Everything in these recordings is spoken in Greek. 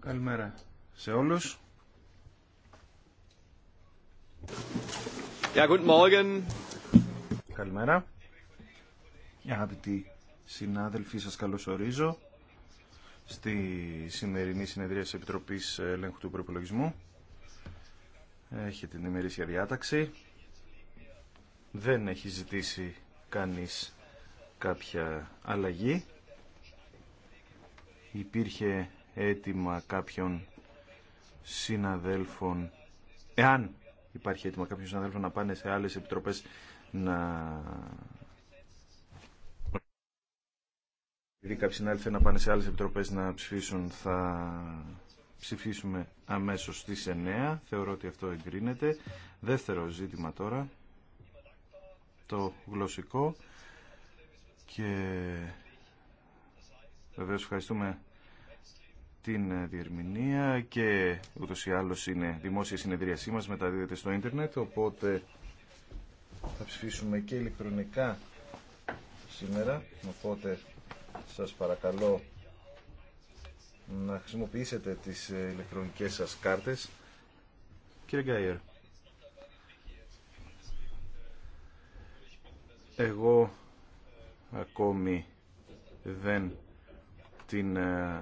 Καλημέρα σε όλους. Yeah, guten Morgen. Καλημέρα. Αγαπητοί συνάδελφοι, σας καλωσορίζω στη σημερινή συνεδρία της Επιτροπής Ελέγχου του Προπολογισμού. Έχετε την ημερήσια διάταξη. Δεν έχει ζητήσει κανείς κάποια αλλαγή υπήρχε αίτημα κάποιων συναδέλφων, εάν υπάρχει αίτημα κάποιων συναδέλφων να πάνε σε άλλες επιτροπές να... Επειδή κάποιοι συνάδελφοι να πάνε σε άλλες επιτροπές να ψηφίσουν, θα ψηφίσουμε αμέσως στις 9. Θεωρώ ότι αυτό εγκρίνεται. Δεύτερο ζήτημα τώρα, το γλωσσικό και Βεβαίως ευχαριστούμε την ε, διερμηνία και ούτως ή άλλως είναι δημόσια συνεδρίασή μας, μεταδίδεται στο ίντερνετ, οπότε θα ψηφίσουμε και ηλεκτρονικά σήμερα, οπότε σας παρακαλώ να χρησιμοποιήσετε τις ε, ηλεκτρονικές σας κάρτες. Κύριε Γκάιερ, εγώ ακόμη δεν την ε,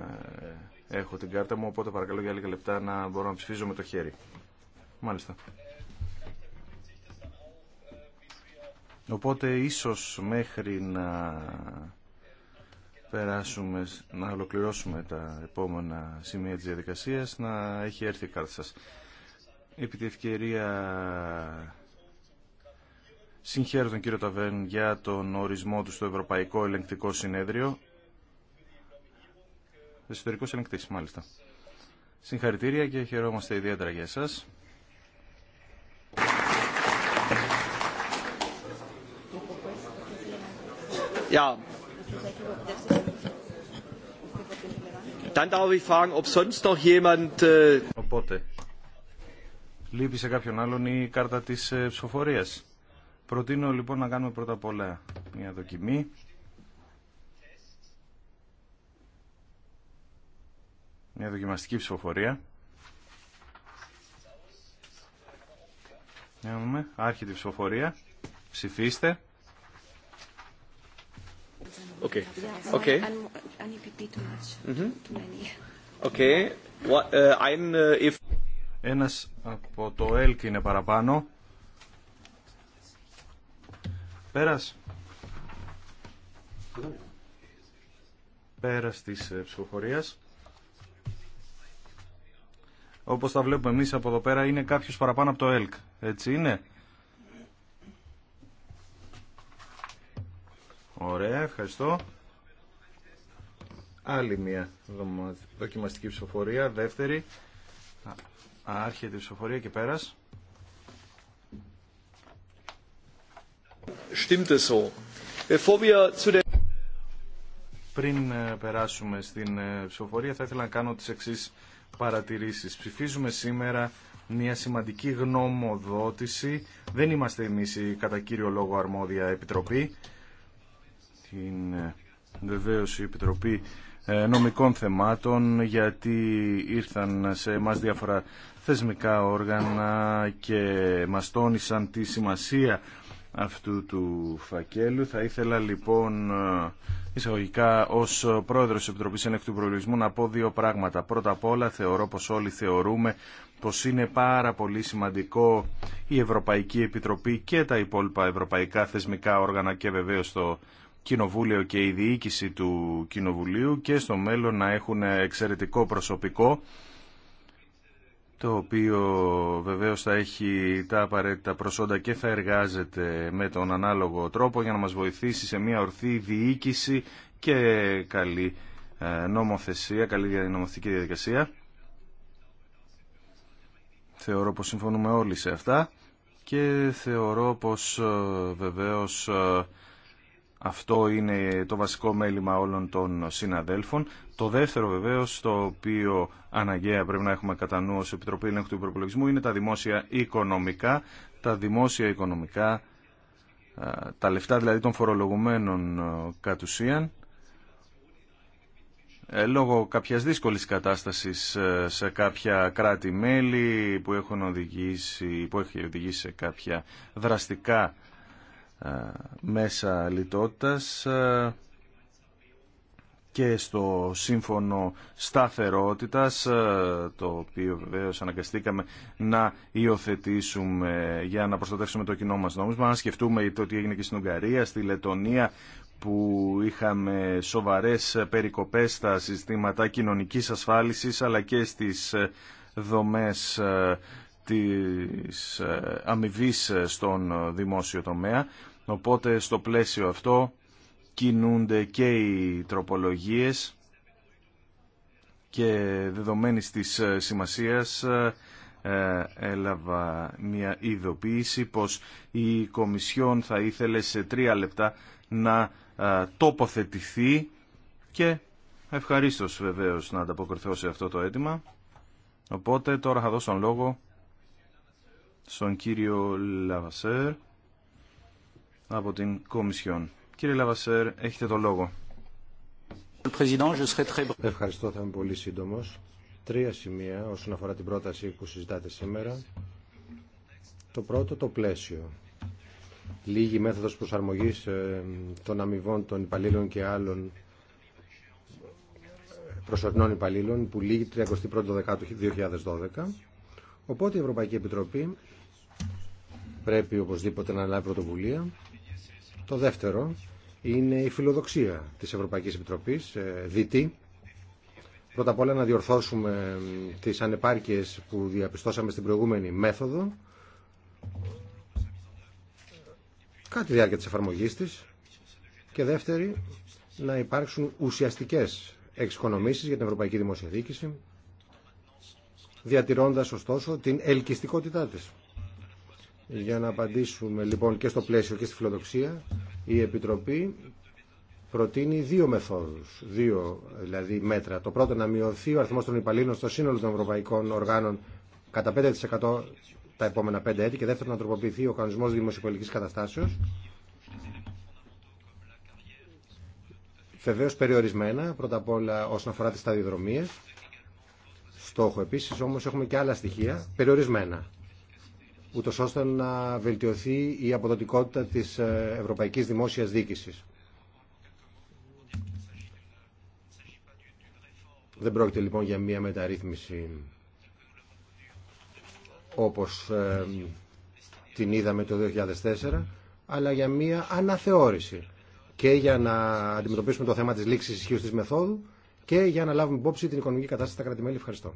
έχω την κάρτα μου, οπότε παρακαλώ για λίγα λεπτά να μπορώ να ψηφίζω με το χέρι. Μάλιστα. Οπότε ίσως μέχρι να περάσουμε, να ολοκληρώσουμε τα επόμενα σημεία της διαδικασίας, να έχει έρθει η κάρτα σας. Επί τη ευκαιρία συγχαίρω τον κύριο Ταβέν για τον ορισμό του στο Ευρωπαϊκό Ελεγκτικό Συνέδριο εσωτερικό ελεγκτής, μάλιστα. Συγχαρητήρια και χαιρόμαστε ιδιαίτερα για εσάς. Ja. Äh, Οπότε, λείπει σε κάποιον άλλον η κάρτα της ε, ψηφοφορίας. Προτείνω λοιπόν να κάνουμε πρώτα απ' όλα μια δοκιμή. Μια δοκιμαστική ψηφοφορία. Έχουμε ψηφοφορία. Ψηφίστε. Okay. Ένας από το ΕΛΚ είναι παραπάνω. Πέρας. Πέρας της ε, ψηφοφορίας όπως τα βλέπουμε εμείς από εδώ πέρα, είναι κάποιος παραπάνω από το ΕΛΚ. Έτσι είναι. Ωραία, ευχαριστώ. Άλλη μια δοκιμαστική ψηφοφορία, δεύτερη. Άρχεται η ψηφοφορία και πέρας. Äh, Πριν ε, περάσουμε στην ε, ψηφοφορία, θα ήθελα να κάνω τις εξής παρατηρήσεις. Ψηφίζουμε σήμερα μια σημαντική γνωμοδότηση. Δεν είμαστε εμείς η κατά κύριο λόγο αρμόδια επιτροπή. Την ε, βεβαίως η επιτροπή ε, νομικών θεμάτων γιατί ήρθαν σε εμάς διάφορα θεσμικά όργανα και μας τόνισαν τη σημασία αυτού του φακέλου. Θα ήθελα λοιπόν ε, εισαγωγικά ως πρόεδρος της Επιτροπής Ενέκτου Προλογισμού να πω δύο πράγματα. Πρώτα απ' όλα θεωρώ πως όλοι θεωρούμε πως είναι πάρα πολύ σημαντικό η Ευρωπαϊκή Επιτροπή και τα υπόλοιπα ευρωπαϊκά θεσμικά όργανα και βεβαίως το Κοινοβούλιο και η διοίκηση του Κοινοβουλίου και στο μέλλον να έχουν εξαιρετικό προσωπικό το οποίο βεβαίως θα έχει τα απαραίτητα προσόντα και θα εργάζεται με τον ανάλογο τρόπο για να μας βοηθήσει σε μια ορθή διοίκηση και καλή ε, νομοθεσία, καλή νομοθετική διαδικασία. Θεωρώ πως συμφωνούμε όλοι σε αυτά και θεωρώ πως ε, βεβαίως ε, αυτό είναι το βασικό μέλημα όλων των συναδέλφων. Το δεύτερο βεβαίως, το οποίο αναγκαία πρέπει να έχουμε κατά νου ως Επιτροπή Ελέγχου του Υπεροπολογισμού, είναι τα δημόσια οικονομικά. Τα δημόσια οικονομικά, τα λεφτά δηλαδή των φορολογουμένων κατ' ουσίαν, ε, λόγω κάποιας δύσκολης κατάστασης ε, σε κάποια κράτη-μέλη που, έχουν που έχει οδηγήσει σε κάποια δραστικά ε, μέσα λιτότητας ε, και στο σύμφωνο σταθερότητας ε, το οποίο βεβαίω αναγκαστήκαμε να υιοθετήσουμε για να προστατεύσουμε το κοινό μας νόμισμα αν σκεφτούμε το τι έγινε και στην Ουγγαρία, στη Λετωνία που είχαμε σοβαρές περικοπές στα συστήματα κοινωνικής ασφάλισης αλλά και στις δομές της αμοιβή στον δημόσιο τομέα Οπότε στο πλαίσιο αυτό κινούνται και οι τροπολογίες και δεδομένης της ε, σημασίας ε, ε, έλαβα μια ειδοποίηση πως η Κομισιόν θα ήθελε σε τρία λεπτά να τοποθετηθεί και ευχαρίστως βεβαίως να ανταποκριθώ σε αυτό το αίτημα. Οπότε τώρα θα δώσω τον λόγο στον κύριο Λαβασέρ από την Κομισιόν. Κύριε Λαβασέρ, έχετε το λόγο. Ευχαριστώ, θα είμαι πολύ σύντομο. Τρία σημεία όσον αφορά την πρόταση που συζητάτε σήμερα. Το πρώτο, το πλαίσιο. Λίγη μέθοδος προσαρμογής ε, των αμοιβών των υπαλλήλων και άλλων ε, προσωρινών υπαλλήλων που λύγει 31 Δεκάτου 2012. Οπότε η Ευρωπαϊκή Επιτροπή πρέπει οπωσδήποτε να λάβει πρωτοβουλία το δεύτερο είναι η φιλοδοξία της Ευρωπαϊκής Επιτροπής, ε, δίτη. Πρώτα απ' όλα να διορθώσουμε τις ανεπάρκειες που διαπιστώσαμε στην προηγούμενη μέθοδο, κάτι διάρκεια της εφαρμογής της και δεύτερη να υπάρξουν ουσιαστικές εξοικονομήσεις για την Ευρωπαϊκή Δημοσιοδίκηση διατηρώντας ωστόσο την ελκυστικότητά της για να απαντήσουμε λοιπόν και στο πλαίσιο και στη φιλοδοξία, η Επιτροπή προτείνει δύο μεθόδους, δύο δηλαδή μέτρα. Το πρώτο να μειωθεί ο αριθμός των υπαλλήλων στο σύνολο των ευρωπαϊκών οργάνων κατά 5% τα επόμενα 5 έτη και δεύτερο να τροποποιηθεί ο κανονισμός δημοσιοπολιτικής καταστάσεως. Βεβαίω περιορισμένα, πρώτα απ' όλα όσον αφορά τις σταδιοδρομίες. Στόχο επίσης όμως έχουμε και άλλα στοιχεία περιορισμένα ούτω ώστε να βελτιωθεί η αποδοτικότητα τη ε, Ευρωπαϊκή Δημόσια Διοίκησης. Δεν πρόκειται λοιπόν για μια μεταρρύθμιση όπως ε, την είδαμε το 2004, αλλά για μια αναθεώρηση και για να αντιμετωπίσουμε το θέμα της λήξης ισχύω της μεθόδου και για να λάβουμε υπόψη την οικονομική κατάσταση στα κρατημέλη. Ευχαριστώ.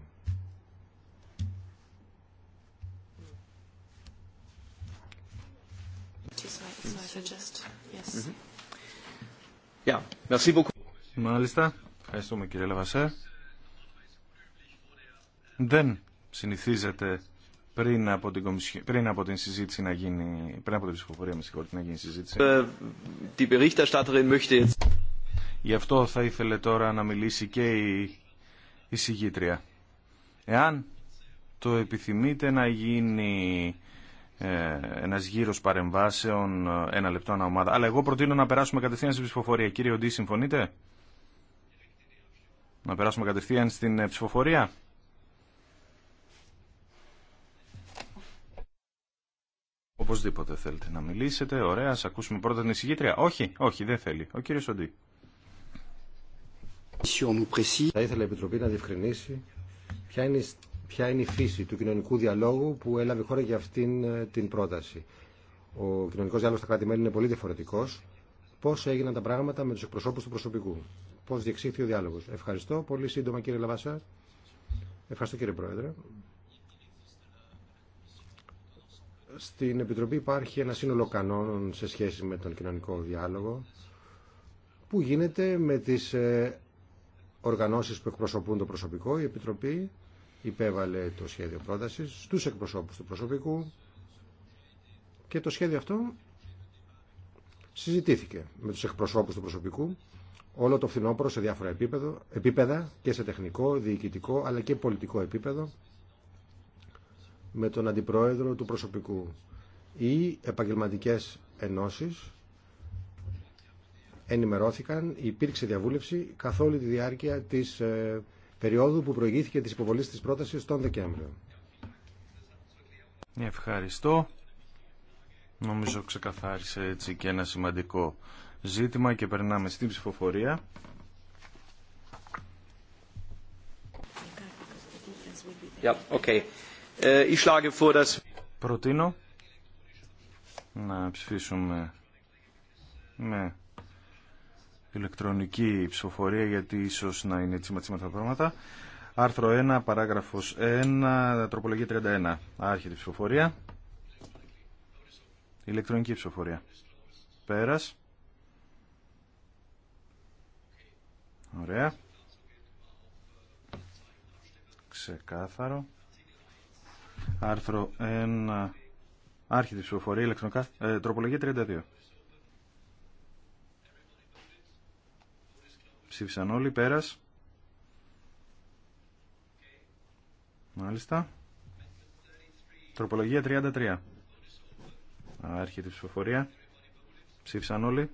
Μάλιστα. Ευχαριστούμε κύριε Λεβασέ. Δεν συνηθίζεται πριν από την, κομισιο... πριν από την συζήτηση να γίνει, πριν από την ψηφοφορία με συγχωρείτε να γίνει συζήτηση. Die ε, Γι' αυτό θα ήθελε τώρα να μιλήσει και η, η Εάν το επιθυμείτε να γίνει ε, ένας γύρος παρεμβάσεων, ε, ένα λεπτό ανά ομάδα. Αλλά εγώ προτείνω να περάσουμε κατευθείαν στην ψηφοφορία. Κύριε Οντή, συμφωνείτε? Να περάσουμε κατευθείαν στην ε, ψηφοφορία. Οπωσδήποτε θέλετε να μιλήσετε. Ωραία, ας ακούσουμε πρώτα την εισηγήτρια. Όχι, όχι, δεν θέλει. Ο κύριος Οντή. Θα ήθελα η Επιτροπή να διευκρινίσει ποια είναι η ποια είναι η φύση του κοινωνικού διαλόγου που έλαβε η χώρα για αυτήν ε, την πρόταση. Ο κοινωνικό διάλογο στα κράτη-μέλη είναι πολύ διαφορετικό. Πώ έγιναν τα πράγματα με του εκπροσώπου του προσωπικού, πώ διεξήχθη ο διάλογο. Ευχαριστώ πολύ σύντομα κύριε Λαβάσα. Ευχαριστώ κύριε Πρόεδρε. Στην Επιτροπή υπάρχει ένα σύνολο κανόνων σε σχέση με τον κοινωνικό διάλογο που γίνεται με τις ε, οργανώσεις που εκπροσωπούν το προσωπικό. Η Επιτροπή υπέβαλε το σχέδιο πρότασης στους εκπροσώπους του προσωπικού και το σχέδιο αυτό συζητήθηκε με τους εκπροσώπους του προσωπικού όλο το φθινόπωρο σε διάφορα επίπεδο, επίπεδα και σε τεχνικό, διοικητικό αλλά και πολιτικό επίπεδο με τον αντιπρόεδρο του προσωπικού ή επαγγελματικές ενώσεις ενημερώθηκαν, υπήρξε διαβούλευση καθ' όλη τη διάρκεια της ε, περίοδου που προηγήθηκε της υποβολή της πρότασης τον Δεκέμβριο. Ευχαριστώ. Νομίζω ξεκαθάρισε έτσι και ένα σημαντικό ζήτημα και περνάμε στην ψηφοφορία. Yeah, okay. Äh, ich schlage vor, dass... Προτείνω να ψηφίσουμε με ηλεκτρονική ψηφοφορία γιατί ίσως να είναι τσίμα τσίμα τα πράγματα. Άρθρο 1, παράγραφος 1, τροπολογία 31. Άρχεται η ψηφοφορία. Ηλεκτρονική ψηφοφορία. Πέρας. Ωραία. Ξεκάθαρο. Άρθρο 1, άρχεται η ψηφοφορία, ηλεκτρονικά, ε, τροπολογία 32. Ψήφισαν όλοι πέρας. Μάλιστα. Τροπολογία 33. Άρχεται η ψηφοφορία. Ψήφισαν όλοι.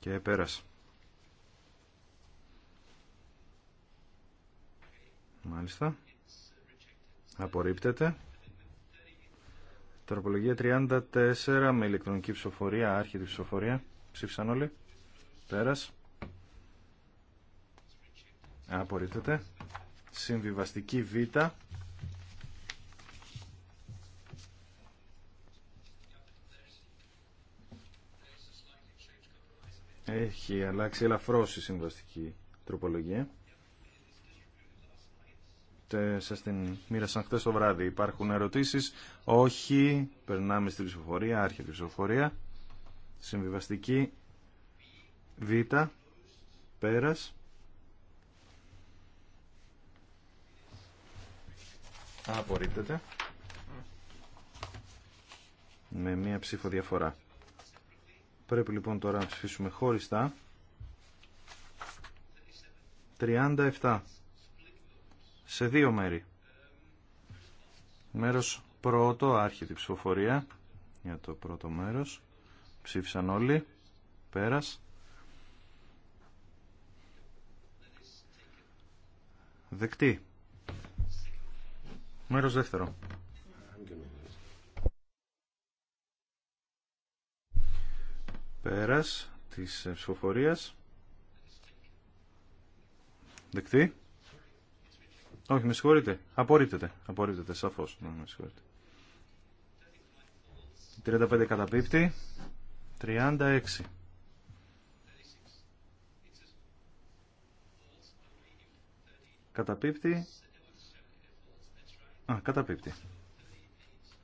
Και πέρας. Μάλιστα. Απορρίπτεται. Τροπολογία 34 με ηλεκτρονική ψηφοφορία, η ψηφοφορία. Ψήφισαν όλοι. Πέρας. Απορρίπτεται. Συμβιβαστική Β. Έχει αλλάξει ελαφρώς η συμβαστική τροπολογία. Σα την μοίρασαν χθε το βράδυ. Υπάρχουν ερωτήσεις. Όχι. Περνάμε στην ψηφοφορία. Άρχεται η ψηφοφορία. Συμβιβαστική Β. Πέρας. Απορρίπτεται. Με μία ψήφο διαφορά. Πρέπει λοιπόν τώρα να ψηφίσουμε χωριστά. 37. Σε δύο μέρη. Μέρος πρώτο, άρχιτη ψηφοφορία. Για το πρώτο μέρος. Ψήφισαν όλοι. Πέρας. Δεκτή. Μέρος δεύτερο. Πέρας της ε, ψηφοφορίας. Δεκτή. Όχι, με συγχωρείτε. Απορρίπτεται. Απορρίπτεται, σαφώς. Ναι, με συγχωρείτε. 35 καταπίπτει. 36. Καταπίπτει. Α, καταπίπτει.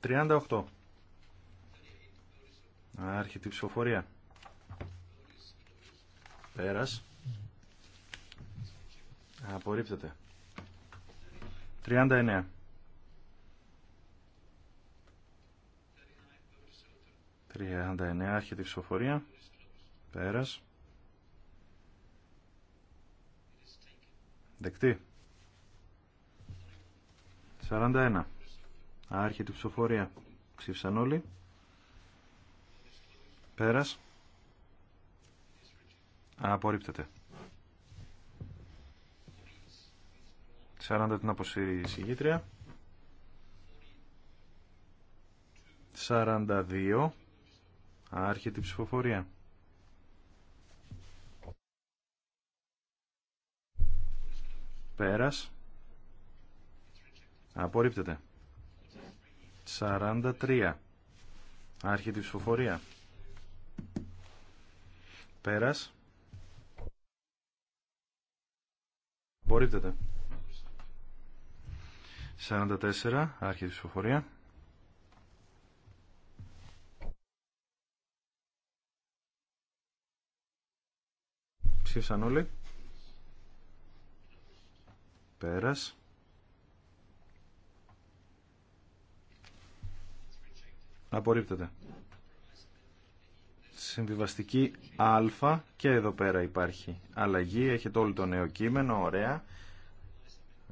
38. Άρχεται η ψηφοφορία. Πέρας. Απορρίπτεται. 39. 39. εννέα, άρχεται ψηφοφορία. Πέρας. Δεκτή. 41. Άρχεται ψηφοφορία. Ψήφισαν όλοι. Πέρας. Απορρίπτεται. 40 την αποσύρει η συγγήτρια. 42. Άρχεται η ψηφοφορία. Πέρας. Απορρίπτεται. 43. Άρχεται η ψηφοφορία. Πέρας. Απορρίπτεται. 44. Άρχεται η ψηφοφορία. Ψήφισαν όλοι. Πέρας. Απορρίπτεται. Συμβιβαστική α και εδώ πέρα υπάρχει αλλαγή. Έχετε όλο το νέο κείμενο. Ωραία.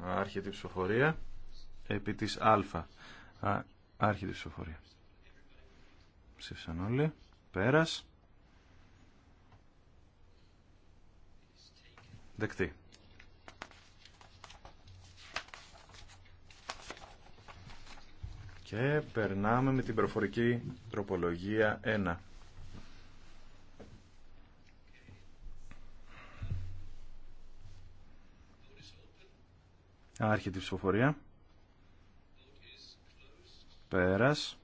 Άρχεται η ψηφοφορία. Επί της α. α άρχεται ψηφοφορία. Ψήφισαν όλοι. Πέρας. Δεκτή. Και περνάμε με την προφορική τροπολογία 1. Άρχεται η ψηφοφορία. Πέρας.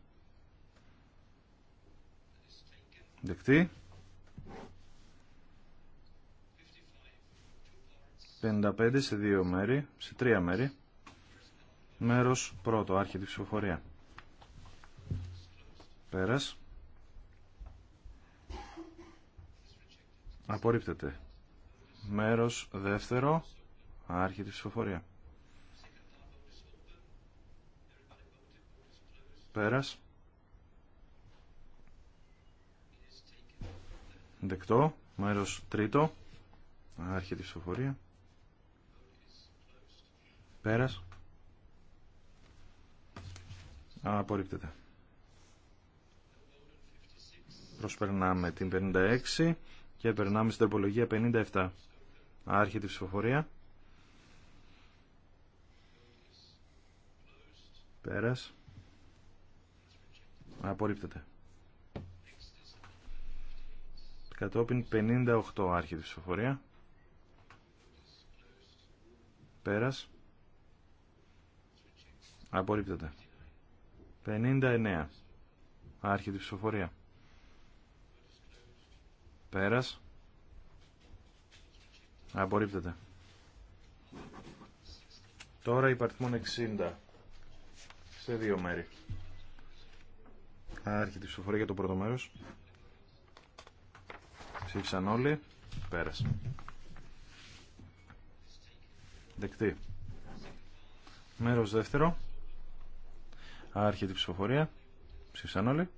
Δεκτή. 55 σε δύο μέρη, σε τρία μέρη. Μέρος πρώτο, άρχεται η ψηφοφορία. Πέρας. Απορρίπτεται. Μέρος δεύτερο. Άρχη τη ψηφοφορία. Πέρας. Δεκτό. Μέρος τρίτο. Άρχη τη ψηφοφορία. Πέρας. Απορρίπτεται. Προσπερνάμε την 56 και περνάμε στην τροπολογία 57. Άρχεται η ψηφοφορία. Πέρας. Απορρίπτεται. Κατόπιν 58 άρχεται τη ψηφοφορία. Πέρας. Απορρίπτεται. 59 άρχεται η ψηφοφορία. Πέρας. Απορρίπτεται. Τώρα υπαρθμόν 60 σε δύο μέρη. Άρχεται η ψηφοφορία για το πρώτο μέρος. Ψήφισαν όλοι. Πέρας. Δεκτή. Μέρος δεύτερο. Άρχεται η ψηφοφορία. Ψήφισαν όλοι.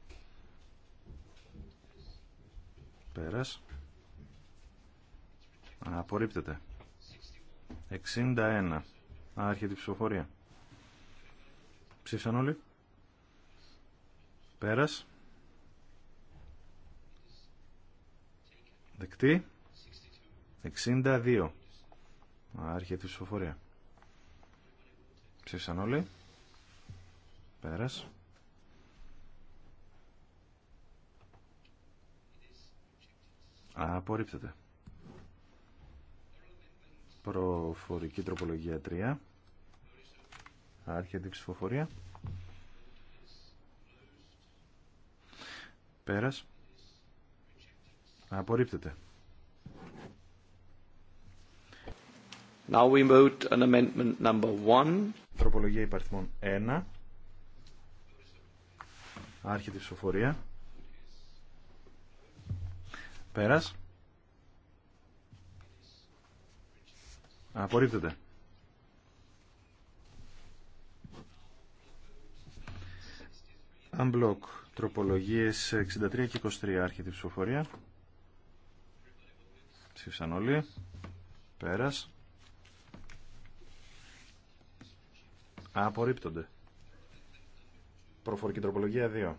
Πέρας. Απορρίπτεται. 61. Άρχεται η ψηφοφορία. Ψήφισαν όλοι. Πέρας. Δεκτή. 62. Άρχεται η ψηφοφορία. Ψήφισαν όλοι. Πέρας. Απορρίπτεται. Προφορική τροπολογία 3. Άρχεται η ψηφοφορία. Πέρας. Απορρίπτεται. Now we vote an amendment number one. Τροπολογία υπαριθμών 1. Άρχεται η ψηφοφορία. Πέρας. Απορρίπτεται. Unblock. Τροπολογίες 63 και 23. Άρχεται η ψηφοφορία. Ψήφισαν όλοι. Πέρας. Απορρίπτονται. Προφορική τροπολογία 2.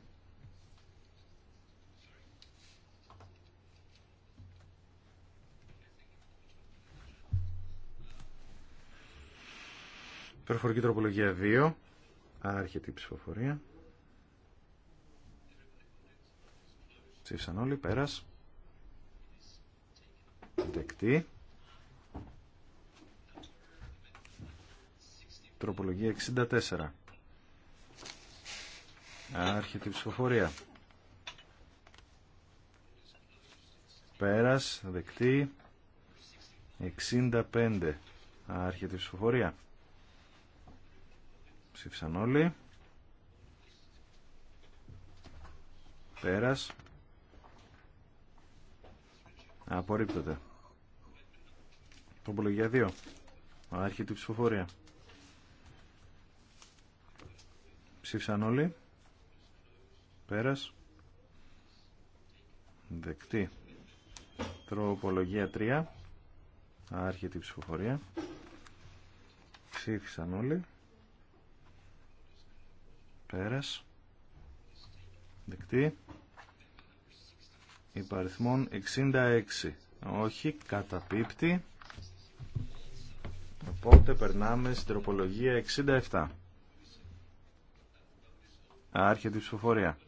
Περιφορική τροπολογία 2. Άρχεται η ψηφοφορία. Ψήφισαν όλοι, πέρας. Δεκτή. Τροπολογία 64. Άρχεται η ψηφοφορία. Πέρας, δεκτή. 65. Άρχεται η ψηφοφορία. Ψήφισαν όλοι. Πέρας. Απορρίπτονται. Τοπολογία 2. Άρχεται ψηφοφορία. Ψήφισαν όλοι. Πέρας. Δεκτή. Τροπολογία 3. Άρχεται ψηφοφορία. Ψήφισαν όλοι. Πέρας. Δεκτή. Υπαριθμών 66. Όχι, καταπίπτει. Οπότε περνάμε στην τροπολογία 67. Άρχεται η ψηφοφορία.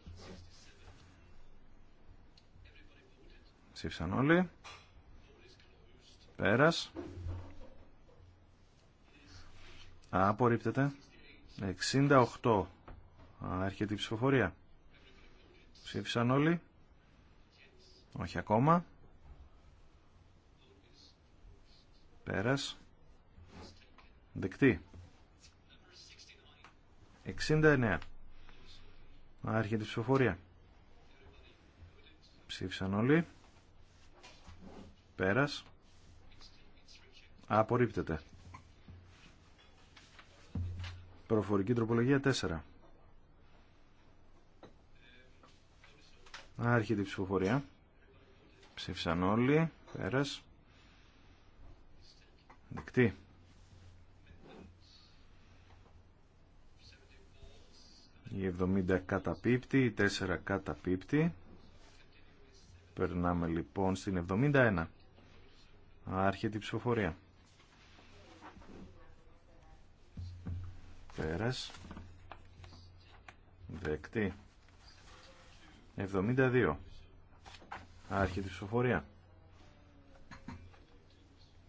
Ψήφισαν όλοι. Πέρας. Απορρίπτεται. 68. Έρχεται η ψηφοφορία. Ψήφισαν όλοι. Όχι ακόμα. Πέρας. Δεκτή. 69. Άρχεται η ψηφοφορία. Ψήφισαν όλοι. Πέρας. Απορρίπτεται. Προφορική τροπολογία 4. Άρχεται η ψηφοφορία. Ψήφισαν όλοι. Πέρας. Δεκτή. 70 καταπίπτει, 4 καταπίπτει. Περνάμε λοιπόν στην 71. Άρχεται η ψηφοφορία. Πέρας. Δεκτή. 72. Άρχεται η ψηφοφορία.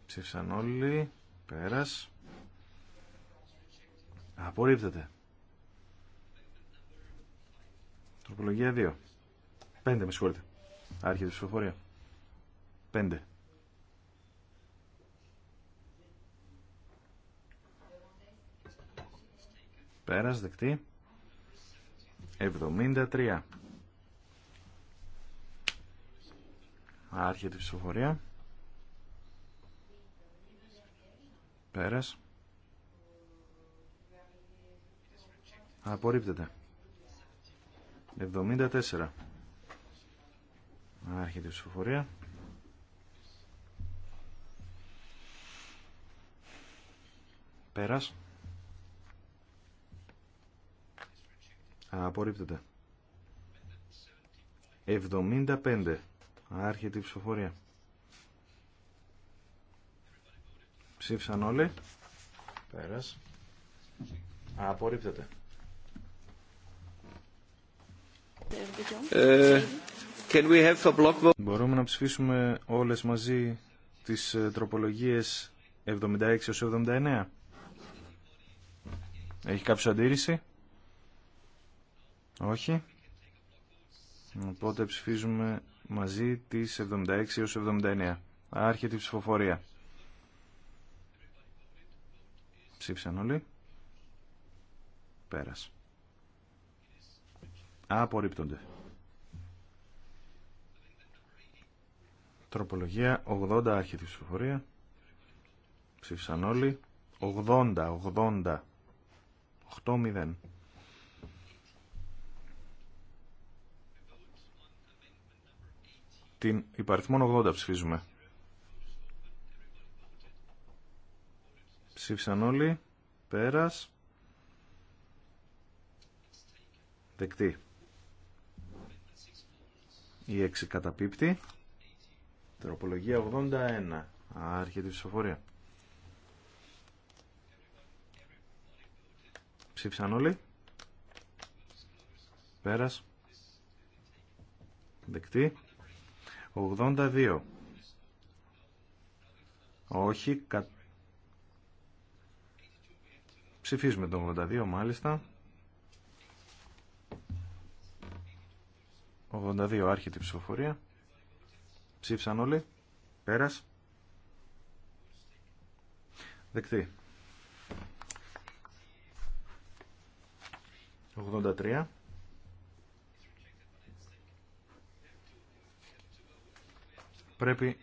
Ψήφισαν όλοι. Πέρας. Απορρίπτεται. Τροπολογία 2. 5 με συγχωρείτε. Άρχεται η ψηφοφορία. 5. Πέρας δεκτή. 73. Άρχεται η ψηφοφορία. Πέρας. Απορρίπτεται. 74. Άρχεται η ψηφοφορία. Πέρας. Απορρίπτεται. 75. Άρχεται η ψηφοφορία. Ψήφισαν όλοι. Πέρας. Απορρίπτεται. Ε, block... Μπορούμε να ψηφίσουμε όλες μαζί τις ε, τροπολογίες 76 έως 79. Έχει κάποιο αντίρρηση. Όχι. Οπότε ψηφίζουμε μαζί τις 76 έως 79. Άρχεται η ψηφοφορία. Ψήφισαν όλοι. Πέρας. Απορρίπτονται. Τροπολογία 80 άρχεται η ψηφοφορία. Ψήφισαν όλοι. 80, 80. 8-0. την υπαριθμόν 80 ψηφίζουμε. Ψήφισαν όλοι. Πέρας. Δεκτή. Η 6 καταπίπτει. Τροπολογία 81. Άρχεται τη ψηφοφορία. Ψήφισαν όλοι. Πέρας. Δεκτή. 82. Όχι, κα... ψηφίζουμε τον 82 μάλιστα. 82 άρχεται η ψηφοφορία. Ψήφισαν όλοι. Πέρας. Δεκτή. 83. Πρέπει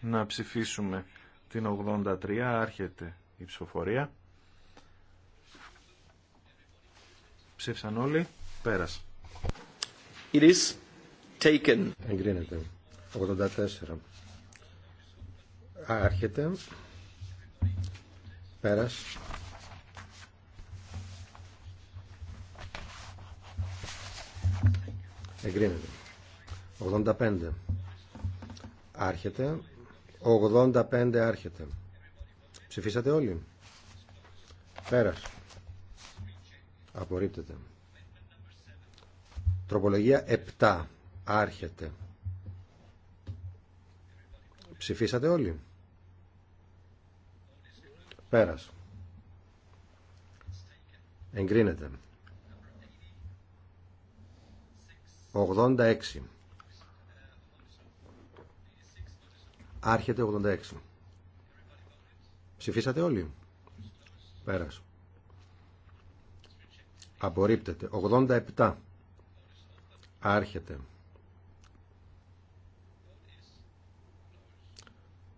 να ψηφίσουμε την 83, άρχεται η ψηφοφορία. Ψήφισαν όλοι, πέρας. It is taken. Εγκρίνεται. 84. Άρχεται. Πέρας. Εγκρίνεται. 85. Άρχεται. 85 άρχεται. Ψηφίσατε όλοι. Πέρας. Απορρίπτεται. Τροπολογία 7. Άρχεται. Ψηφίσατε όλοι. Πέρας. Εγκρίνεται. 86. Άρχεται 86. Ψηφίσατε όλοι. Πέρας. Απορρίπτεται. 87. Άρχεται.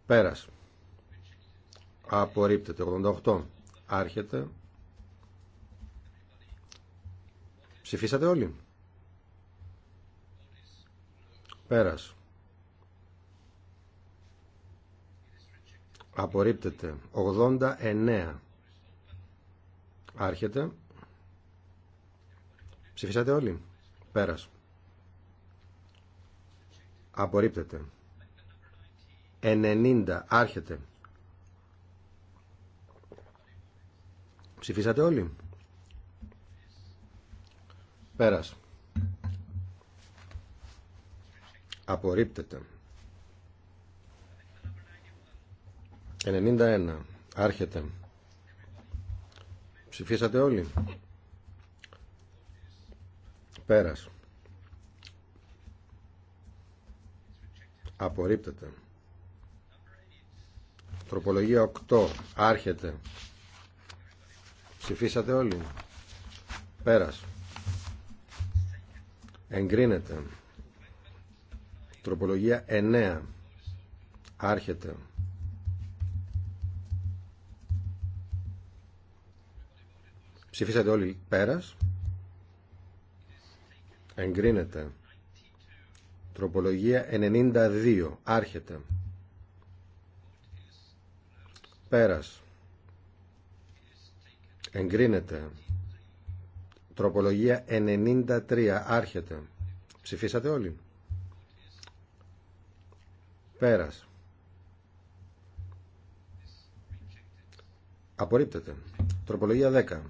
Πέρας. Απορρίπτεται. 88. Άρχεται. Ψηφίσατε όλοι. Πέρας. Απορρίπτεται. 89. Άρχεται. Ψηφίσατε όλοι. Πέρας. Απορρίπτεται. 90. Άρχεται. Ψηφίσατε όλοι. Πέρας. Απορρίπτεται. 91. Άρχεται. Ψηφίσατε όλοι. Πέρας. Απορρίπτεται. Τροπολογία 8. Άρχεται. Ψηφίσατε όλοι. Πέρας. Εγκρίνεται. Τροπολογία 9. Άρχεται. Ψηφίσατε όλοι πέρας. Εγκρίνεται. Τροπολογία 92. Άρχεται. Πέρας. Εγκρίνεται. Τροπολογία 93. Άρχεται. Ψηφίσατε όλοι. Πέρας. Απορρίπτεται. Τροπολογία 10.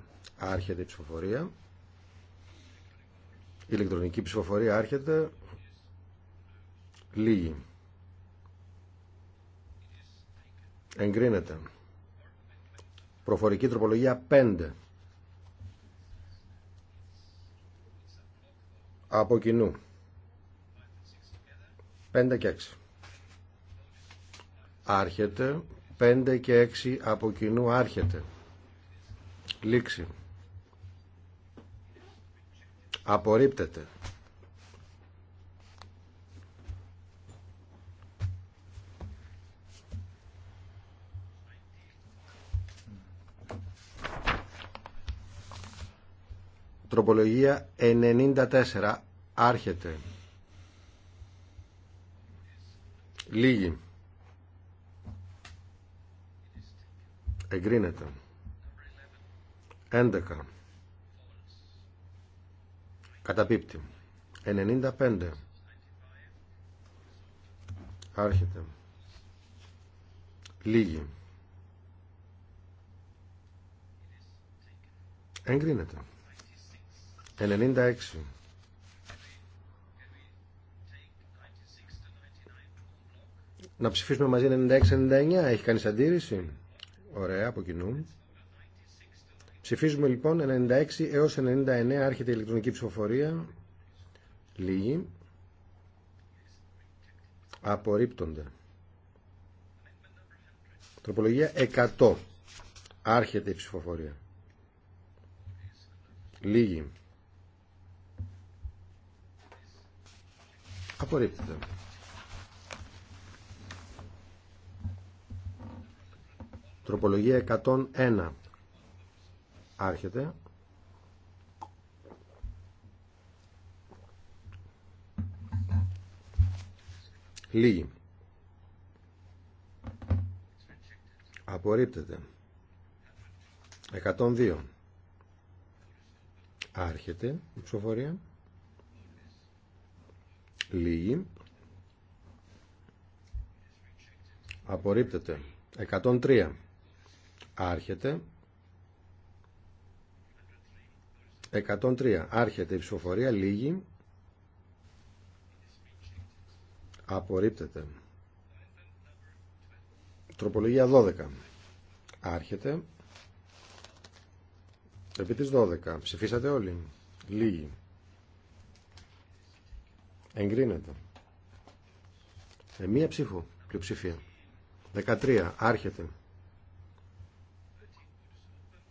Άρχεται η ψηφοφορία. Η ηλεκτρονική ψηφοφορία άρχεται. Λίγη. Εγκρίνεται. Προφορική τροπολογία 5. Από κοινού. 5 και 6. Άρχεται. 5 και 6 από κοινού άρχεται. Λήξη. Απορρίπτεται. Τροπολογία 94. Άρχεται. Λίγη. Εγκρίνεται. 11. Καταπίπτει. 95. Άρχεται. Λίγη. Εγκρίνεται. 96. Να ψηφίσουμε μαζί 96-99. Έχει κανείς αντίρρηση. Ωραία, από κοινού. Ψηφίζουμε λοιπόν 96 έως 99 άρχεται η ηλεκτρονική ψηφοφορία. Λίγοι. Απορρίπτονται. Τροπολογία 100. Άρχεται η ψηφοφορία. Λίγοι. Απορρίπτονται. Τροπολογία 101. Άρχεται. Λίγη. Απορρίπτεται. 102. Άρχεται η ψηφοφορία. Λίγη. Απορρίπτεται. 103. Άρχεται. 103. Άρχεται η ψηφοφορία. Λίγη. Απορρίπτεται. Τροπολογία 12. Άρχεται. Επί τις 12. Ψηφίσατε όλοι. Λίγοι. Εγκρίνεται. Ε, μία ψήφο. Πλειοψηφία. 13. Άρχεται.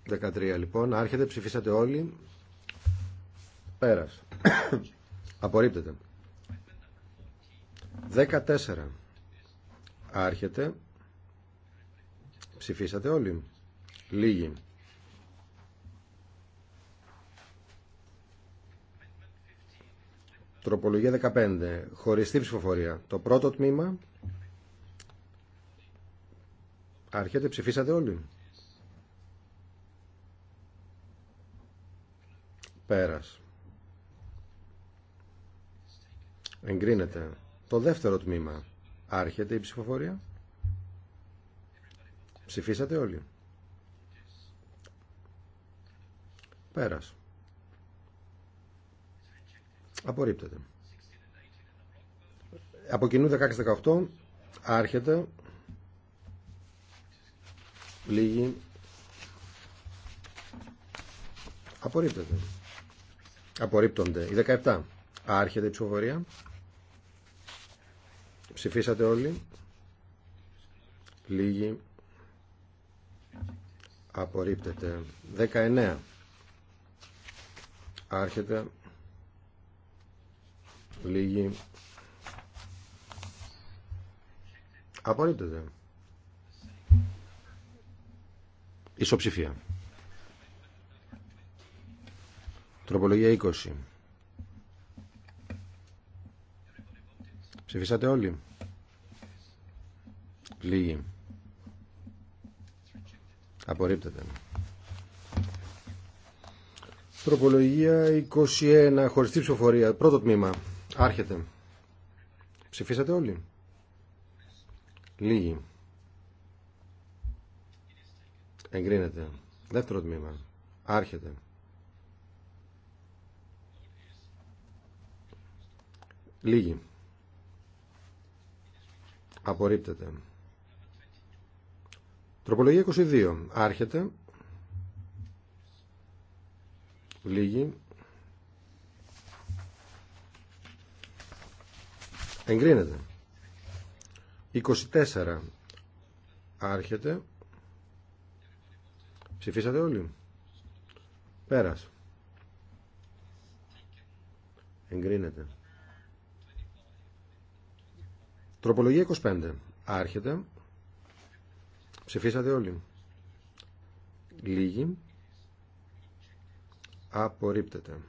13 λοιπόν. Άρχεται. Ψηφίσατε όλοι. Πέρας. Απορρίπτεται. 14. Άρχεται. Ψηφίσατε όλοι. Λίγοι. Τροπολογία 15. Χωριστή ψηφοφορία. Το πρώτο τμήμα. Άρχεται. Ψηφίσατε όλοι. Πέρας. Εγκρίνεται. Το δεύτερο τμήμα. Άρχεται η ψηφοφορία. Ψηφίσατε όλοι. Πέρας. Απορρίπτεται. Από κοινού 16-18 άρχεται λίγη απορρίπτεται. Απορρίπτονται. Οι 17 άρχεται η ψηφοφορία. Ψηφίσατε όλοι. Λίγοι. Απορρίπτεται. 19. Άρχεται. Λίγοι. Απορρίπτεται. Ισοψηφία. Τροπολογία 20. Ψηφίσατε όλοι. Λίγη. Απορρίπτεται. Τροπολογία 21. Χωριστή ψηφοφορία. Πρώτο τμήμα. Άρχεται. Ψηφίσατε όλοι. Λίγοι. Εγκρίνεται. Δεύτερο τμήμα. Άρχεται. Λίγοι. Απορρίπτεται. Τροπολογία 22. Άρχεται. Λίγη. Εγκρίνεται. 24. Άρχεται. Ψηφίσατε όλοι. Πέρας. Εγκρίνεται. Τροπολογία 25. Άρχεται. Ψηφίσατε όλοι. Λίγοι. Απορρίπτεται.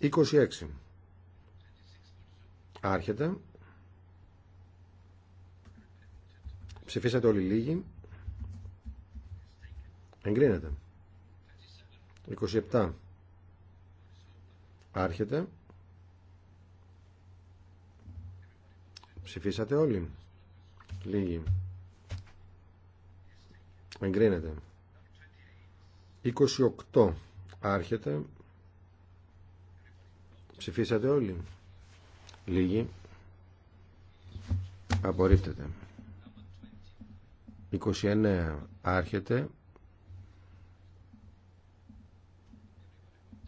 26. Άρχεται. Ψηφίσατε όλοι λίγοι. Εγκρίνεται. 27. Άρχεται. Ψηφίσατε όλοι. Λίγοι. Εγκρίνεται. 28. Άρχεται. Ψηφίσατε όλοι. Λίγοι. Απορρίπτεται. 29. Άρχεται.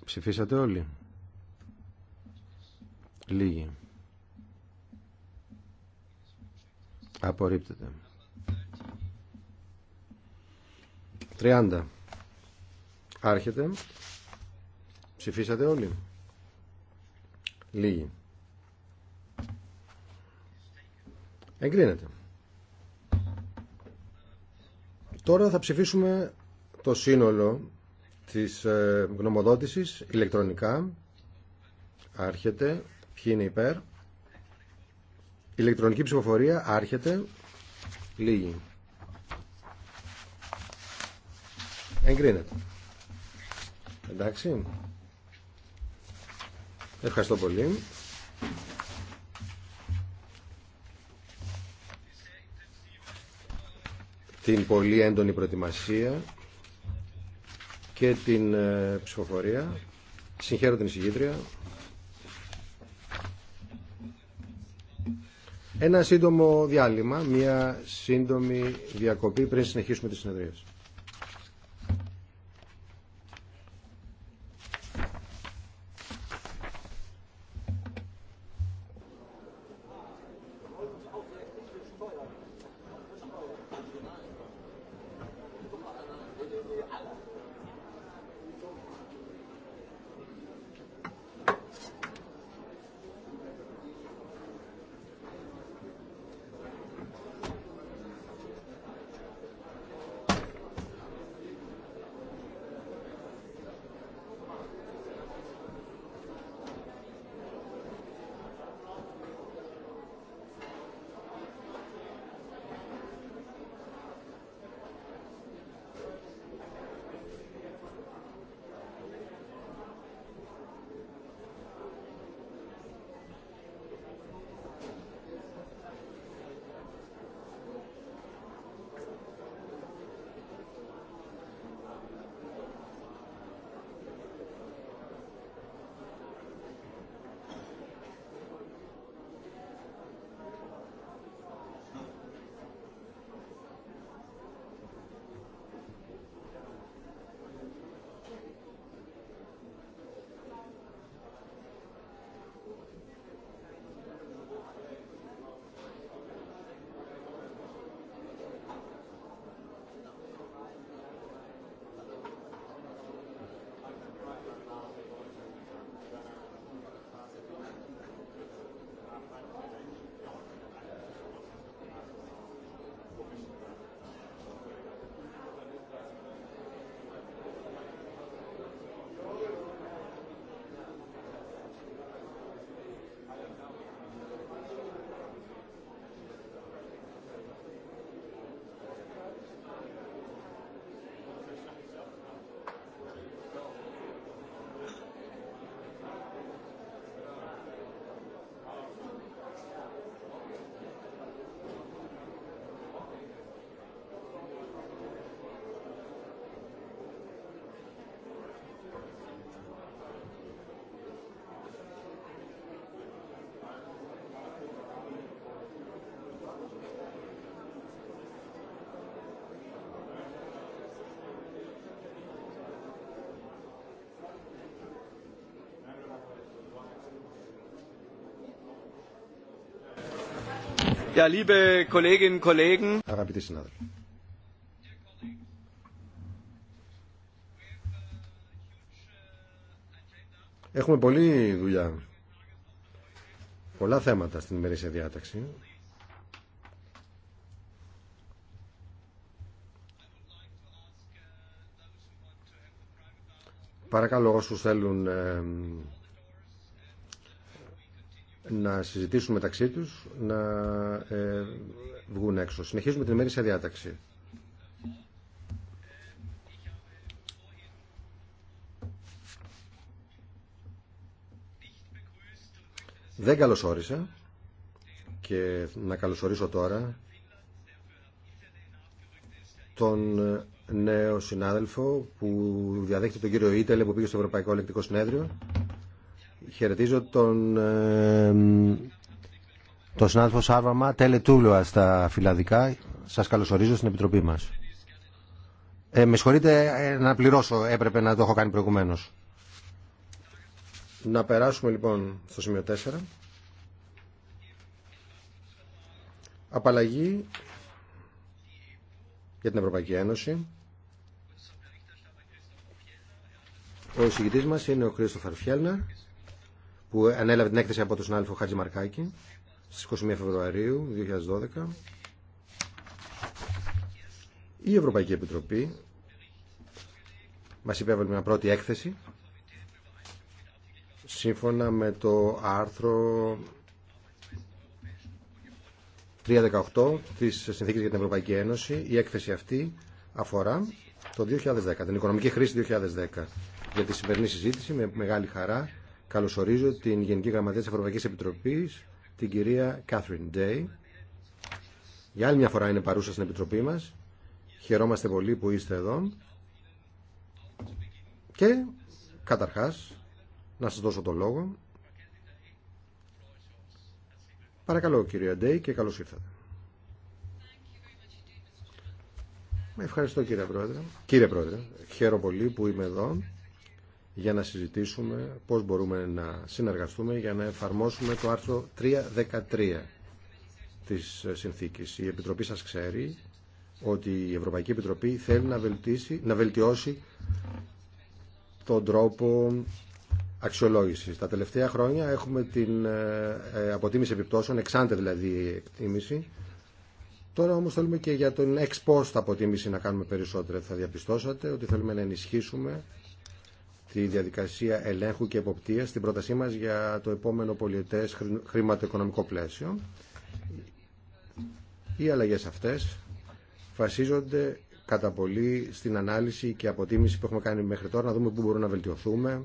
Ψηφίσατε όλοι. Λίγοι. Απορρίπτεται. 30. Άρχεται. Ψηφίσατε όλοι. Λίγοι. Εγκρίνεται. Τώρα θα ψηφίσουμε το σύνολο της ε, γνωμοδότησης ηλεκτρονικά. Άρχεται. Ποιοι είναι υπέρ. Ηλεκτρονική ψηφοφορία. Άρχεται. Λίγοι. Εγκρίνεται. Εντάξει. Ευχαριστώ πολύ. Την πολύ έντονη προετοιμασία και την ε, ψηφοφορία. Συγχαίρω την εισηγήτρια. Ένα σύντομο διάλειμμα, μια σύντομη διακοπή πριν συνεχίσουμε τις συνεδρίες. liebe Kolleginnen, Kollegen. Αγαπητοί συνάδελφοι. Έχουμε πολλή δουλειά. Πολλά θέματα στην ημερήσια διάταξη. Παρακαλώ όσους θέλουν ε, να συζητήσουν μεταξύ τους, να ε, βγουν έξω. Συνεχίζουμε την ημέρη διάταξη. Δεν καλωσόρισα και να καλωσορίσω τώρα τον νέο συνάδελφο που διαδέχεται τον κύριο Ήτελε που πήγε στο Ευρωπαϊκό Ελεκτικό Συνέδριο Χαιρετίζω τον, τον συνάδελφο Σάρβαμα Τελετούλουα στα φιλαδικά. Σας καλωσορίζω στην Επιτροπή μας. Ε, με συγχωρείτε ε, να πληρώσω, έπρεπε να το έχω κάνει προηγουμένως. Να περάσουμε λοιπόν στο σημείο 4. Απαλλαγή για την Ευρωπαϊκή Ένωση. Ο εισηγητής μας είναι ο Κρίστοφαρ Φιέλνερ που ανέλαβε την έκθεση από τον συνάδελφο Χάτζη Μαρκάκη στις 21 Φεβρουαρίου 2012. Η Ευρωπαϊκή Επιτροπή μας υπέβαλε μια πρώτη έκθεση σύμφωνα με το άρθρο 318 της Συνθήκης για την Ευρωπαϊκή Ένωση. Η έκθεση αυτή αφορά το 2010, την οικονομική χρήση 2010. Για τη σημερινή συζήτηση με μεγάλη χαρά Καλωσορίζω την Γενική Γραμματέα της Ευρωπαϊκής Επιτροπής, την κυρία Κάθριν Ντέι. Για άλλη μια φορά είναι παρούσα στην Επιτροπή μας. Χαιρόμαστε πολύ που είστε εδώ. Και καταρχάς να σας δώσω το λόγο. Παρακαλώ κυρία Ντέι και καλώς ήρθατε. Ευχαριστώ κύριε Πρόεδρε. Κύριε Πρόεδρε, χαίρομαι πολύ που είμαι εδώ για να συζητήσουμε πώς μπορούμε να συνεργαστούμε για να εφαρμόσουμε το άρθρο 3.13 της συνθήκης. Η Επιτροπή σας ξέρει ότι η Ευρωπαϊκή Επιτροπή θέλει να, να βελτιώσει τον τρόπο αξιολόγησης. Τα τελευταία χρόνια έχουμε την ε, ε, αποτίμηση επιπτώσεων, εξάντε δηλαδή η εκτίμηση, Τώρα όμως θέλουμε και για τον ex αποτίμηση να κάνουμε περισσότερα. Θα διαπιστώσατε ότι θέλουμε να ενισχύσουμε τη διαδικασία ελέγχου και εποπτείας στην πρότασή μας για το επόμενο πολιετές χρηματοοικονομικό πλαίσιο. Οι αλλαγές αυτές φασίζονται κατά πολύ στην ανάλυση και αποτίμηση που έχουμε κάνει μέχρι τώρα, να δούμε πού μπορούμε να βελτιωθούμε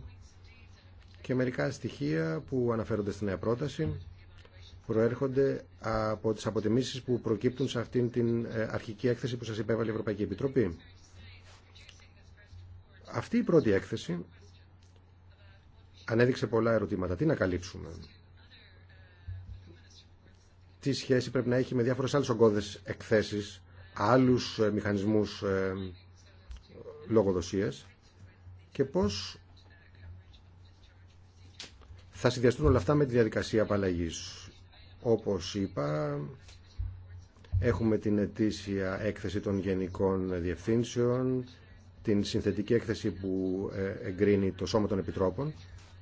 και μερικά στοιχεία που αναφέρονται στην νέα πρόταση προέρχονται από τις αποτιμήσεις που προκύπτουν σε αυτήν την ε, αρχική έκθεση που σας υπέβαλε η Ευρωπαϊκή Επιτροπή. Αυτή η πρώτη έκθεση ανέδειξε πολλά ερωτήματα. Τι να καλύψουμε. Τι σχέση πρέπει να έχει με διάφορες άλλες ογκώδες εκθέσεις, άλλους ε, μηχανισμούς ε, λογοδοσίας και πώς θα συνδυαστούν όλα αυτά με τη διαδικασία απαλλαγή. Όπως είπα, έχουμε την ετήσια έκθεση των γενικών διευθύνσεων, την συνθετική έκθεση που ε, εγκρίνει το Σώμα των Επιτρόπων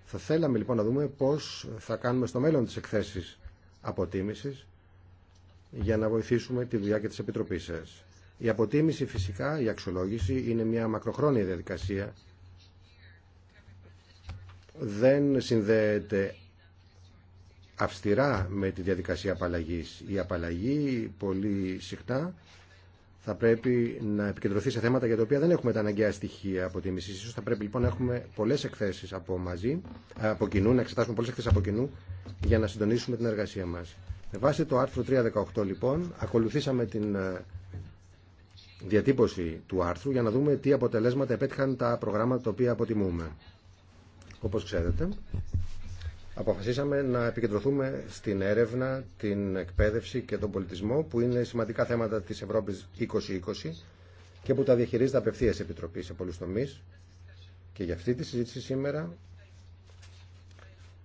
θα θέλαμε λοιπόν να δούμε πώς θα κάνουμε στο μέλλον τις εκθέσεις αποτίμησης για να βοηθήσουμε τη δουλειά και τις επιτροπή σας. Η αποτίμηση φυσικά, η αξιολόγηση είναι μια μακροχρόνια διαδικασία. Δεν συνδέεται αυστηρά με τη διαδικασία απαλλαγής. Η απαλλαγή πολύ συχνά θα πρέπει να επικεντρωθεί σε θέματα για τα οποία δεν έχουμε τα αναγκαία στοιχεία από τη μισή. Ίσως θα πρέπει λοιπόν να έχουμε πολλέ εκθέσει από μαζί, από κοινού, να εξετάσουμε πολλέ εκθέσει από κοινού για να συντονίσουμε την εργασία μα. Με βάση το άρθρο 318 λοιπόν, ακολουθήσαμε την ε, διατύπωση του άρθρου για να δούμε τι αποτελέσματα επέτυχαν τα προγράμματα τα οποία αποτιμούμε. Όπως ξέρετε, αποφασίσαμε να επικεντρωθούμε στην έρευνα, την εκπαίδευση και τον πολιτισμό που είναι σημαντικά θέματα της Ευρώπης 2020 και που τα διαχειρίζεται απευθείας Επιτροπή σε πολλού τομεί. Και για αυτή τη συζήτηση σήμερα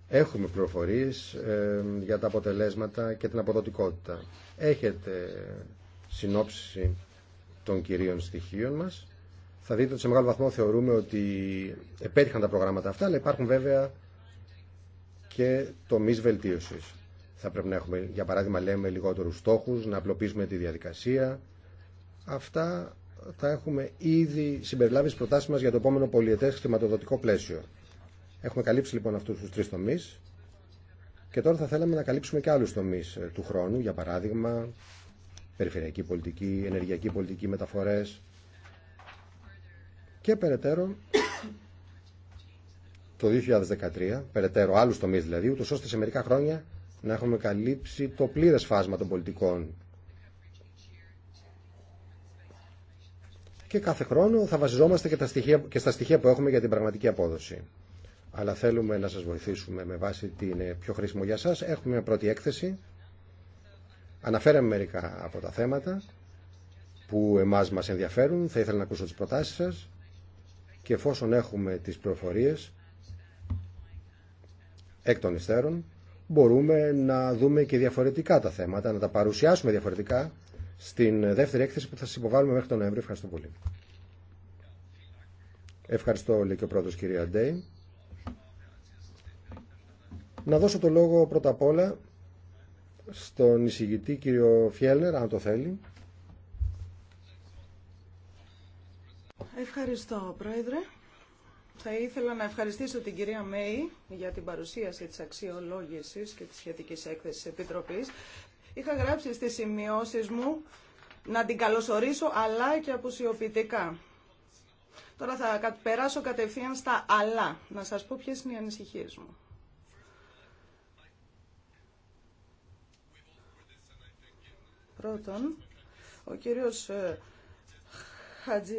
έχουμε πληροφορίε για τα αποτελέσματα και την αποδοτικότητα. Έχετε συνόψη των κυρίων στοιχείων μας. Θα δείτε ότι σε μεγάλο βαθμό θεωρούμε ότι επέτυχαν τα προγράμματα αυτά, αλλά υπάρχουν βέβαια και τομεί βελτίωση. Θα πρέπει να έχουμε, για παράδειγμα, λέμε λιγότερου στόχου, να απλοποιήσουμε τη διαδικασία. Αυτά τα έχουμε ήδη συμπεριλάβει στι προτάσεις μας για το επόμενο πολιετέ χρηματοδοτικό πλαίσιο. Έχουμε καλύψει λοιπόν αυτού του τρει τομεί. και τώρα θα θέλαμε να καλύψουμε και άλλους τομεί ε, του χρόνου, για παράδειγμα περιφερειακή πολιτική, ενεργειακή πολιτική, μεταφορέ. και περαιτέρω το 2013, περαιτέρω άλλου τομεί δηλαδή, ούτω ώστε σε μερικά χρόνια να έχουμε καλύψει το πλήρε φάσμα των πολιτικών. Και κάθε χρόνο θα βασιζόμαστε και, τα στοιχεία, και στα στοιχεία που έχουμε για την πραγματική απόδοση. Αλλά θέλουμε να σας βοηθήσουμε με βάση τι είναι πιο χρήσιμο για σας. Έχουμε μια πρώτη έκθεση. Αναφέραμε μερικά από τα θέματα που εμάς μας ενδιαφέρουν. Θα ήθελα να ακούσω τις προτάσεις σας και εφόσον έχουμε τις προφορίες εκ των υστέρων μπορούμε να δούμε και διαφορετικά τα θέματα, να τα παρουσιάσουμε διαφορετικά στην δεύτερη έκθεση που θα σας υποβάλουμε μέχρι τον Νοέμβριο. Ευχαριστώ πολύ. Ευχαριστώ, λέει και ο πρόεδρος κυρία Ντέι. Να δώσω το λόγο πρώτα απ' όλα στον εισηγητή κύριο Φιέλνερ, αν το θέλει. Ευχαριστώ, πρόεδρε. Θα ήθελα να ευχαριστήσω την κυρία Μέη για την παρουσίαση της αξιολόγησης και της σχετικής έκθεσης Επιτροπής. Είχα γράψει στις σημειώσεις μου να την καλωσορίσω αλλά και αποσιοποιητικά. Τώρα θα περάσω κατευθείαν στα αλλά. Να σας πω ποιες είναι οι ανησυχίες μου. Πρώτον, ο κύριος ε,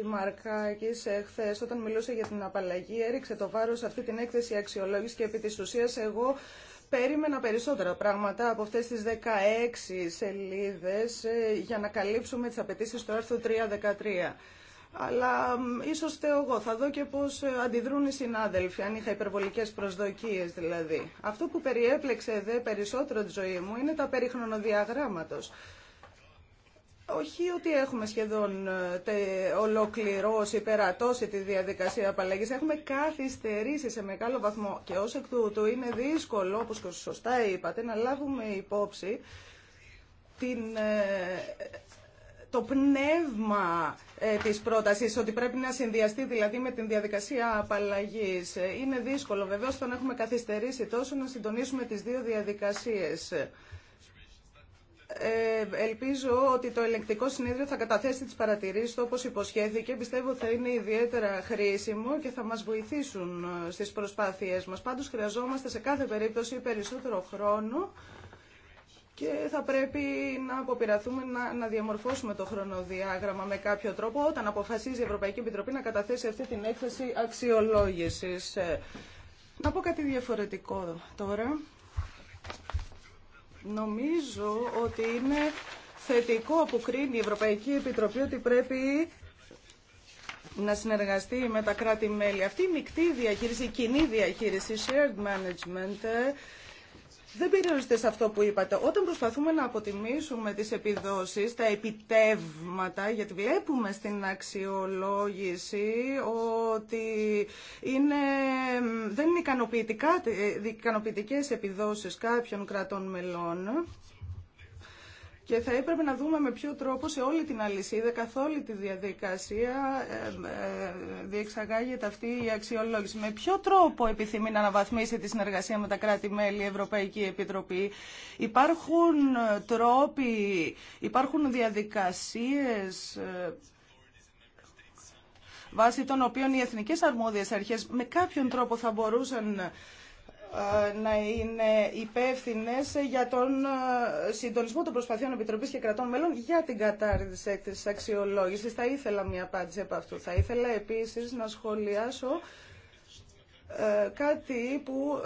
Μαρκάκη, εχθέ όταν μιλούσε για την απαλλαγή έριξε το βάρο σε αυτή την έκθεση αξιολόγηση και επί τη ουσία εγώ περίμενα περισσότερα πράγματα από αυτέ τι 16 σελίδες ε, για να καλύψουμε τις απαιτήσει του άρθρου 313. Αλλά ίσως θέω εγώ, θα δω και πώς ε, αντιδρούν οι συνάδελφοι, αν είχα υπερβολικές προσδοκίε, δηλαδή. Αυτό που περιέπλεξε δε περισσότερο τη ζωή μου είναι τα περί όχι ότι έχουμε σχεδόν ε, τε, ολοκληρώσει, περατώσει τη διαδικασία απαλλαγής, έχουμε καθυστερήσει σε μεγάλο βαθμό και ως εκ τούτου είναι δύσκολο, όπως σωστά είπατε, να λάβουμε υπόψη την, ε, το πνεύμα ε, της πρότασης, ότι πρέπει να συνδυαστεί δηλαδή με την διαδικασία απαλλαγής. Είναι δύσκολο βεβαίως τον έχουμε καθυστερήσει τόσο να συντονίσουμε τις δύο διαδικασίες. Ε, ελπίζω ότι το ελεγκτικό συνέδριο θα καταθέσει τις παρατηρήσεις όπως υποσχέθηκε. Πιστεύω θα είναι ιδιαίτερα χρήσιμο και θα μας βοηθήσουν ε, στις προσπάθειές μας. Πάντως χρειαζόμαστε σε κάθε περίπτωση περισσότερο χρόνο και θα πρέπει να αποπειραθούμε να, να διαμορφώσουμε το χρονοδιάγραμμα με κάποιο τρόπο όταν αποφασίζει η Ευρωπαϊκή Επιτροπή να καταθέσει αυτή την έκθεση αξιολόγησης. Ε, να πω κάτι διαφορετικό τώρα. Νομίζω ότι είναι θετικό που κρίνει η Ευρωπαϊκή Επιτροπή ότι πρέπει να συνεργαστεί με τα κράτη-μέλη. Αυτή η μεικτή διαχείριση, η κοινή διαχείριση, shared management, ε, δεν περιορίζεται σε αυτό που είπατε. Όταν προσπαθούμε να αποτιμήσουμε τις επιδόσεις, τα επιτεύγματα, γιατί βλέπουμε στην αξιολόγηση ότι είναι, δεν είναι ικανοποιητικά, ε, ικανοποιητικές επιδόσεις κάποιων κρατών μελών, και θα έπρεπε να δούμε με ποιο τρόπο σε όλη την αλυσίδα, καθ' όλη τη διαδικασία ε, διεξαγάγεται αυτή η αξιολόγηση. Με ποιο τρόπο επιθυμεί να αναβαθμίσει τη συνεργασία με τα κράτη-μέλη, η Ευρωπαϊκή Επιτροπή. Υπάρχουν ε, τρόποι, υπάρχουν διαδικασίες ε, βάσει των οποίων οι εθνικές αρμόδιες αρχές με κάποιον τρόπο θα μπορούσαν ε, να είναι υπεύθυνε για τον ε, συντονισμό των προσπαθειών Επιτροπής και κρατών μέλων για την κατάρρη τη έκθεσης Αξιολόγηση, Θα ήθελα μια απάντηση από αυτού. Θα ήθελα επίσης να σχολιάσω ε, κάτι που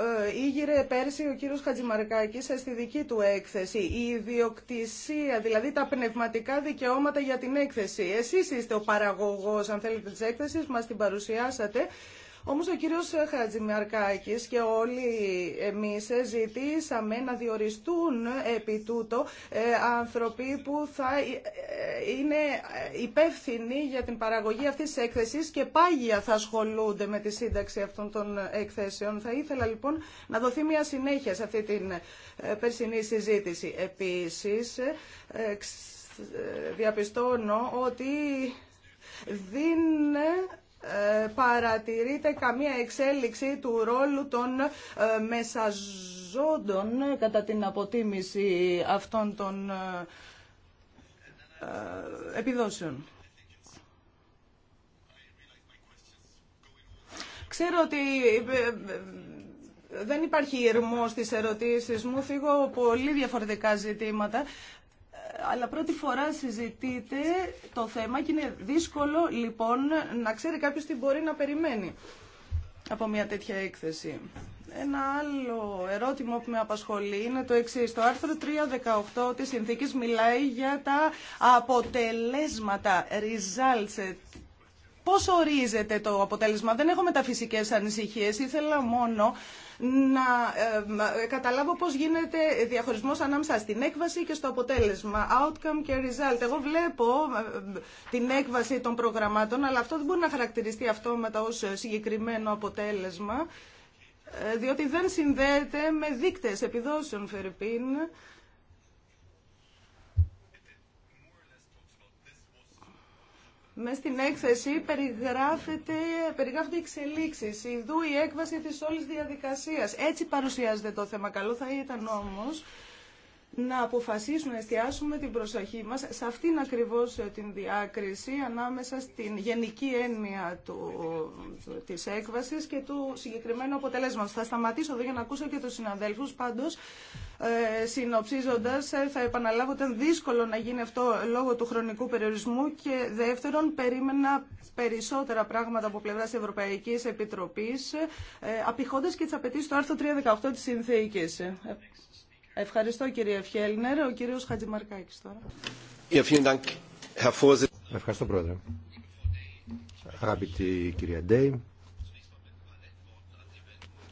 ήγηρε πέρσι ο κύριος Χατζημαρκάκης στη δική του έκθεση. Η ιδιοκτησία, δηλαδή τα πνευματικά δικαιώματα για την έκθεση. Εσείς είστε ο παραγωγός, αν θέλετε, της έκθεσης, μας την παρουσιάσατε όμως ο κύριος Χατζημιαρκάκης και όλοι εμείς ζητήσαμε να διοριστούν επί τούτο ε, άνθρωποι που θα ε, ε, είναι υπεύθυνοι για την παραγωγή αυτής της έκθεσης και πάγια θα ασχολούνται με τη σύνταξη αυτών των εκθέσεων. Θα ήθελα λοιπόν να δοθεί μια συνέχεια σε αυτή την περσινή συζήτηση. Επίσης, διαπιστώνω ότι δίνει... Ε, παρατηρείται καμία εξέλιξη του ρόλου των ε, μεσαζόντων κατά την αποτίμηση αυτών των ε, επιδόσεων. Ξέρω ότι δεν υπάρχει ηρμό στις ερωτήσεις μου, φύγω πολύ διαφορετικά ζητήματα αλλά πρώτη φορά συζητήτε το θέμα και είναι δύσκολο λοιπόν να ξέρει κάποιος τι μπορεί να περιμένει από μια τέτοια έκθεση. Ένα άλλο ερώτημα που με απασχολεί είναι το εξή. Το άρθρο 318 της συνθήκης μιλάει για τα αποτελέσματα, results, Πώς ορίζεται το αποτέλεσμα. Δεν έχω μεταφυσικές ανησυχίες. Ήθελα μόνο να ε, ε, καταλάβω πώς γίνεται διαχωρισμός ανάμεσα στην έκβαση και στο αποτέλεσμα. Outcome και result. Εγώ βλέπω ε, την έκβαση των προγραμμάτων, αλλά αυτό δεν μπορεί να χαρακτηριστεί αυτόματα ως συγκεκριμένο αποτέλεσμα διότι δεν συνδέεται με δείκτες επιδόσεων Φερρυπίν Με στην έκθεση περιγράφεται, περιγράφονται η ιδού η έκβαση της όλης διαδικασία. Έτσι παρουσιάζεται το θέμα. Καλό θα ήταν όμω να αποφασίσουμε να εστιάσουμε την προσοχή μας σε αυτήν ακριβώς ε, την διάκριση ανάμεσα στην γενική έννοια του, της έκβασης και του συγκεκριμένου αποτελέσματος. Θα σταματήσω εδώ για να ακούσω και τους συναδέλφους. Πάντως, ε, συνοψίζοντας, ε, θα επαναλάβω ότι ήταν δύσκολο να γίνει αυτό λόγω του χρονικού περιορισμού και δεύτερον, περίμενα περισσότερα πράγματα από πλευρά Ευρωπαϊκής Επιτροπής, ε, απηχώντας και τις απαιτήσεις του άρθρου 318 της Συνθήκης. Ε, Ευχαριστώ κύριε Φιέλνερ. Ο κύριος Χατζημαρκάκης τώρα. Ευχαριστώ πρόεδρε. Αγαπητή κυρία Ντέι.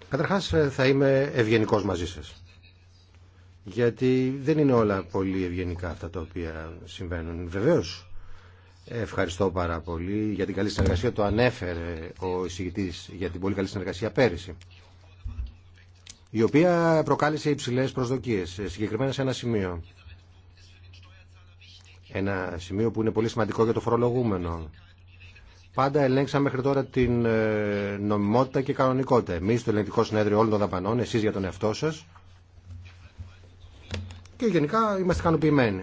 Καταρχάς ε, θα είμαι ευγενικός μαζί σας. Γιατί δεν είναι όλα πολύ ευγενικά αυτά τα οποία συμβαίνουν. Βεβαίως Ευχαριστώ πάρα πολύ για την καλή συνεργασία. Το ανέφερε ο εισηγητής για την πολύ καλή συνεργασία πέρυσι η οποία προκάλεσε υψηλέ προσδοκίε. Ε, συγκεκριμένα σε ένα σημείο. Ένα σημείο που είναι πολύ σημαντικό για το φορολογούμενο. Πάντα ελέγξαμε μέχρι τώρα την ε, νομιμότητα και κανονικότητα. Εμεί το ελεγκτικό συνέδριο όλων των δαπανών, εσεί για τον εαυτό σα. Και γενικά είμαστε ικανοποιημένοι.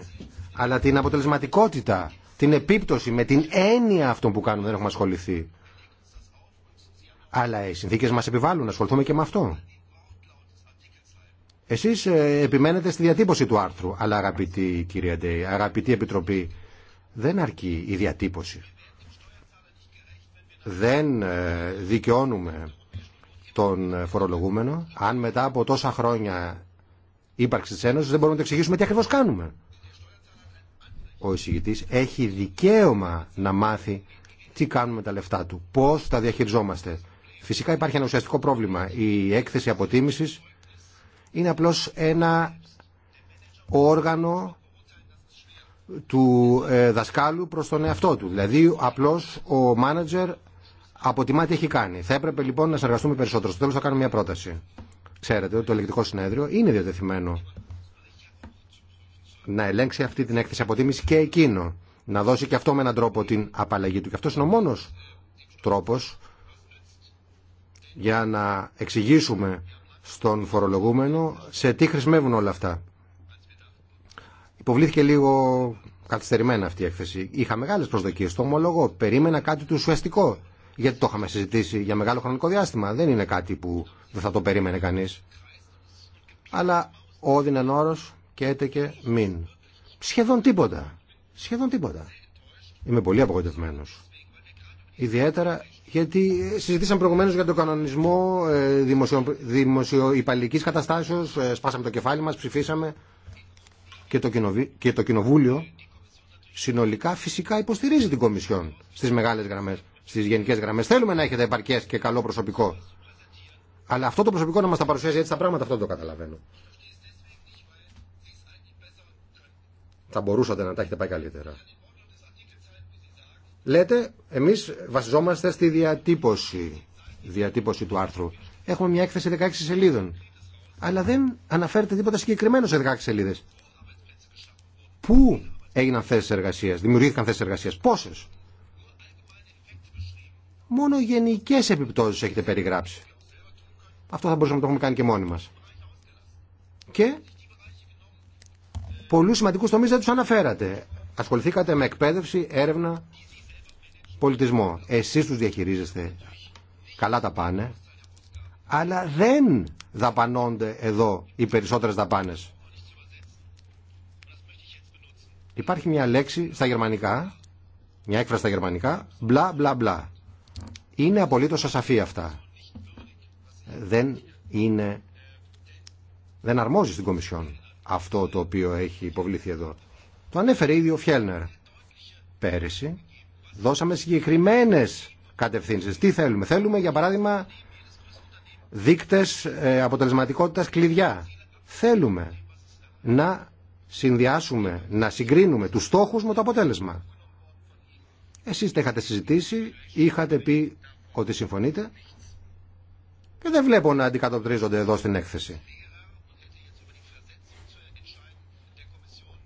Αλλά την αποτελεσματικότητα, την επίπτωση με την έννοια αυτών που κάνουμε δεν έχουμε ασχοληθεί. Αλλά οι συνθήκε μα επιβάλλουν να ασχοληθούμε και με αυτό. Εσείς ε, επιμένετε στη διατύπωση του άρθρου, αλλά αγαπητή κυρία Ντέι, αγαπητή Επιτροπή, δεν αρκεί η διατύπωση. Δεν ε, δικαιώνουμε τον φορολογούμενο αν μετά από τόσα χρόνια ύπαρξη της Ένωσης δεν μπορούμε να το εξηγήσουμε τι ακριβώς κάνουμε. Ο εισηγητής έχει δικαίωμα να μάθει τι κάνουμε τα λεφτά του, πώς τα διαχειριζόμαστε. Φυσικά υπάρχει ένα ουσιαστικό πρόβλημα. Η έκθεση αποτίμησης είναι απλώς ένα όργανο του ε, δασκάλου προς τον εαυτό του. Δηλαδή απλώς ο μάνατζερ αποτιμά τι έχει κάνει. Θα έπρεπε λοιπόν να συνεργαστούμε περισσότερο. Στο τέλος θα κάνω μια πρόταση. Ξέρετε ότι το ελεγκτικό συνέδριο είναι διατεθειμένο να ελέγξει αυτή την έκθεση αποτίμηση και εκείνο. Να δώσει και αυτό με έναν τρόπο την απαλλαγή του. Και αυτός είναι ο μόνος τρόπος για να εξηγήσουμε στον φορολογούμενο. Σε τι χρησιμεύουν όλα αυτά. Υποβλήθηκε λίγο καθυστερημένα αυτή η έκθεση. Είχα μεγάλε προσδοκίε, το ομολογώ. Περίμενα κάτι του ουσιαστικό. Γιατί το είχαμε συζητήσει για μεγάλο χρονικό διάστημα. Δεν είναι κάτι που δεν θα το περίμενε κανεί. Αλλά όδιναν όρο και έτεκε μην. Σχεδόν τίποτα. Σχεδόν τίποτα. Είμαι πολύ απογοητευμένο. Ιδιαίτερα γιατί συζητήσαμε προηγουμένω για τον κανονισμό ε, δημοσιο, δημοσιοϊπαλληλική καταστάσεω. Ε, σπάσαμε το κεφάλι μα, ψηφίσαμε και το, και το Κοινοβούλιο συνολικά φυσικά υποστηρίζει την Κομισιόν στι μεγάλε γραμμέ, στι γενικέ γραμμέ. Θέλουμε να έχετε επαρκέ και καλό προσωπικό. Αλλά αυτό το προσωπικό να μα τα παρουσιάζει έτσι τα πράγματα, αυτό δεν το καταλαβαίνω. Θα μπορούσατε να τα έχετε πάει καλύτερα. Λέτε, εμείς βασιζόμαστε στη διατύπωση, διατύπωση του άρθρου. Έχουμε μια έκθεση 16 σελίδων. Αλλά δεν αναφέρεται τίποτα συγκεκριμένο σε 16 σελίδες. Πού έγιναν θέσεις εργασίας, δημιουργήθηκαν θέσεις εργασίας, πόσες. Μόνο γενικές επιπτώσεις έχετε περιγράψει. Αυτό θα μπορούσαμε να το έχουμε κάνει και μόνοι μας. Και πολλούς σημαντικούς τομείς δεν τους αναφέρατε. Ασχοληθήκατε με εκπαίδευση, έρευνα, πολιτισμό. Εσείς τους διαχειρίζεστε, καλά τα πάνε, αλλά δεν δαπανώνται εδώ οι περισσότερες δαπάνες. Υπάρχει μια λέξη στα γερμανικά, μια έκφραση στα γερμανικά, μπλα μπλα μπλα. Είναι απολύτως ασαφή αυτά. Δεν είναι, δεν αρμόζει στην Κομισιόν αυτό το οποίο έχει υποβληθεί εδώ. Το ανέφερε ήδη ο Φιέλνερ. Πέρυσι δώσαμε συγκεκριμένε κατευθύνσει. Τι θέλουμε. Θέλουμε για παράδειγμα δίκτες ε, αποτελεσματικότητας κλειδιά. Θέλουμε να συνδυάσουμε, να συγκρίνουμε του στόχους με το αποτέλεσμα. Εσείς τα είχατε συζητήσει, είχατε πει ότι συμφωνείτε και δεν βλέπω να αντικατοπτρίζονται εδώ στην έκθεση.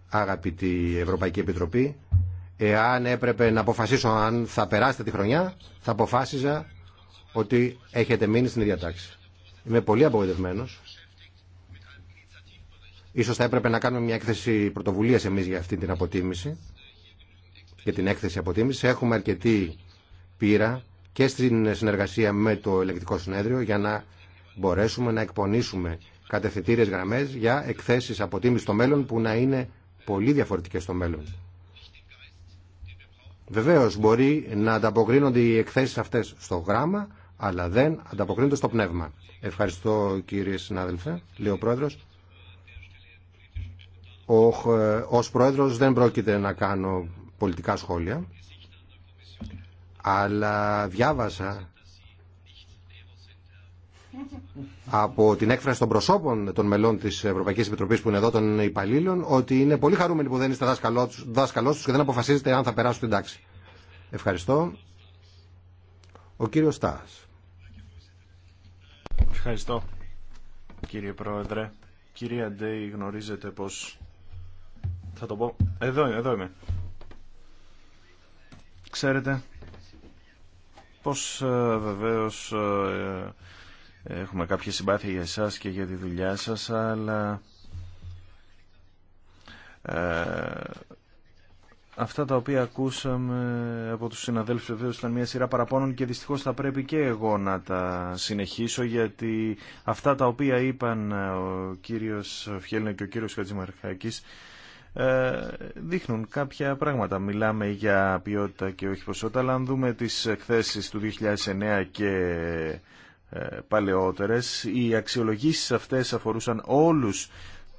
Αγαπητή Ευρωπαϊκή Επιτροπή, εάν έπρεπε να αποφασίσω αν θα περάσετε τη χρονιά, θα αποφάσιζα ότι έχετε μείνει στην ίδια τάξη. Είμαι πολύ απογοητευμένος. Ίσως θα έπρεπε να κάνουμε μια έκθεση πρωτοβουλίας εμείς για αυτή την αποτίμηση, για την έκθεση αποτίμησης. Έχουμε αρκετή πείρα και στην συνεργασία με το Ελεκτικό συνέδριο για να μπορέσουμε να εκπονήσουμε κατευθυντήρες γραμμές για εκθέσεις αποτίμησης στο μέλλον που να είναι πολύ διαφορετικές στο μέλλον. Βεβαίως μπορεί να ανταποκρίνονται οι εκθέσεις αυτές στο γράμμα, αλλά δεν ανταποκρίνονται στο πνεύμα. Ευχαριστώ κύριε συνάδελφε, λέει ο Πρόεδρος. Ο, ε, ως Πρόεδρος δεν πρόκειται να κάνω πολιτικά σχόλια, αλλά διάβασα από την έκφραση των προσώπων των μελών τη Ευρωπαϊκή Επιτροπή που είναι εδώ των υπαλλήλων ότι είναι πολύ χαρούμενοι που δεν είστε δάσκαλό του και δεν αποφασίζετε αν θα περάσουν την τάξη. Ευχαριστώ. Ο κύριο Στά. Ευχαριστώ κύριε Πρόεδρε. Κυρία Ντέι, γνωρίζετε πως... Θα το πω. Εδώ, εδώ είμαι. Ξέρετε πως ε, βεβαίως ε, Έχουμε κάποια συμπάθεια για εσάς και για τη δουλειά σας, αλλά ε, αυτά τα οποία ακούσαμε από τους συναδέλφους βεβαίω ήταν μια σειρά παραπώνων και δυστυχώς θα πρέπει και εγώ να τα συνεχίσω γιατί αυτά τα οποία είπαν ε, ο κύριος Φιέλνε και ο κύριος Χατζημαρχάκης ε, δείχνουν κάποια πράγματα. Μιλάμε για ποιότητα και όχι ποσότητα, αλλά αν δούμε τις εκθέσεις του 2009 και ε, παλαιότερες. Οι αξιολογήσεις αυτές αφορούσαν όλους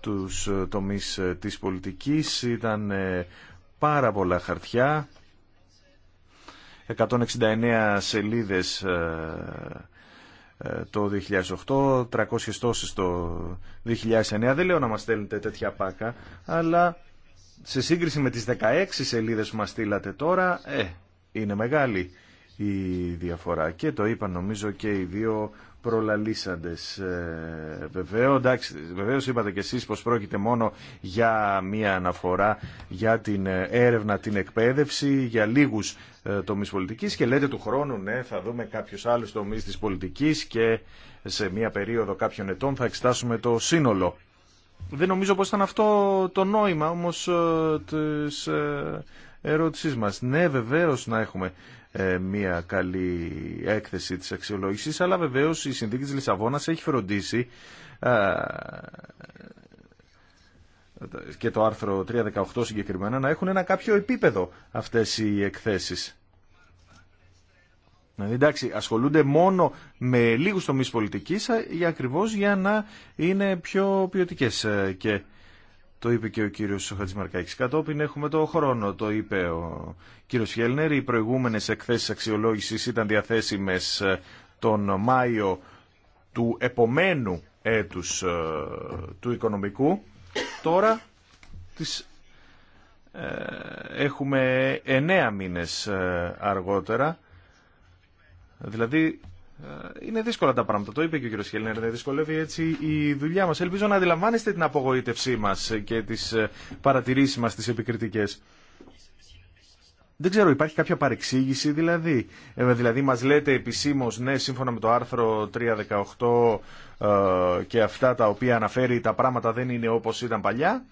τους ε, τομείς ε, της πολιτικής. Ήταν πάρα πολλά χαρτιά, 169 σελίδες το 2008, 300 τόσες το 2009. Δεν λέω να μας στέλνετε τέτοια πάκα, αλλά σε σύγκριση με τις 16 σελίδες που μας στείλατε τώρα, ε, είναι μεγάλη η διαφορά. Και το είπαν νομίζω και οι δύο προλαλήσαντες. Ε, Βεβαίω, εντάξει, βεβαίως είπατε και εσείς πως πρόκειται μόνο για μία αναφορά για την ε, έρευνα, την εκπαίδευση, για λίγους ε, τομείς πολιτικής και λέτε του χρόνου ναι θα δούμε κάποιους άλλους τομείς της πολιτικής και σε μία περίοδο κάποιων ετών θα εξετάσουμε το σύνολο. Δεν νομίζω πως ήταν αυτό το νόημα όμως της ερώτησής μας. Ναι βεβαίως να έχουμε ε, μια καλή έκθεση της αξιολόγησης, αλλά βεβαίως η συνθήκη της Λισαβόνας έχει φροντίσει και το άρθρο 318 συγκεκριμένα να έχουν ένα κάποιο επίπεδο αυτές οι εκθέσεις. Δηλαδή, εντάξει, ασχολούνται μόνο με λίγους τομείς πολιτικής για ακριβώς για να είναι πιο ποιοτικές ε, και το είπε και ο κύριος Χατζημαρκάκης. Κατόπιν έχουμε το χρόνο, το είπε ο κύριος Χέλνερ. Οι προηγούμενες εκθέσεις αξιολόγησης ήταν διαθέσιμες ε, τον Μάιο του επομένου έτους ε, του οικονομικού. Τώρα τις ε, έχουμε εννέα μήνες αργότερα. Δηλαδή ε, είναι δύσκολα τα πράγματα. Το είπε και ο κ. Χελνέρ, δεν δυσκολεύει έτσι η δουλειά μα. Ελπίζω να αντιλαμβάνεστε την απογοήτευσή μα και τι ε, παρατηρήσει μα τι επικριτικέ. Δεν ξέρω, υπάρχει κάποια παρεξήγηση δηλαδή. Ε, δηλαδή μας λέτε επισήμω, ναι, σύμφωνα με το άρθρο 318 ε, και αυτά τα οποία αναφέρει τα πράγματα δεν είναι όπως ήταν παλιά.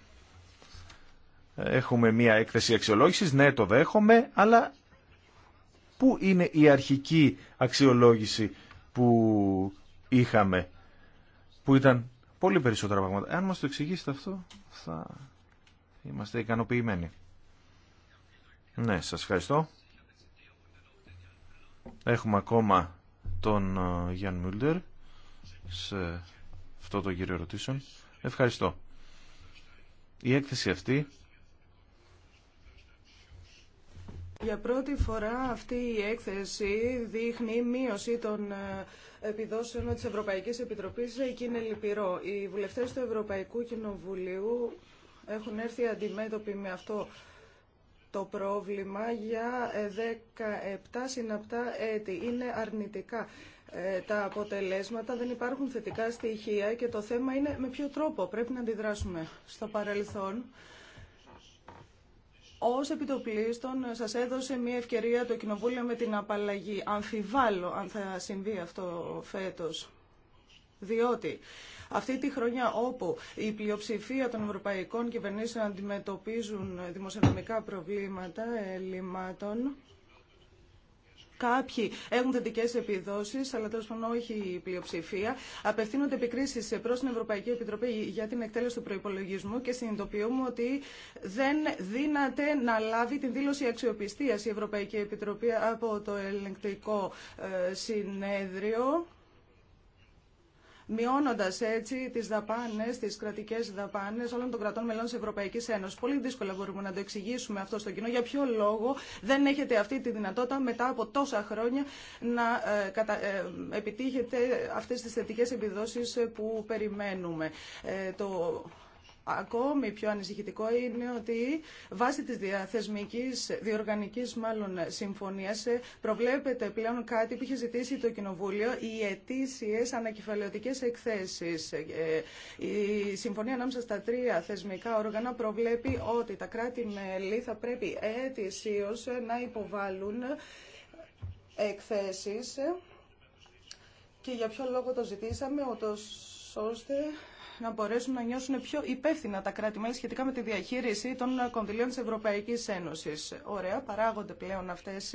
Έχουμε μία έκθεση αξιολόγηση. ναι το δέχομαι, αλλά Πού είναι η αρχική αξιολόγηση που είχαμε, που ήταν πολύ περισσότερα πράγματα. Αν μας το εξηγήσετε αυτό, θα είμαστε ικανοποιημένοι. Ναι, σας ευχαριστώ. Έχουμε ακόμα τον ε, Γιάν Μούλτερ σε αυτό το κύριο ερωτήσεων. Ευχαριστώ. Η έκθεση αυτή Για πρώτη φορά αυτή η έκθεση δείχνει μείωση των ε, επιδόσεων της Ευρωπαϊκής Επιτροπής και είναι λυπηρό. Οι βουλευτές του Ευρωπαϊκού Κοινοβουλίου έχουν έρθει αντιμέτωποι με αυτό το πρόβλημα για 17 ε, συναπτά έτη. Είναι αρνητικά ε, τα αποτελέσματα, δεν υπάρχουν θετικά στοιχεία και το θέμα είναι με ποιο τρόπο πρέπει να αντιδράσουμε στο παρελθόν. Ω επιτοπλίστων σας έδωσε μια ευκαιρία το Κοινοβούλιο με την απαλλαγή. Αμφιβάλλω αν θα συμβεί αυτό φέτος. Διότι αυτή τη χρονιά όπου η πλειοψηφία των ευρωπαϊκών κυβερνήσεων αντιμετωπίζουν δημοσιονομικά προβλήματα ελλημάτων, Κάποιοι έχουν θετικέ επιδόσει, αλλά τέλο πάντων όχι η πλειοψηφία. Απευθύνονται επικρίσει προ την Ευρωπαϊκή Επιτροπή για την εκτέλεση του προπολογισμού και συνειδητοποιούμε ότι δεν δύναται να λάβει την δήλωση αξιοπιστία η Ευρωπαϊκή Επιτροπή από το ελεγκτικό ε, συνέδριο. Μειώνοντα έτσι τις δαπάνες, τις κρατικές δαπάνες όλων των κρατών μελών τη ευρωπαϊκή Ένωση. Πολύ δύσκολα μπορούμε να το εξηγήσουμε αυτό στο κοινό. Για ποιο λόγο δεν έχετε αυτή τη δυνατότητα μετά από τόσα χρόνια να ε, ε, επιτύχετε αυτές τις θετικέ επιδόσεις που περιμένουμε. Ε, το Ακόμη πιο ανησυχητικό είναι ότι βάσει της διαθεσμικής, διοργανικής μάλλον συμφωνίας ε, προβλέπεται πλέον κάτι που είχε ζητήσει το Κοινοβούλιο, οι αιτήσιε ανακεφαλαιωτικές εκθέσεις. Ε, η συμφωνία ανάμεσα στα τρία θεσμικά όργανα προβλέπει ότι τα κράτη-μέλη θα πρέπει αιτησίως να υποβάλουν εκθέσεις και για ποιο λόγο το ζητήσαμε, ώστε να μπορέσουν να νιώσουν πιο υπεύθυνα τα κράτη-μέλη σχετικά με τη διαχείριση των κονδυλίων τη Ευρωπαϊκής Ένωσης. Ωραία, παράγονται πλέον αυτές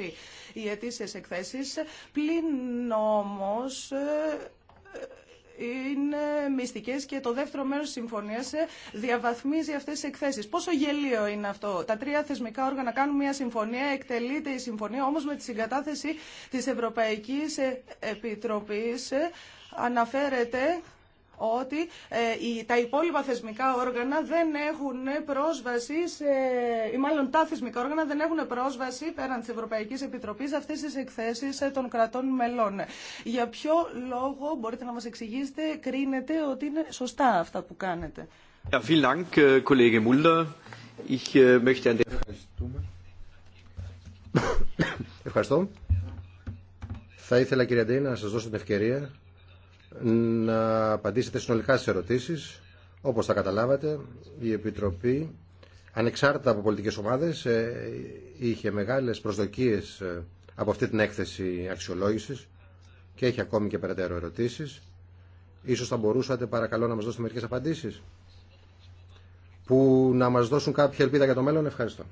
οι αιτήσει εκθέσεις. Πλην όμω ε, είναι μυστικέ και το δεύτερο μέρο τη συμφωνία ε, διαβαθμίζει αυτέ τι εκθέσει. Πόσο γελίο είναι αυτό. Τα τρία θεσμικά όργανα κάνουν μια συμφωνία, εκτελείται η συμφωνία, όμω με τη συγκατάθεση τη Ευρωπαϊκή ε, Επιτροπή αναφέρεται ότι ε, τα υπόλοιπα θεσμικά όργανα δεν έχουν πρόσβαση, σε, ή μάλλον τα θεσμικά όργανα δεν έχουν πρόσβαση πέραν τη Ευρωπαϊκή Επιτροπή σε αυτέ τι εκθέσει ε, των κρατών μελών. Για ποιο λόγο μπορείτε να μα εξηγήσετε, κρίνετε ότι είναι σωστά αυτά που κάνετε. Ευχαριστώ. Θα ήθελα κύριε Αντέι να σας δώσω την ευκαιρία να απαντήσετε συνολικά στις ερωτήσεις. Όπως τα καταλάβατε, η Επιτροπή, ανεξάρτητα από πολιτικές ομάδες, ε, είχε μεγάλες προσδοκίες ε, από αυτή την έκθεση αξιολόγησης και έχει ακόμη και περαιτέρω ερωτήσεις. Ίσως θα μπορούσατε παρακαλώ να μας δώσετε μερικές απαντήσεις που να μας δώσουν κάποια ελπίδα για το μέλλον. Ευχαριστώ.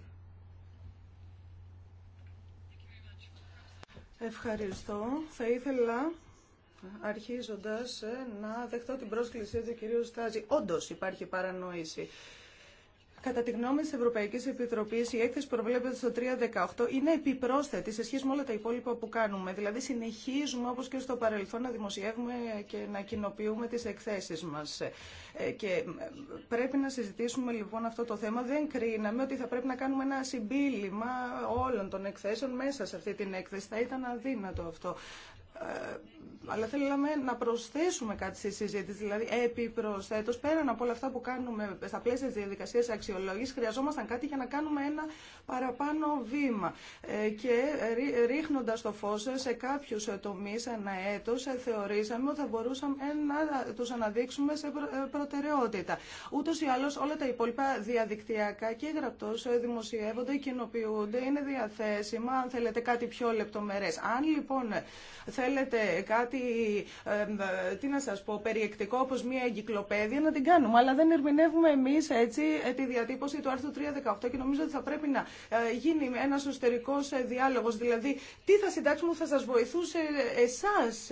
Ευχαριστώ. Θα ήθελα αρχίζοντας ε, να δεχτώ την πρόσκλησή του κυρίου Στάζη. Όντως υπάρχει παρανόηση. Κατά τη γνώμη τη Ευρωπαϊκή Επιτροπή, η έκθεση που προβλέπεται στο 318 είναι επιπρόσθετη σε σχέση με όλα τα υπόλοιπα που κάνουμε. Δηλαδή, συνεχίζουμε όπω και στο παρελθόν να δημοσιεύουμε και να κοινοποιούμε τι εκθέσει μα. Ε, και ε, πρέπει να συζητήσουμε λοιπόν αυτό το θέμα. Δεν κρίναμε ότι θα πρέπει να κάνουμε ένα συμπίλημα όλων των εκθέσεων μέσα σε αυτή την έκθεση. Θα ήταν αδύνατο αυτό. Ε, αλλά θέλαμε να προσθέσουμε κάτι στη συζήτηση, δηλαδή προσθέτω πέραν από όλα αυτά που κάνουμε στα πλαίσια τη διαδικασία αξιολόγηση, χρειαζόμασταν κάτι για να κάνουμε ένα παραπάνω βήμα. Ε, και ρίχνοντα το φω σε κάποιου τομείς ανά έτος, θεωρήσαμε ότι θα μπορούσαμε να του αναδείξουμε σε ε, προτεραιότητα. Ούτω ή άλλω όλα τα υπόλοιπα διαδικτυακά και γραπτός δημοσιεύονται, κοινοποιούνται, είναι διαθέσιμα, αν θέλετε κάτι πιο λεπτομέρε. Αν λοιπόν θέλετε κάτι, ε, τι να σας πω, περιεκτικό όπως μια εγκυκλοπαίδεια, να την κάνουμε. Αλλά δεν ερμηνεύουμε εμείς έτσι ε, τη διατύπωση του άρθρου 318 και νομίζω ότι θα πρέπει να ε, γίνει ένας εσωτερικός διάλογος. Δηλαδή, τι θα συντάξουμε θα σας βοηθούσε εσάς.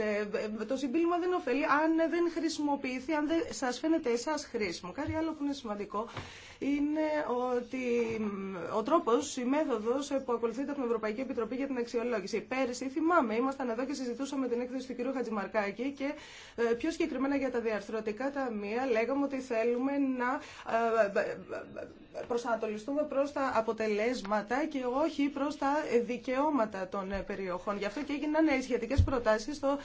Το συμπίλημα δεν ωφελεί αν δεν χρησιμοποιηθεί, αν δεν σας φαίνεται εσάς χρήσιμο. Κάτι άλλο που είναι σημαντικό είναι ότι ο τρόπο, η μέθοδο που ακολουθείται από την Ευρωπαϊκή Επιτροπή για την αξιολόγηση. Πέρυσι, θυμάμαι, ήμασταν εδώ και συζητούσαμε την έκθεση του κ. Χατζημαρκάκη και ε, πιο συγκεκριμένα για τα διαρθρωτικά ταμεία λέγαμε ότι θέλουμε να ε, ε, προσανατολιστούμε προ τα αποτελέσματα και όχι προ τα δικαιώματα των περιοχών. Γι' αυτό και έγιναν σχετικέ προτάσει στο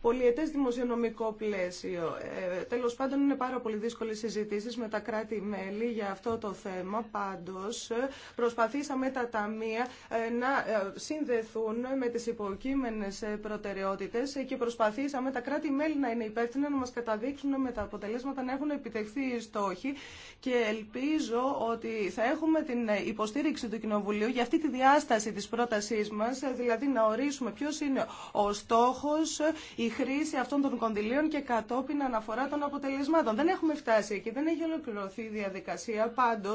πολιετές δημοσιονομικό πλαίσιο. Ε, τέλος πάντων είναι πάρα πολύ δύσκολες συζητήσει με τα κράτη-μέλη για αυτό το θέμα. Πάντως προσπαθήσαμε τα ταμεία ε, να ε, συνδεθούν με τις υποκείμενες ε, προτεραιότητες και προσπαθήσαμε τα κράτη-μέλη να είναι υπεύθυνα να μα καταδείξουν με τα αποτελέσματα να έχουν επιτευχθεί οι στόχοι και ελπίζω ότι θα έχουμε την υποστήριξη του Κοινοβουλίου για αυτή τη διάσταση της πρότασής μας, δηλαδή να ορίσουμε ποιο είναι ο στόχο η χρήση αυτών των κονδυλίων και κατόπιν αναφορά των αποτελεσμάτων. Δεν έχουμε φτάσει εκεί, δεν έχει ολοκληρωθεί η διαδικασία. Πάντω,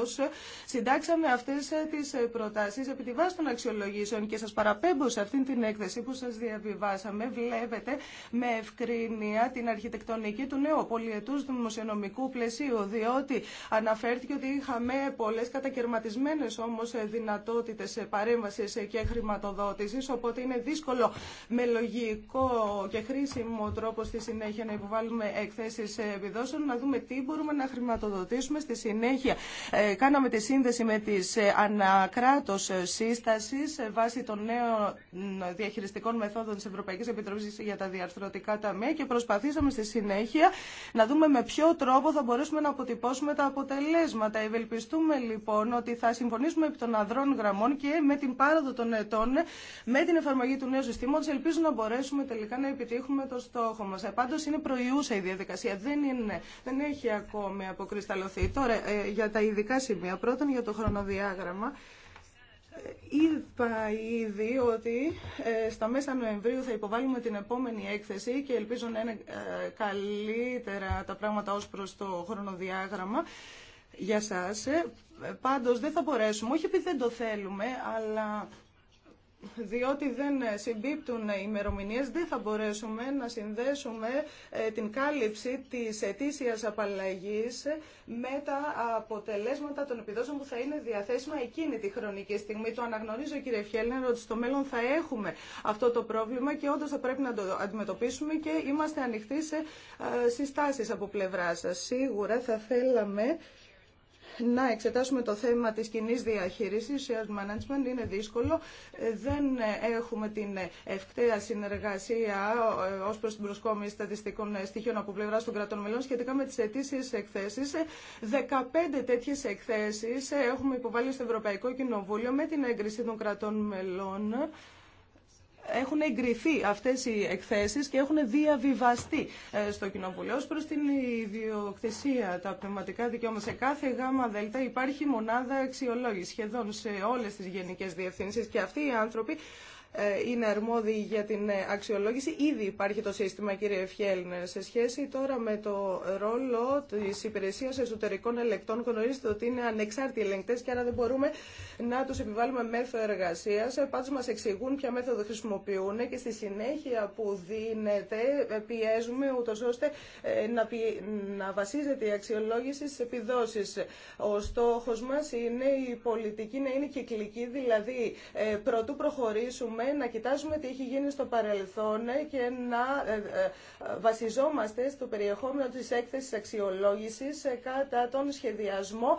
συντάξαμε αυτέ ε, τι ε, προτάσει επί τη βάση των αξιολογήσεων και σα παραπέμπω σε αυτή την έκθεση που σα διαβιβάσαμε. Βλέπετε με ευκρίνεια την αρχιτεκτονική του νέου πολιετού δημοσιονομικού πλαισίου, διότι αναφέρθηκε ότι είχαμε πολλέ κατακαιρματισμένε όμω ε, δυνατότητε παρέμβαση και χρηματοδότηση, οπότε είναι δύσκολο με λογικό και χρήσιμο χρήσιμο τρόπο στη συνέχεια να υποβάλουμε εκθέσει επιδόσεων, να δούμε τι μπορούμε να χρηματοδοτήσουμε. Στη συνέχεια ε, κάναμε τη σύνδεση με τι ε, ανακράτο ε, σύσταση βάσει των νέων διαχειριστικών μεθόδων τη Ευρωπαϊκή Επιτροπή για τα διαρθρωτικά ταμεία και προσπαθήσαμε στη συνέχεια να δούμε με ποιο τρόπο θα μπορέσουμε να αποτυπώσουμε τα αποτελέσματα. Ευελπιστούμε λοιπόν ότι θα συμφωνήσουμε επί των αδρών γραμμών και με την πάροδο των ετών, με την εφαρμογή του νέου συστήματο, ελπίζω να μπορέσουμε τελικά να επιτύχουμε με το στόχο μας. Ε, πάντως είναι προϊούσα η διαδικασία, δεν, είναι, δεν έχει ακόμη αποκρισταλωθεί. Τώρα, ε, για τα ειδικά σημεία, πρώτον για το χρονοδιάγραμμα, ε, Είπα ήδη ότι στα μέσα Νοεμβρίου θα υποβάλουμε την επόμενη έκθεση και ελπίζω να είναι καλύτερα τα πράγματα ως προς το χρονοδιάγραμμα για σας. Πάντως δεν θα μπορέσουμε, όχι επειδή δεν το θέλουμε, αλλά διότι δεν συμπίπτουν οι ημερομηνίε, δεν θα μπορέσουμε να συνδέσουμε ε, την κάλυψη της ετήσιας απαλλαγή με τα αποτελέσματα των επιδόσεων που θα είναι διαθέσιμα εκείνη τη χρονική στιγμή. Το αναγνωρίζω κύριε Φιέλνερ ότι στο μέλλον θα έχουμε αυτό το πρόβλημα και όντω θα πρέπει να το αντιμετωπίσουμε και είμαστε ανοιχτοί σε ε, συστάσει από πλευρά σα. Σίγουρα θα θέλαμε να εξετάσουμε το θέμα της κοινή διαχείρισης, shared management, είναι δύσκολο. Ε, δεν έχουμε την ευκταία συνεργασία ε, ως προς την προσκόμιση στατιστικών στοιχείων από πλευρά των κρατών μελών σχετικά με τις αιτήσεις εκθέσεις. 15 ε, τέτοιες εκθέσεις έχουμε υποβάλει στο Ευρωπαϊκό Κοινοβούλιο με την έγκριση των κρατών μελών έχουν εγκριθεί αυτές οι εκθέσεις και έχουν διαβιβαστεί ε, στο Κοινοβουλίο ως προς την ιδιοκτησία, τα πνευματικά δικαιώματα. Σε κάθε γάμα δέλτα υπάρχει μονάδα αξιολόγηση σχεδόν σε όλες τις γενικές διευθύνσεις και αυτοί οι άνθρωποι ε, είναι αρμόδιοι για την ε, αξιολόγηση. Ήδη υπάρχει το σύστημα, κύριε Φιέλνερ, σε σχέση τώρα με το ρόλο τη Υπηρεσία Εσωτερικών Ελεκτών. Γνωρίζετε ότι είναι ανεξάρτητοι ελεγκτέ και άρα δεν μπορούμε να του επιβάλλουμε μέθοδο εργασία. Ε, Πάντω μα εξηγούν ποια μέθοδο χρησιμοποιούν και στη συνέχεια που δίνεται πιέζουμε ούτω ώστε να, πι... να βασίζεται η αξιολόγηση στι επιδόσει. Ο στόχο μα είναι η πολιτική να είναι κυκλική, δηλαδή πρωτού προχωρήσουμε μπορούμε να κοιτάζουμε τι έχει γίνει στο παρελθόν και να ε, ε, ε, βασιζόμαστε στο περιεχόμενο της έκθεσης αξιολόγησης κατά τον σχεδιασμό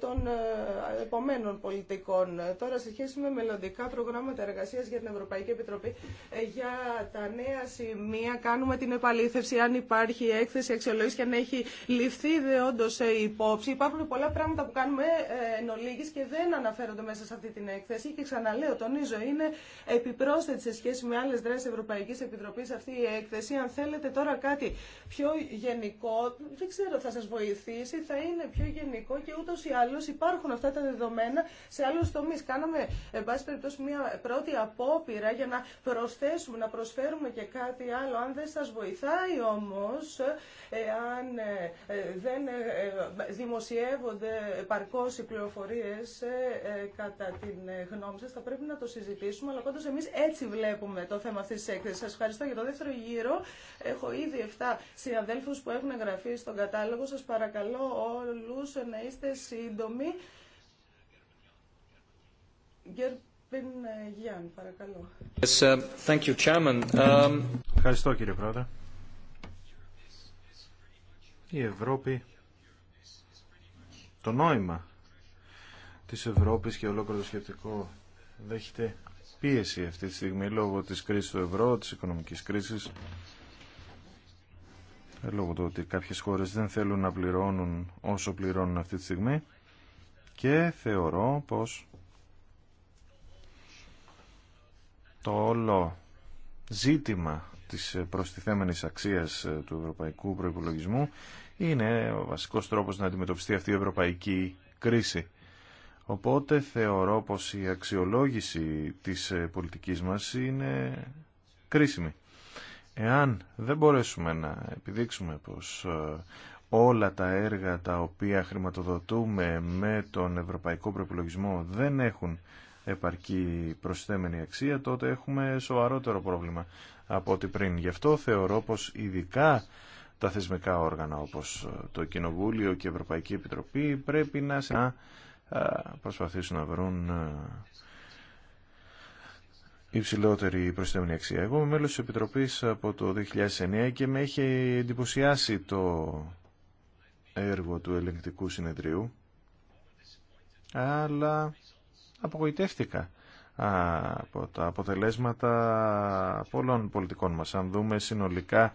των επομένων πολιτικών. Τώρα, σε σχέση με μελλοντικά προγράμματα εργασίας για την Ευρωπαϊκή Επιτροπή, για τα νέα σημεία κάνουμε την επαλήθευση αν υπάρχει έκθεση αξιολόγηση και αν έχει ληφθεί όντω υπόψη. Υπάρχουν πολλά πράγματα που κάνουμε εν και δεν αναφέρονται μέσα σε αυτή την έκθεση και ξαναλέω, τονίζω, είναι επιπρόσθετη σε σχέση με άλλες δράσεις Ευρωπαϊκής Επιτροπής αυτή η έκθεση. Αν θέλετε τώρα κάτι πιο γενικό, δεν ξέρω, θα σας βοηθήσει, θα είναι πιο γενικό και ούτως ή άλλως υπάρχουν αυτά τα δεδομένα σε άλλους τομείς. Κάναμε, εν πάση περιπτώσει, μια πρώτη απόπειρα για να προσθέσουμε, να προσφέρουμε και κάτι άλλο. Αν δεν σας βοηθάει όμως, αν ε, δεν ε, δημοσιεύονται παρκώς οι πληροφορίες ε, κατά την γνώμη σας, θα πρέπει να το συζητήσουμε, αλλά πάντως εμεί έτσι βλέπουμε το θέμα αυτή τη έκθεση. Σα ευχαριστώ για το δεύτερο γύρο. Έχω ήδη 7 συναδέλφου που έχουν εγγραφεί στον κατάλογο. Σα παρακαλώ όλου να είστε σύντομοι. Ε, παρακαλώ. Um, ευχαριστώ κύριε Πρόεδρε. Η Ευρώπη, το νόημα της Ευρώπης και ολόκληρο το σκεπτικό δέχεται πίεση αυτή τη στιγμή λόγω της κρίσης του ευρώ, της οικονομικής κρίσης, λόγω του ότι κάποιες χώρες δεν θέλουν να πληρώνουν όσο πληρώνουν αυτή τη στιγμή και θεωρώ πως το όλο ζήτημα της προστιθέμενης αξίας του ευρωπαϊκού προϋπολογισμού είναι ο βασικός τρόπος να αντιμετωπιστεί αυτή η ευρωπαϊκή κρίση. Οπότε θεωρώ πως η αξιολόγηση της ε, πολιτικής μας είναι κρίσιμη. Εάν δεν μπορέσουμε να επιδείξουμε πως ε, όλα τα έργα τα οποία χρηματοδοτούμε με τον ευρωπαϊκό προπολογισμό δεν έχουν επαρκή προσθέμενη αξία, τότε έχουμε σοβαρότερο πρόβλημα από ό,τι πριν. Γι' αυτό θεωρώ πως ειδικά τα θεσμικά όργανα όπως ε, το Κοινοβούλιο και η Ευρωπαϊκή Επιτροπή πρέπει να προσπαθήσουν να βρουν υψηλότερη προσθέμενη αξία. Εγώ είμαι μέλος της Επιτροπής από το 2009 και με έχει εντυπωσιάσει το έργο του ελεγκτικού συνεδρίου αλλά απογοητεύτηκα από τα αποτελέσματα πολλών πολιτικών μας. Αν δούμε συνολικά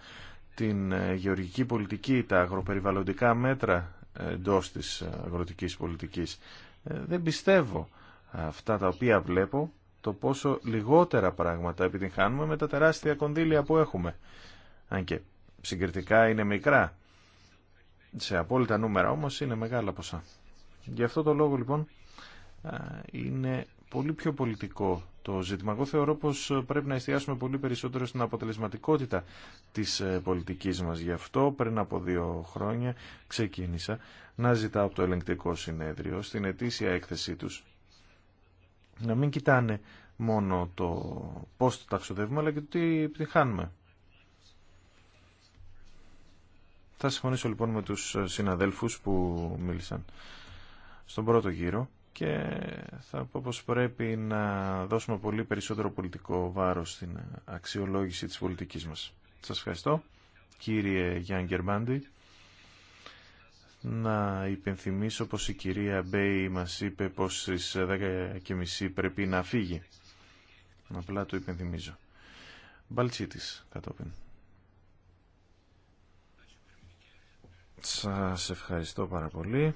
την ε, γεωργική πολιτική, τα αγροπεριβαλλοντικά μέτρα Εντό της αγροτικής πολιτικής. Ε, δεν πιστεύω αυτά τα οποία βλέπω το πόσο λιγότερα πράγματα επιτυγχάνουμε με τα τεράστια κονδύλια που έχουμε. Αν και συγκριτικά είναι μικρά. Σε απόλυτα νούμερα όμως είναι μεγάλα ποσά. Γι' αυτό το λόγο λοιπόν είναι πολύ πιο πολιτικό το ζήτημα. Εγώ θεωρώ πως ε, πρέπει να εστιάσουμε πολύ περισσότερο στην αποτελεσματικότητα της ε, πολιτικής μας. Γι' αυτό πριν από δύο χρόνια ξεκίνησα να ζητάω από το ελεγκτικό συνέδριο στην ετήσια έκθεσή τους να μην κοιτάνε μόνο το πώς το ταξιδεύουμε αλλά και το τι επιτυχάνουμε. Θα συμφωνήσω λοιπόν με τους ε, συναδέλφους που μίλησαν στον πρώτο γύρο και θα πω πως πρέπει να δώσουμε πολύ περισσότερο πολιτικό βάρος στην αξιολόγηση της πολιτικής μας. Σας ευχαριστώ, κύριε Γιάνν Μπάντι Να υπενθυμίσω πως η κυρία Μπέι μας είπε πως στις 10.30 πρέπει να φύγει. Απλά το υπενθυμίζω. Μπαλτσίτης κατόπιν. Σας ευχαριστώ πάρα πολύ.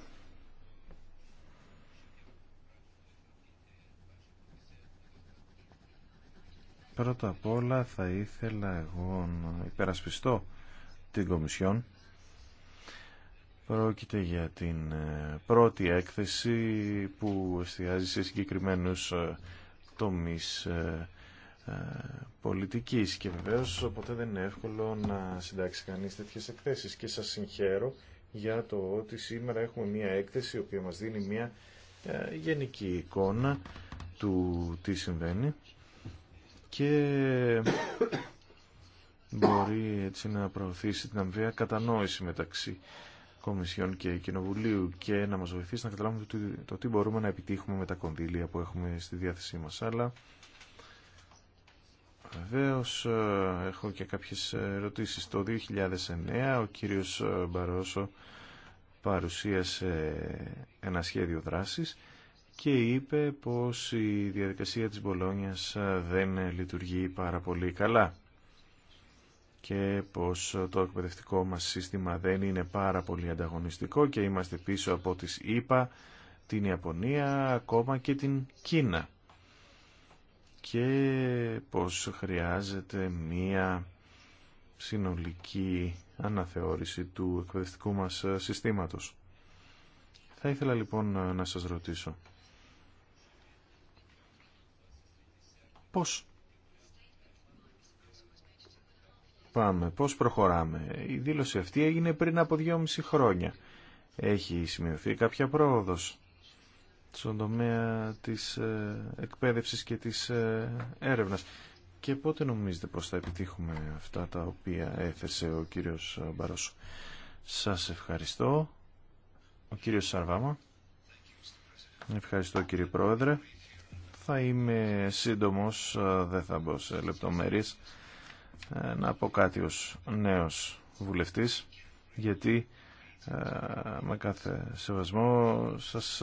Πρώτα απ' όλα θα ήθελα εγώ να υπερασπιστώ την Κομισιόν. Πρόκειται για την ε, πρώτη έκθεση που εστιάζει σε συγκεκριμένους ε, τομείς ε, πολιτικής και βεβαίως οπότε δεν είναι εύκολο να συντάξει κανείς τέτοιες εκθέσεις και σας συγχαίρω για το ότι σήμερα έχουμε μια έκθεση η οποία μας δίνει μια γενική εικόνα του τι συμβαίνει και μπορεί έτσι να προωθήσει την αμοιβαία κατανόηση μεταξύ Κομισιών και Κοινοβουλίου και να μας βοηθήσει να καταλάβουμε το τι μπορούμε να επιτύχουμε με τα κονδύλια που έχουμε στη διάθεσή μας. Αλλά Βεβαίω ε, έχω και κάποιες ερωτήσεις. Το 2009 ο κύριος Μπαρόσο παρουσίασε ένα σχέδιο δράσης και είπε πως η διαδικασία της Μπολόνιας δεν λειτουργεί πάρα πολύ καλά και πως το εκπαιδευτικό μας σύστημα δεν είναι πάρα πολύ ανταγωνιστικό και είμαστε πίσω από τις ΗΠΑ, την Ιαπωνία, ακόμα και την Κίνα και πως χρειάζεται μία συνολική αναθεώρηση του εκπαιδευτικού μας συστήματος. Θα ήθελα λοιπόν να σας ρωτήσω Πώς πάμε, πώς προχωράμε. Η δήλωση αυτή έγινε πριν από δυόμιση χρόνια. Έχει σημειωθεί κάποια πρόοδος στον τομέα της ε, εκπαίδευσης και της ε, έρευνας. Και πότε νομίζετε πως θα επιτύχουμε αυτά τα οποία έθεσε ο κύριος Μπαρόσο. Σας ευχαριστώ. Ο κύριος Σαρβάμα. Ευχαριστώ κύριε Πρόεδρε. Θα είμαι σύντομος, ε, δεν θα μπω σε λεπτομέρειες, ε, να πω κάτι ως νέος βουλευτής, γιατί ε, με κάθε σεβασμό σας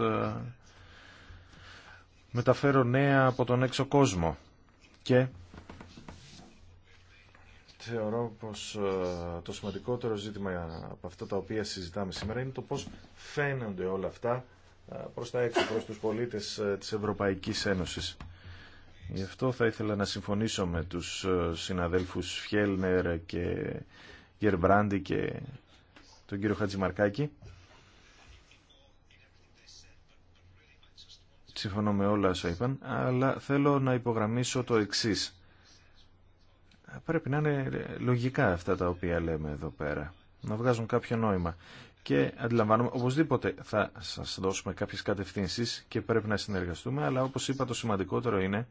μεταφέρω νέα από τον έξω κόσμο και θεωρώ πως το σημαντικότερο ζήτημα από αυτά τα οποία συζητάμε σήμερα είναι το πως φαίνονται όλα αυτά προς τα έξω, προς τους πολίτες ε, της Ευρωπαϊκής Ένωσης. Γι' αυτό θα ήθελα να συμφωνήσω με τους ε, συναδέλφους Φιέλνερ και Γερμπράντι και τον κύριο Χατζημαρκάκη. Συμφωνώ με όλα όσα είπαν, αλλά θέλω να υπογραμμίσω το εξής. Πρέπει να είναι λογικά αυτά τα οποία λέμε εδώ πέρα. Να βγάζουν κάποιο νόημα και αντιλαμβάνομαι οπωσδήποτε θα σας δώσουμε κάποιες κατευθύνσεις και πρέπει να συνεργαστούμε αλλά όπως είπα το σημαντικότερο είναι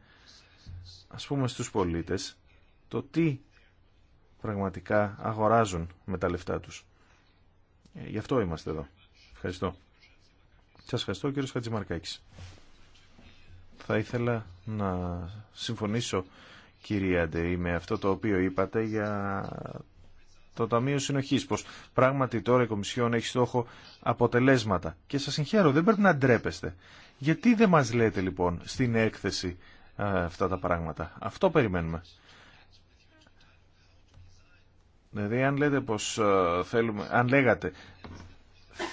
ας πούμε στους πολίτες το τι πραγματικά αγοράζουν με τα λεφτά τους. Ε, γι' αυτό είμαστε εδώ. Ευχαριστώ. Σας ευχαριστώ κύριο Χατζημαρκάκης. Θα ήθελα να συμφωνήσω κυρία Ντεή με αυτό το οποίο είπατε για το Ταμείο συνοχή, πω πράγματι τώρα η Κομισιόν έχει στόχο αποτελέσματα. Και σα συγχαίρω, δεν πρέπει να ντρέπεστε. Γιατί δεν μα λέτε λοιπόν στην έκθεση αυτά τα πράγματα. Αυτό περιμένουμε. Δηλαδή αν λέτε πως θέλουμε, αν λέγατε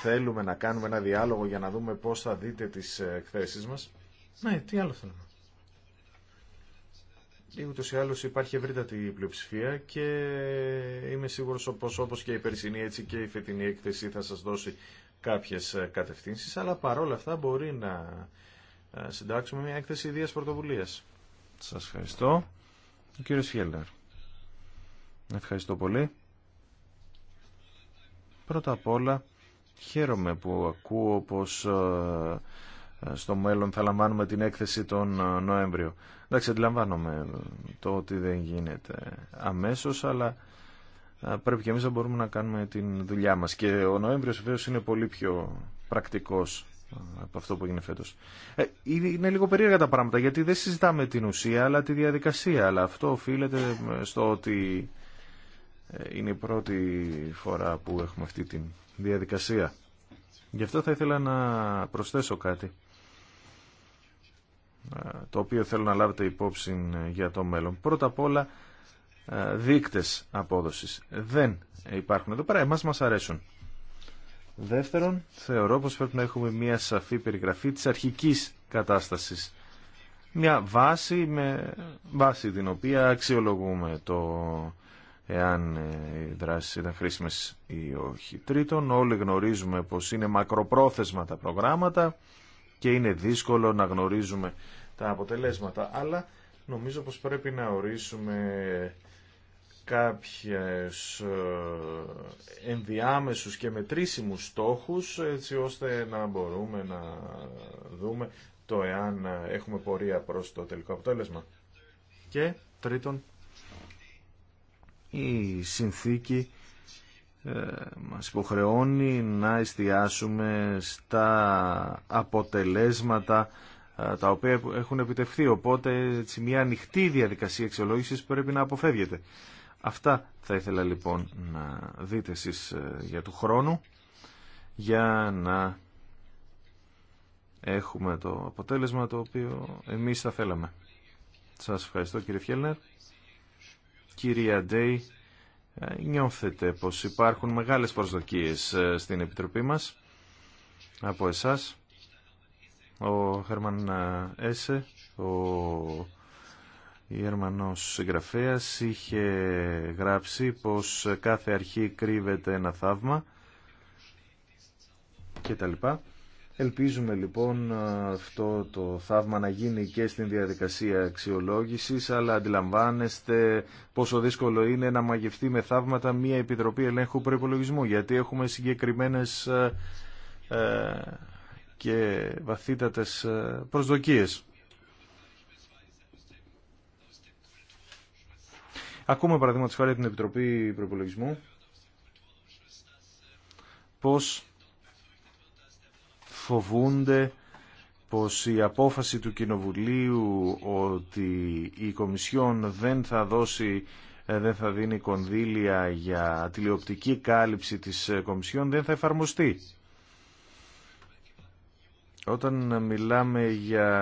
θέλουμε να κάνουμε ένα διάλογο για να δούμε πώς θα δείτε τις ε, εκθέσεις μας. Ναι, τι άλλο θέλουμε ούτω ή άλλω υπάρχει ευρύτατη πλειοψηφία και είμαι σίγουρος πω όπως και η περσινή έτσι και η φετινή έκθεση θα σας δώσει κάποιες ε, κατευθύνσεις, αλλά παρόλα αυτά μπορεί να ε, συντάξουμε μια έκθεση ιδίας πρωτοβουλία. Σας ευχαριστώ. Ο κύριος Ευχαριστώ πολύ. Πρώτα απ' όλα χαίρομαι που ακούω πως ε, στο μέλλον θα λαμβάνουμε την έκθεση τον Νοέμβριο. Εντάξει, αντιλαμβάνομαι το ότι δεν γίνεται αμέσως, αλλά πρέπει και εμείς να μπορούμε να κάνουμε την δουλειά μας. Και ο Νοέμβριος βέβαια είναι πολύ πιο πρακτικός από αυτό που έγινε φέτος. Ε, είναι λίγο περίεργα τα πράγματα, γιατί δεν συζητάμε την ουσία, αλλά τη διαδικασία. Αλλά αυτό οφείλεται στο ότι ε, είναι η πρώτη φορά που έχουμε αυτή τη διαδικασία. Γι' αυτό θα ήθελα να προσθέσω κάτι το οποίο θέλω να λάβετε υπόψη για το μέλλον. Πρώτα απ' όλα, ε, δείκτες απόδοσης. Δεν υπάρχουν εδώ πέρα, εμάς μας αρέσουν. Δεύτερον, θεωρώ πως πρέπει να έχουμε μια σαφή περιγραφή της αρχικής κατάστασης. Μια βάση, με, βάση την οποία αξιολογούμε το εάν ε, οι δράσεις ήταν χρήσιμες ή όχι. Τρίτον, όλοι γνωρίζουμε πως είναι μακροπρόθεσμα τα προγράμματα και είναι δύσκολο να γνωρίζουμε τα αποτελέσματα. Αλλά νομίζω πως πρέπει να ορίσουμε κάποιες ε, ενδιάμεσους και μετρήσιμους στόχους έτσι ώστε να μπορούμε να δούμε το εάν έχουμε πορεία προς το τελικό αποτέλεσμα. Και τρίτον, η συνθήκη ε, μας υποχρεώνει να εστιάσουμε στα αποτελέσματα ε, τα οποία έχουν επιτευχθεί. Οπότε μια ανοιχτή διαδικασία αξιολόγησης πρέπει να αποφεύγεται. Αυτά θα ήθελα λοιπόν να δείτε εσείς ε, για του χρόνου για να έχουμε το αποτέλεσμα το οποίο εμείς θα θέλαμε. Σας ευχαριστώ κύριε Φιέλνερ. Κυρία Ντέι, νιώθετε πως υπάρχουν μεγάλες προσδοκίες ε, στην Επιτροπή μας από εσάς. Ο Χερμαν ε, Έσε, ο Γερμανός συγγραφέας, είχε γράψει πως κάθε αρχή κρύβεται ένα θαύμα και τα λοιπά. Ελπίζουμε λοιπόν αυτό το θαύμα να γίνει και στην διαδικασία αξιολόγησης, αλλά αντιλαμβάνεστε πόσο δύσκολο είναι να μαγευτεί με θαύματα μια Επιτροπή Ελέγχου Προϋπολογισμού, γιατί έχουμε συγκεκριμένες ε, ε, και βαθύτατες ε, προσδοκίες. Ακούμε παραδείγματος χάρη την Επιτροπή Προπολογισμού πως φοβούνται πως η απόφαση του Κοινοβουλίου ότι η Κομισιόν δεν θα δώσει ε, δεν θα δίνει κονδύλια για τηλεοπτική κάλυψη της ε, Κομισιόν δεν θα εφαρμοστεί. Όταν μιλάμε για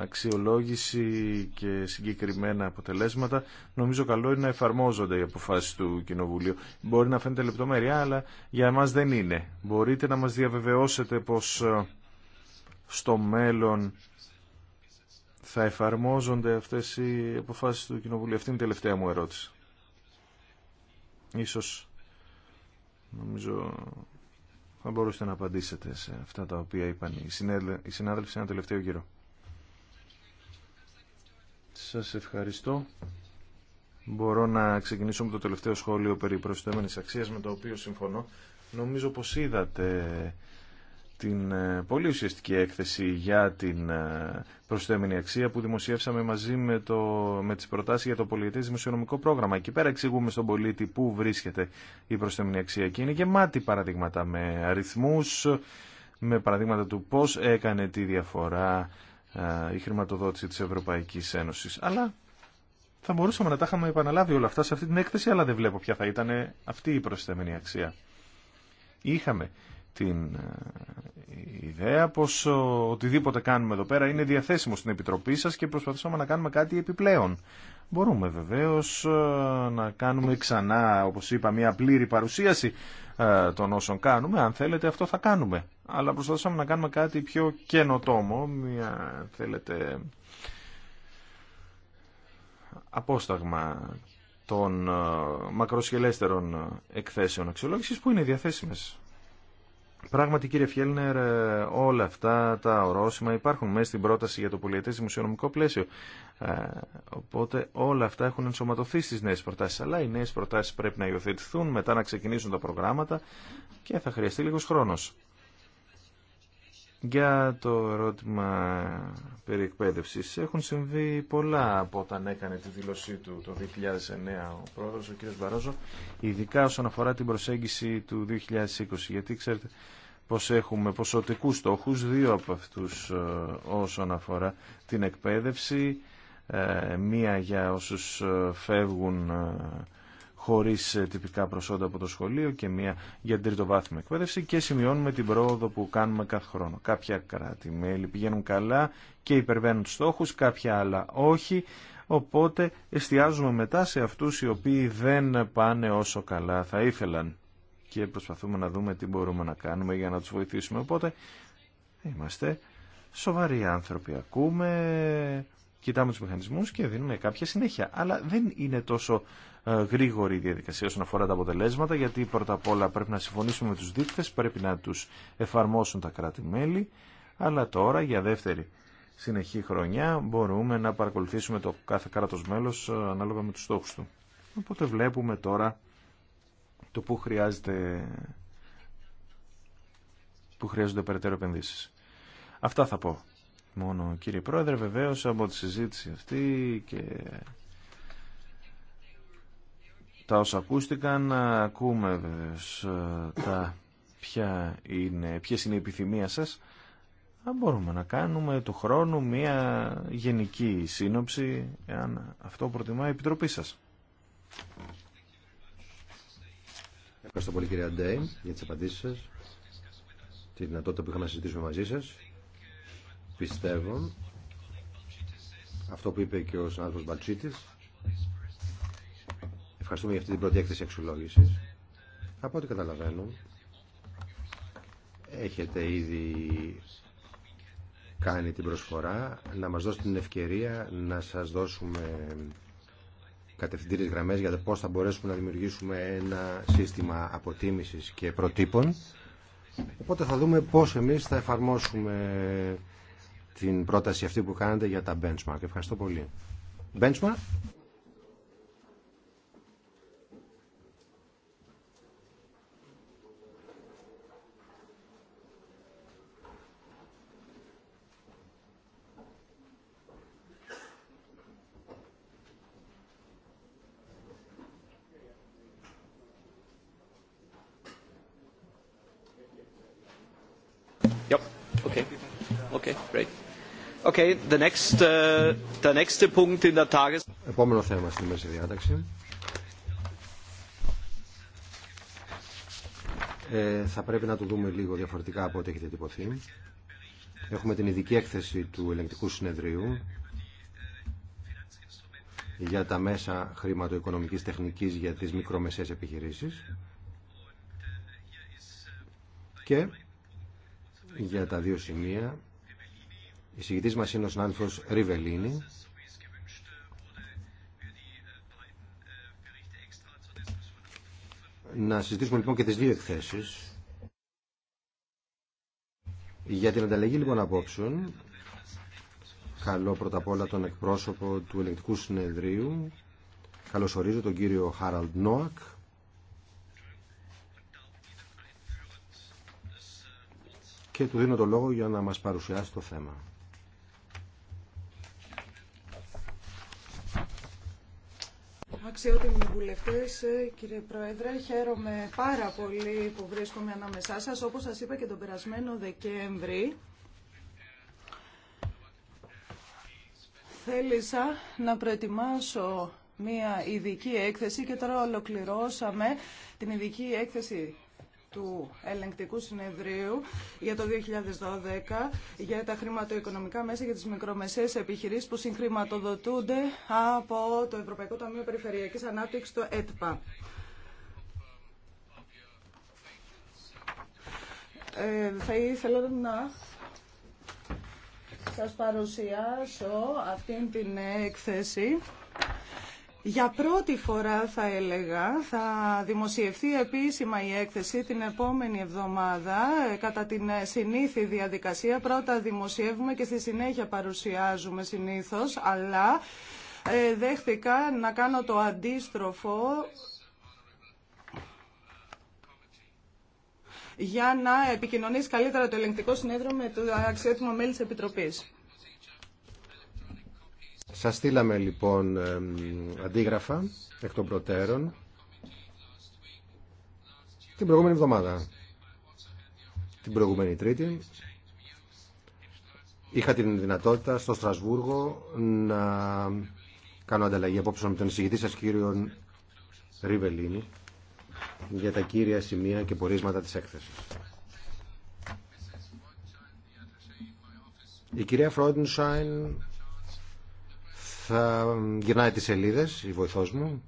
αξιολόγηση και συγκεκριμένα αποτελέσματα, νομίζω καλό είναι να εφαρμόζονται οι αποφάσεις του Κοινοβουλίου. Μπορεί να φαίνεται λεπτομέρεια, αλλά για εμάς δεν είναι. Μπορείτε να μας διαβεβαιώσετε πως ε, στο μέλλον θα εφαρμόζονται αυτές οι αποφάσεις του Κοινοβουλίου. Αυτή είναι η τελευταία μου ερώτηση. Ίσως, νομίζω, θα μπορούσατε να απαντήσετε σε αυτά τα οποία είπαν οι συνάδελφοι σε ένα τελευταίο γύρο. Σας ευχαριστώ. Μπορώ να ξεκινήσω με το τελευταίο σχόλιο περί προσθέμενης αξίας με το οποίο συμφωνώ. Νομίζω πως είδατε την ε, πολύ ουσιαστική έκθεση για την ε, προσθέμενη αξία που δημοσιεύσαμε μαζί με, το, με τις προτάσεις για το πολιετές δημοσιονομικό πρόγραμμα. Εκεί πέρα εξηγούμε στον πολίτη πού βρίσκεται η προσθέμενη αξία και είναι γεμάτη παραδείγματα με αριθμούς, με παραδείγματα του πώς έκανε τη διαφορά ε, η χρηματοδότηση της Ευρωπαϊκής Ένωσης. Αλλά θα μπορούσαμε να τα είχαμε επαναλάβει όλα αυτά σε αυτή την έκθεση, αλλά δεν βλέπω ποια θα ήταν αυτή η προσθέμενη αξία. Είχαμε την ε, ιδέα πως ε, οτιδήποτε κάνουμε εδώ πέρα είναι διαθέσιμο στην Επιτροπή σας και προσπαθήσαμε να κάνουμε κάτι επιπλέον. Μπορούμε βεβαίως ε, να κάνουμε ξανά, όπως είπα, μια πλήρη παρουσίαση των όσων κάνουμε. Αν θέλετε αυτό θα κάνουμε. Αλλά προσπαθήσαμε να κάνουμε κάτι πιο καινοτόμο, μια, θέλετε, απόσταγμα των μακροσχελέστερων εκθέσεων αξιολόγησης που είναι διαθέσιμες Πράγματι κύριε Φιέλνερ ε, όλα αυτά τα ορόσημα υπάρχουν μέσα στην πρόταση για το πολιετές δημοσιονομικό πλαίσιο. Ε, οπότε όλα αυτά έχουν ενσωματωθεί στις νέες προτάσεις. Αλλά οι νέες προτάσεις πρέπει να υιοθετηθούν, μετά να ξεκινήσουν τα προγράμματα και θα χρειαστεί λίγος χρόνος. Για το ερώτημα περί εκπαίδευσης. Έχουν συμβεί πολλά από όταν έκανε τη δήλωσή του το 2009 ο πρόεδρος, ο κ. Μπαρόζο, ειδικά όσον αφορά την προσέγγιση του 2020. Γιατί ξέρετε πως έχουμε ποσοτικούς στόχους, δύο από αυτούς ε, όσον αφορά την εκπαίδευση, ε, μία για όσους ε, φεύγουν χωρίς ε, τυπικά προσόντα από το σχολείο και μία για την τριτοβάθμια εκπαίδευση και σημειώνουμε την πρόοδο που κάνουμε κάθε χρόνο. Κάποια κράτη-μέλη πηγαίνουν καλά και υπερβαίνουν τους στόχους, κάποια άλλα όχι, οπότε εστιάζουμε μετά σε αυτούς οι οποίοι δεν πάνε όσο καλά θα ήθελαν και προσπαθούμε να δούμε τι μπορούμε να κάνουμε για να τους βοηθήσουμε. Οπότε είμαστε σοβαροί άνθρωποι, ακούμε, κοιτάμε τους μηχανισμούς και δίνουμε κάποια συνέχεια. Αλλά δεν είναι τόσο ε, γρήγορη διαδικασία όσον αφορά τα αποτελέσματα, γιατί πρώτα απ' όλα πρέπει να συμφωνήσουμε με τους δείκτες, πρέπει να τους εφαρμόσουν τα κράτη-μέλη, αλλά τώρα για δεύτερη συνεχή χρονιά μπορούμε να παρακολουθήσουμε το κάθε κράτος μέλος ε, ανάλογα με τους στόχους του. Οπότε βλέπουμε τώρα το που χρειάζεται που χρειάζονται περαιτέρω επενδύσεις. Αυτά θα πω μόνο κύριε Πρόεδρε, βεβαίως από τη συζήτηση αυτή και τα όσα ακούστηκαν, ακούμε ε, τα ποια είναι, ποιες είναι οι επιθυμίες σας. Αν μπορούμε να κάνουμε το χρόνου μια γενική σύνοψη, αν αυτό προτιμά η Επιτροπή σας. Ευχαριστώ πολύ κύριε Αντέι για τις απαντήσεις σας, τη δυνατότητα που είχαμε να συζητήσουμε μαζί σας. Πιστεύω, αυτό που είπε και ο συνάδελφος Μπαλτσίτης, Ευχαριστούμε για αυτή την πρώτη έκθεση αξιολόγηση. Από ό,τι καταλαβαίνω, έχετε ήδη κάνει την προσφορά να μας δώσετε την ευκαιρία να σας δώσουμε κατευθυντήριες γραμμές για το πώς θα μπορέσουμε να δημιουργήσουμε ένα σύστημα αποτίμησης και προτύπων. Οπότε θα δούμε πώς εμείς θα εφαρμόσουμε την πρόταση αυτή που κάνετε για τα benchmark. Ευχαριστώ πολύ. Benchmark. Okay. Okay, the next, uh, Επόμενο θέμα στην μέση διάταξη. Ε, θα πρέπει να το δούμε λίγο διαφορετικά από ό,τι έχετε τυπωθεί. Έχουμε την ειδική έκθεση του ελεγκτικού συνεδρίου για τα μέσα χρηματοοικονομικής τεχνικής για τις μικρομεσαίες επιχειρήσεις. Και για τα δύο σημεία. Η συγκητής μα είναι ο συνάδελφος Ριβελίνη. Να συζητήσουμε λοιπόν και τι δύο εκθέσει. Για την ανταλλαγή λοιπόν απόψεων, καλώ πρώτα απ' όλα τον εκπρόσωπο του Ελεκτικού συνεδρίου, καλωσορίζω τον κύριο Χάραλντ Νόακ, και του δίνω το λόγο για να μας παρουσιάσει το θέμα. Αξιότιμοι βουλευτέ, κύριε Πρόεδρε, χαίρομαι πάρα πολύ που βρίσκομαι ανάμεσά σας. Όπως σας είπα και τον περασμένο Δεκέμβρη, θέλησα να προετοιμάσω μία ειδική έκθεση και τώρα ολοκληρώσαμε την ειδική έκθεση του ελεγκτικού συνεδρίου για το 2012 για τα χρηματοοικονομικά μέσα για τις μικρομεσαίες επιχειρήσεις που συγχρηματοδοτούνται από το Ευρωπαϊκό Ταμείο Περιφερειακής Ανάπτυξης, το ΕΤΠΑ. Ε, θα ήθελα να σας παρουσιάσω αυτήν την έκθεση για πρώτη φορά θα έλεγα θα δημοσιευθεί επίσημα η έκθεση την επόμενη εβδομάδα ε, κατά την ε, συνήθη διαδικασία. Πρώτα δημοσιεύουμε και στη συνέχεια παρουσιάζουμε συνήθως, αλλά ε, δέχτηκα να κάνω το αντίστροφο για να επικοινωνήσει καλύτερα το ελεγκτικό συνέδριο με το αξιότιμο μέλη της Επιτροπής. Σας στείλαμε λοιπόν αντίγραφα εκ των προτέρων την προηγούμενη εβδομάδα. Την προηγούμενη Τρίτη είχα την δυνατότητα στο Στρασβούργο να κάνω ανταλλαγή απόψε με τον εισηγητή σας κύριο Ριβελίνη για τα κύρια σημεία και πορίσματα της έκθεσης. Η κυρία Φρόντινσάιν θα γυρνάει τις σελίδες, η βοηθός μου.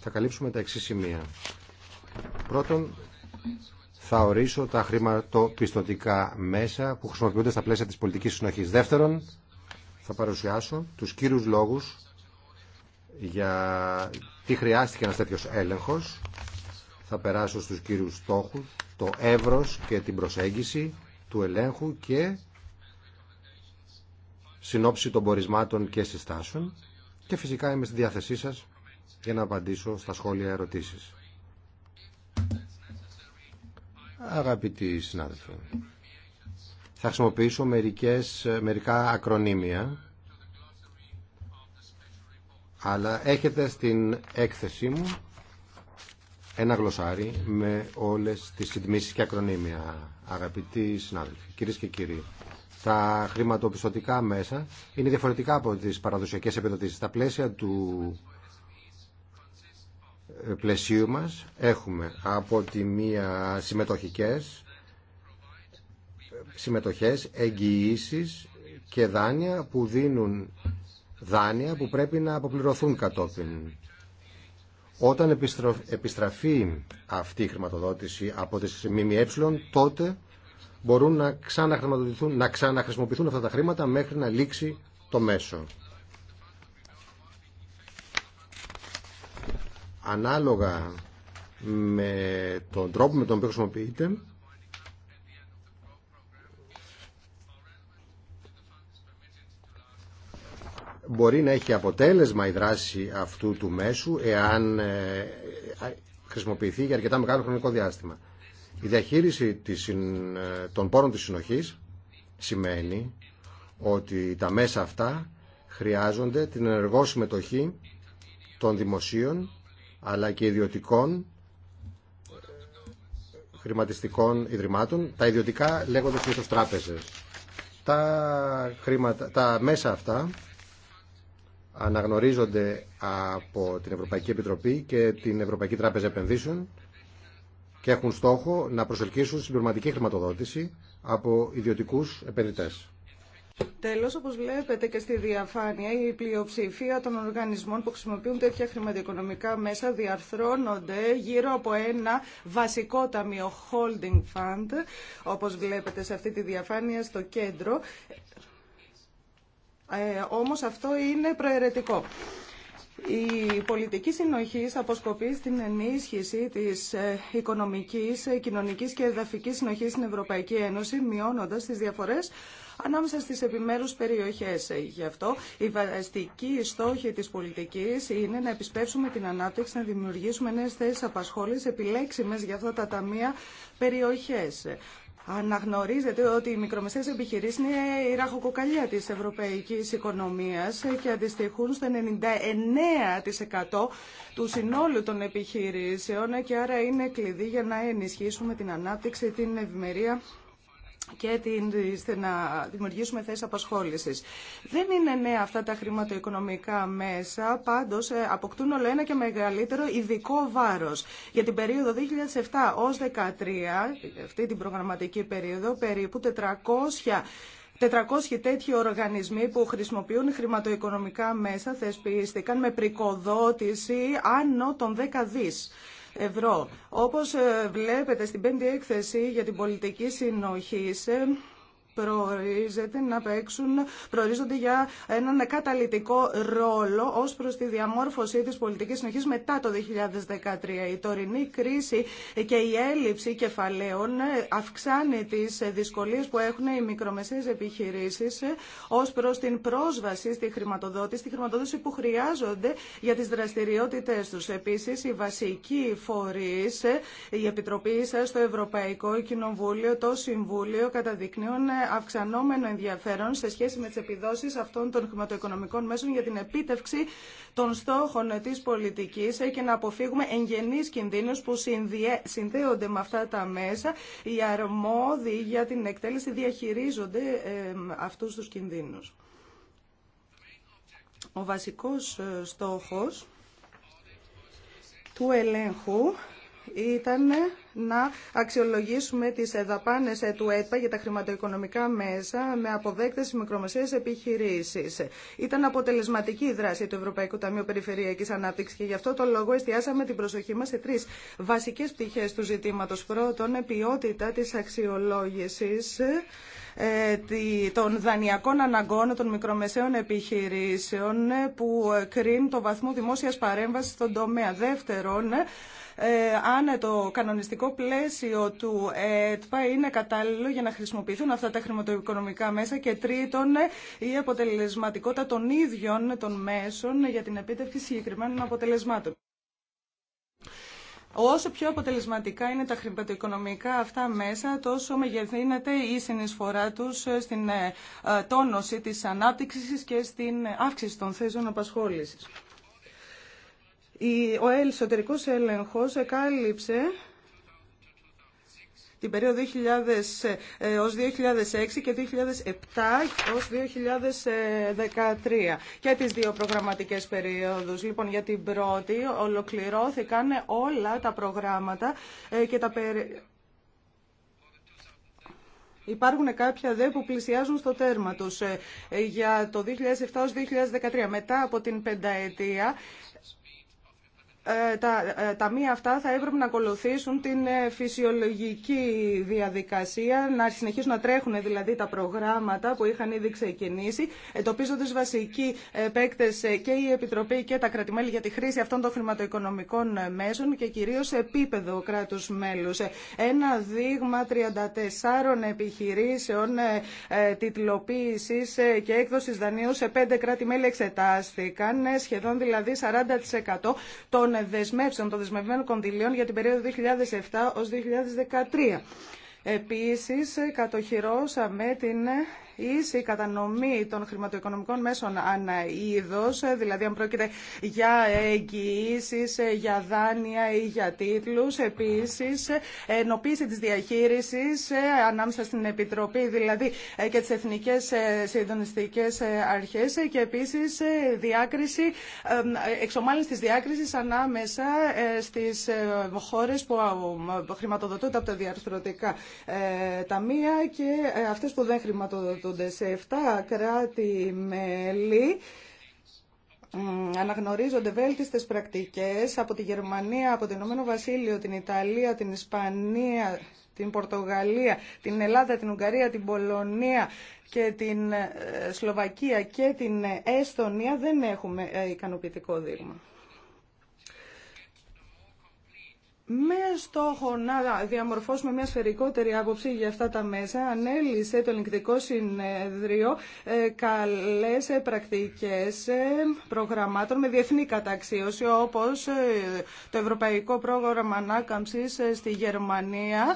Θα καλύψουμε τα εξή σημεία. Πρώτον, θα ορίσω τα χρηματοπιστωτικά μέσα που χρησιμοποιούνται στα πλαίσια της πολιτικής συνοχής. Δεύτερον, θα παρουσιάσω τους κύριους λόγους για τι χρειάστηκε ένας τέτοιος έλεγχος. Θα περάσω στους κύριους στόχους, το εύρος και την προσέγγιση του ελέγχου και συνόψη των πορισμάτων και συστάσεων και φυσικά είμαι στη διάθεσή σας για να απαντήσω στα σχόλια ερωτήσεις. Αγαπητοί συνάδελφοι, θα χρησιμοποιήσω μερικές, μερικά ακρονίμια αλλά έχετε στην έκθεσή μου ένα γλωσσάρι με όλες τις συντμήσεις και ακρονίμια αγαπητοί συνάδελφοι, κυρίες και κύριοι τα χρηματοπιστωτικά μέσα είναι διαφορετικά από τις παραδοσιακές επιδοτήσεις. Στα πλαίσια του ε, πλαισίου μας έχουμε από τη μία συμμετοχικές συμμετοχές, εγγυήσεις και δάνεια που δίνουν δάνεια που πρέπει να αποπληρωθούν κατόπιν. Όταν επιστραφεί αυτή η χρηματοδότηση από τις ΜΜΕ, τότε μπορούν να ξαναχρηματοδοτηθούν, να ξαναχρησιμοποιηθούν αυτά τα χρήματα μέχρι να λήξει το μέσο. Ανάλογα με τον τρόπο με τον οποίο χρησιμοποιείται, μπορεί να έχει αποτέλεσμα η δράση αυτού του μέσου εάν ε, χρησιμοποιηθεί για αρκετά μεγάλο χρονικό διάστημα. Η διαχείριση ε, των πόρων της συνοχής σημαίνει ότι τα μέσα αυτά χρειάζονται την ενεργό συμμετοχή των δημοσίων αλλά και ιδιωτικών ε, χρηματιστικών ιδρυμάτων. Τα ιδιωτικά λέγονται συνήθως τράπεζες. Τα, χρήματα, τα μέσα αυτά αναγνωρίζονται από την Ευρωπαϊκή Επιτροπή και την Ευρωπαϊκή Τράπεζα Επενδύσεων και έχουν στόχο να προσελκύσουν συμπληρωματική χρηματοδότηση από ιδιωτικούς επενδυτές. Τέλος, όπως βλέπετε και στη διαφάνεια, η πλειοψηφία των οργανισμών που χρησιμοποιούν τέτοια χρηματοοικονομικά μέσα διαρθρώνονται γύρω από ένα βασικό ταμείο holding fund, όπως βλέπετε σε αυτή τη διαφάνεια στο κέντρο. Ε, όμως αυτό είναι προαιρετικό. Η πολιτική συνοχή αποσκοπεί στην ενίσχυση της ε, οικονομικής, ε, κοινωνικής και εδαφική συνοχής στην Ευρωπαϊκή Ένωση, μειώνοντα τι διαφορές ανάμεσα στις επιμέρους περιοχές. Ε, γι' αυτό η βασική στόχη της πολιτικής είναι να επισπεύσουμε την ανάπτυξη, να δημιουργήσουμε νέες θέσεις απασχόλησης επιλέξιμες για αυτά τα ταμεία περιοχές. Αναγνωρίζεται ότι οι μικρομεσαίες επιχειρήσεις είναι η ραχοκοκαλιά της ευρωπαϊκής οικονομίας και αντιστοιχούν στο 99% του συνόλου των επιχειρήσεων και άρα είναι κλειδί για να ενισχύσουμε την ανάπτυξη, την ευημερία και την, να δημιουργήσουμε θέσει απασχόλησης. Δεν είναι νέα αυτά τα χρηματοοικονομικά μέσα, πάντως ε, αποκτούν όλο ένα και μεγαλύτερο ειδικό βάρος. Για την περίοδο 2007 2013, αυτή την προγραμματική περίοδο, περίπου 400 400 τέτοιοι οργανισμοί που χρησιμοποιούν χρηματοοικονομικά μέσα θεσπίστηκαν με πρικοδότηση άνω των 10 δις ευρώ. Όπως ε, βλέπετε στην πέμπτη έκθεση για την πολιτική συνοχή, προορίζεται να παίξουν, προορίζονται για έναν καταλητικό ρόλο ως προς τη διαμόρφωσή της πολιτικής συνοχής μετά το 2013. Η τωρινή κρίση και η έλλειψη κεφαλαίων αυξάνει τις δυσκολίες που έχουν οι μικρομεσαίες επιχειρήσεις ως προς την πρόσβαση στη χρηματοδότηση, τη χρηματοδότηση που χρειάζονται για τις δραστηριότητες τους. Επίσης, οι βασικοί φορείς, η Επιτροπή σας, το Ευρωπαϊκό Κοινοβούλιο, το Συμβούλιο καταδεικνύουν αυξανόμενο ενδιαφέρον σε σχέση με τις επιδόσεις αυτών των χρηματοοικονομικών μέσων για την επίτευξη των στόχων τη πολιτικής και να αποφύγουμε εγγενεί κινδύνους που συνδέονται με αυτά τα μέσα. Οι αρμόδιοι για την εκτέλεση διαχειρίζονται αυτούς τους κινδύνους. Ο βασικός ε, στόχος του ελέγχου ήταν να αξιολογήσουμε τις δαπάνες του ΕΤΠΑ για τα χρηματοοικονομικά μέσα με αποδέκτες μικρομεσαίες επιχειρήσεις. Ήταν αποτελεσματική η δράση του Ευρωπαϊκού Ταμείου Περιφερειακής Ανάπτυξης και γι' αυτό το λόγο εστιάσαμε την προσοχή μας σε τρεις βασικές πτυχές του ζητήματος. Πρώτον, ποιότητα της αξιολόγησης ε, των δανειακών αναγκών των μικρομεσαίων επιχειρήσεων ε, που κρίνει το βαθμό δημόσιας παρέμβασης στον τομέα. Δεύτερον, ε, αν το κανονιστικό πλαίσιο του ΕΤΠΑ είναι κατάλληλο για να χρησιμοποιηθούν αυτά τα χρηματοοικονομικά μέσα και τρίτον η αποτελεσματικότητα των ίδιων των μέσων για την επίτευξη συγκεκριμένων αποτελεσμάτων. Όσο πιο αποτελεσματικά είναι τα χρηματοοικονομικά αυτά μέσα, τόσο μεγεθύνεται η συνεισφορά τους στην ε, τόνωση της ανάπτυξης και στην αύξηση των θέσεων απασχόλησης ο εσωτερικός έλεγχος εκάλυψε την περίοδο 2000 2006 ε, και 2007 2013 και τις δύο προγραμματικές περίοδους. Λοιπόν, για την πρώτη ολοκληρώθηκαν όλα τα προγράμματα ε, και τα Υπάρχουν κάποια δε που πλησιάζουν στο τέρμα τους ε, για το 2007-2013. Μετά από την πενταετία ε, ε, τα μία αυτά θα έπρεπε να ακολουθήσουν την ε, φυσιολογική διαδικασία, να συνεχίσουν να τρέχουν δηλαδή τα προγράμματα που είχαν ήδη ξεκινήσει, εντοπίζοντας βασικοί παίκτες και η Επιτροπή και τα κρατημέλη για τη χρήση αυτών των χρηματοοικονομικών μέσων και κυρίως σε επίπεδο κράτους μέλους. Ένα δείγμα 34 επιχειρήσεων τιτλοποίησης και έκδοσης δανείου σε πέντε κράτη-μέλη εξετάστηκαν, σχεδόν δηλαδή 40% των των δεσμεύσεων, των δεσμευμένων κονδυλίων για την περίοδο 2007 ως 2013. Επίσης, κατοχυρώσαμε την η κατανομή των χρηματοοικονομικών μέσων ανά δηλαδή αν πρόκειται για εγγυήσει, για δάνεια ή για τίτλους. Επίσης, ενοποίηση της διαχείρισης ανάμεσα στην Επιτροπή, δηλαδή και τις Εθνικές Συντονιστικές Αρχές και επίσης διάκριση, εξομάλυνση της διάκρισης ανάμεσα στις χώρες που χρηματοδοτούνται από τα διαρθρωτικά ταμεία και αυτές που δεν χρηματοδοτούνται το σε 7 κράτη-μέλη. Αναγνωρίζονται βέλτιστες πρακτικές από τη Γερμανία, από το Ηνωμένο Βασίλειο, την Ιταλία, την Ισπανία, την Πορτογαλία, την Ελλάδα, την Ουγγαρία, την Πολωνία και την ε, Σλοβακία και την Εστονία. Δεν έχουμε ε, ικανοποιητικό δείγμα. με στόχο να διαμορφώσουμε μια σφαιρικότερη άποψη για αυτά τα μέσα, ανέλησε το ελληνικτικό συνέδριο ε, καλές ε, πρακτικές ε, προγραμμάτων με διεθνή καταξίωση, όπως ε, το Ευρωπαϊκό Πρόγραμμα Ανάκαμψης στη Γερμανία,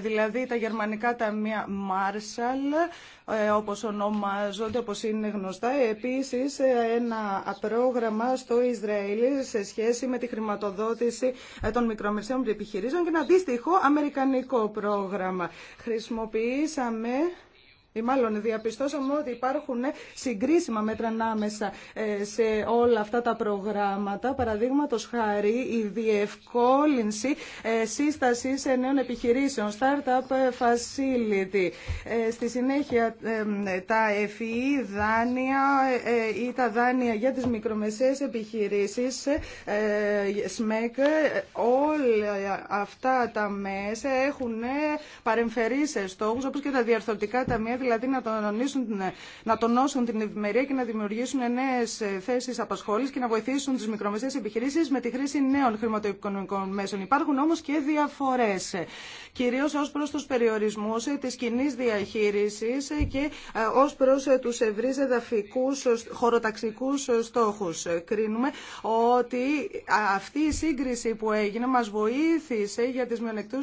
δηλαδή τα γερμανικά ταμεία Marshall, όπως ονομάζονται, όπως είναι γνωστά. Επίσης, ένα πρόγραμμα στο Ισραήλ σε σχέση με τη χρηματοδότηση των μικρομεσαίων επιχειρήσεων και ένα αντίστοιχο αμερικανικό πρόγραμμα. Χρησιμοποιήσαμε ή μάλλον διαπιστώσαμε ότι υπάρχουν ε, συγκρίσιμα μέτρα ανάμεσα ε, σε όλα αυτά τα προγράμματα. Παραδείγματο χάρη η διευκόλυνση ε, σύσταση νέων επιχειρήσεων, startup facility. Στη συνέχεια τα FEE e δάνεια ή τα δάνεια για τις μικρομεσαίες επιχειρήσεις, ΣΜΕΚ, όλα αυτά τα μέσα έχουν παρεμφερεί σε στόχους όπως και τα διαρθρωτικά ταμεία, δηλαδή να, τονίσουν, να τονώσουν την ευημερία και να δημιουργήσουν νέε θέσει απασχόληση και να βοηθήσουν τι μικρομεσαίε επιχειρήσει με τη χρήση νέων χρηματοοικονομικών μέσων. Υπάρχουν όμω και διαφορέ, ε, κυρίω ω προ του περιορισμού ε, τη κοινή διαχείριση ε, και ω προ του ευρύ εδαφικού χωροταξικού στόχου. Κρίνουμε ότι αυτή η σύγκριση που έγινε μα βοήθησε για τι μειονεκτού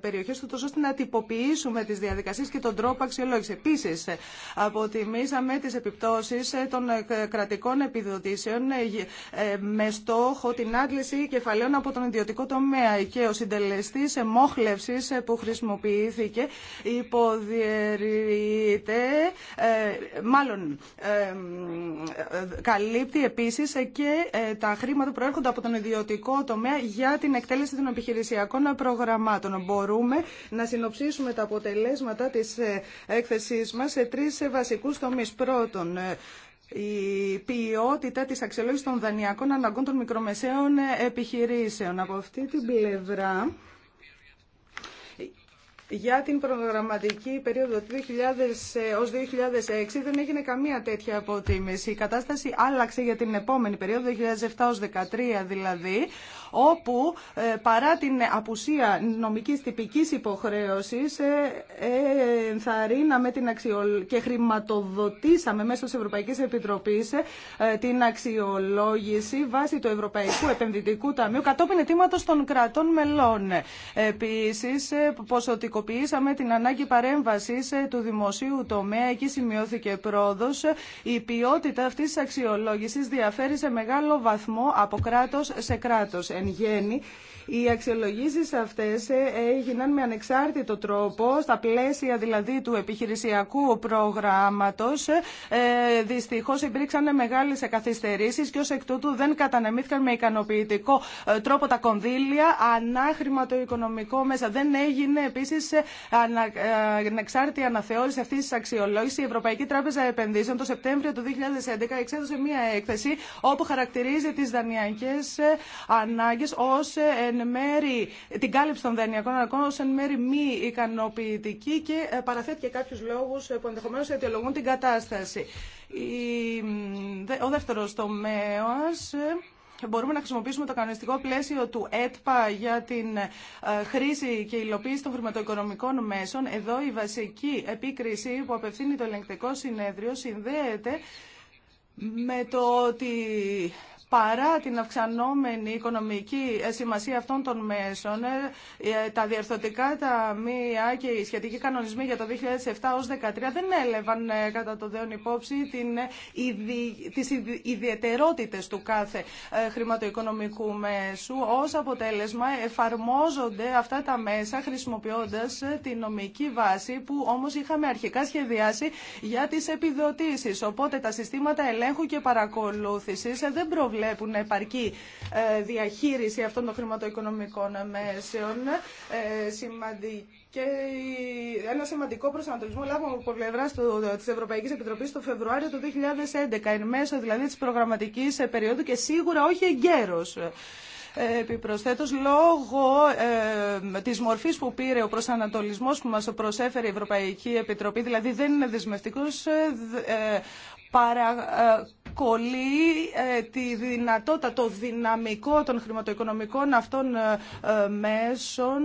περιοχέ, ώστε να τυποποιήσουμε τι διαδικασίε και τον τρόπο αξιολόγηση. Επίσης, ε, αποτιμήσαμε τι επιπτώσει ε, των ε, κρατικών επιδοτήσεων με στόχο την άντληση κεφαλαίων από τον ιδιωτικό τομέα και ο συντελεστή εμόχλευση που χρησιμοποιήθηκε υποδιαιρείται, μάλλον καλύπτει επίση και τα χρήματα που προέρχονται από τον ιδιωτικό τομέα για την εκτέλεση των επιχειρησιακών προγραμμάτων. Μπορούμε να συνοψίσουμε τα αποτελέσματα της έκθεσής μας σε τρεις βασικούς τομείς. Πρώτον, ε, η ποιότητα της αξιολόγησης των δανειακών αναγκών των μικρομεσαίων επιχειρήσεων. Από αυτή την πλευρά, για την προγραμματική περίοδο 2000 2006 δεν έγινε καμία τέτοια αποτίμηση. Η κατάσταση άλλαξε για την επόμενη περίοδο, 2007 2013 δηλαδή, όπου ε, παρά την απουσία νομικής τυπικής υποχρέωσης ε, ενθαρρύναμε την αξιολ. και χρηματοδοτήσαμε μέσω της Ευρωπαϊκής Επιτροπής ε, την αξιολόγηση βάσει του Ευρωπαϊκού Επενδυτικού Ταμείου κατόπιν ετήματος των κρατών μελών. Επίσης, ποσοτικοποιήσαμε την ανάγκη παρέμβασης του δημοσίου τομέα. Εκεί σημειώθηκε πρόοδος. Η ποιότητα αυτής της αξιολόγησης διαφέρει σε μεγάλο βαθμό από κράτος σε κράτος εν γέννη οι αξιολογήσεις αυτές ε, έγιναν με ανεξάρτητο τρόπο, στα πλαίσια δηλαδή του επιχειρησιακού προγράμματος. Ε, δυστυχώς υπήρξαν μεγάλες καθυστερήσεις και ως εκ τούτου δεν κατανεμήθηκαν με ικανοποιητικό ε, τρόπο τα κονδύλια, ανάχρημα το οικονομικό μέσα. Δεν έγινε επίσης ανεξάρτητη αναθεώρηση αυτή τη αξιολόγηση. Η Ευρωπαϊκή Τράπεζα Επενδύσεων το Σεπτέμβριο του 2011 εξέδωσε μία έκθεση όπου χαρακτηρίζει τις δανειακές ανάγκες ως εν μέρη την κάλυψη των δανειακών ανακών ω εν μέρη μη ικανοποιητική και ε, παραθέτει και κάποιου λόγους ε, που ενδεχομένως αιτιολογούν την κατάσταση. Ο δεύτερο τομέα ε, μπορούμε να χρησιμοποιήσουμε το κανονιστικό πλαίσιο του ΕΤΠΑ για την χρήση και υλοποίηση των χρηματοοικονομικών μέσων. Εδώ η βασική επίκριση που απευθύνει το ελεγκτικό συνέδριο συνδέεται με το ότι παρά την αυξανόμενη οικονομική ε, σημασία αυτών των μέσων, ε, ε, τα διορθωτικά ταμεία και οι σχετικοί κανονισμοί για το 2007 2013 δεν έλεβαν κατά το δέον υπόψη την, τις ιδιαιτερότητες του κάθε χρηματοοικονομικού μέσου. Ως αποτέλεσμα εφαρμόζονται αυτά τα μέσα χρησιμοποιώντας τη νομική βάση που όμως είχαμε αρχικά σχεδιάσει για τις επιδοτήσεις. Οπότε τα συστήματα ελέγχου και παρακολούθησης δεν προβλέπουν Βλέπουν επαρκή ε, διαχείριση αυτών των χρηματοοικονομικών μέσεων. Ε, και ένα σημαντικό προσανατολισμό λάβαμε από πλευρά τη Ευρωπαϊκή Επιτροπή το Φεβρουάριο του 2011, εν μέσω δηλαδή τη προγραμματική περίοδου και σίγουρα όχι εγκαίρω. Ε, επιπροσθέτως, λόγω ε, της μορφής που πήρε ο προσανατολισμός που μας προσέφερε η Ευρωπαϊκή Επιτροπή, δηλαδή δεν είναι δεσμευτικός, ε, παρακολεί ε, τη δυνατότητα, το δυναμικό των χρηματοοικονομικών αυτών ε, ε, μέσων,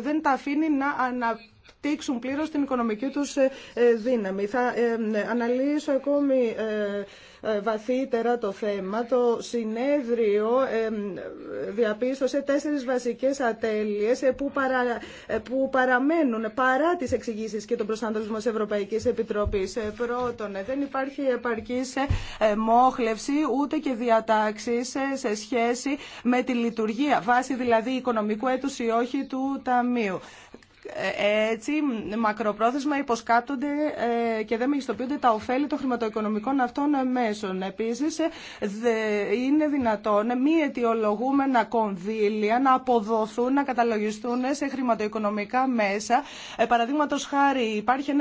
δεν τα αφήνει να αναπτύσσουν αναπτύξουν πλήρω την οικονομική τους ε, ε, δύναμη. Θα ε, ναι, αναλύσω ακόμη βαθύτερα το θέμα. Το συνέδριο διαπίστωσε τέσσερις βασικές ατέλειες που, παρα, που παραμένουν παρά τι εξηγήσει και τον προσανατολισμό τη Ευρωπαϊκής Επιτροπής. Πρώτον, δεν υπάρχει επαρκή μόχλευση ούτε και διατάξεις σε σχέση με τη λειτουργία, βάση δηλαδή οικονομικού έτου ή όχι του Ταμείου έτσι μακροπρόθεσμα υποσκάπτονται ε, και δεν μεγιστοποιούνται τα ωφέλη των χρηματοοικονομικών αυτών ε, μέσων. Επίσης, ε, είναι δυνατόν μη αιτιολογούμενα κονδύλια να αποδοθούν, να καταλογιστούν σε χρηματοοικονομικά μέσα. Παραδείγματο χάρη, υπάρχει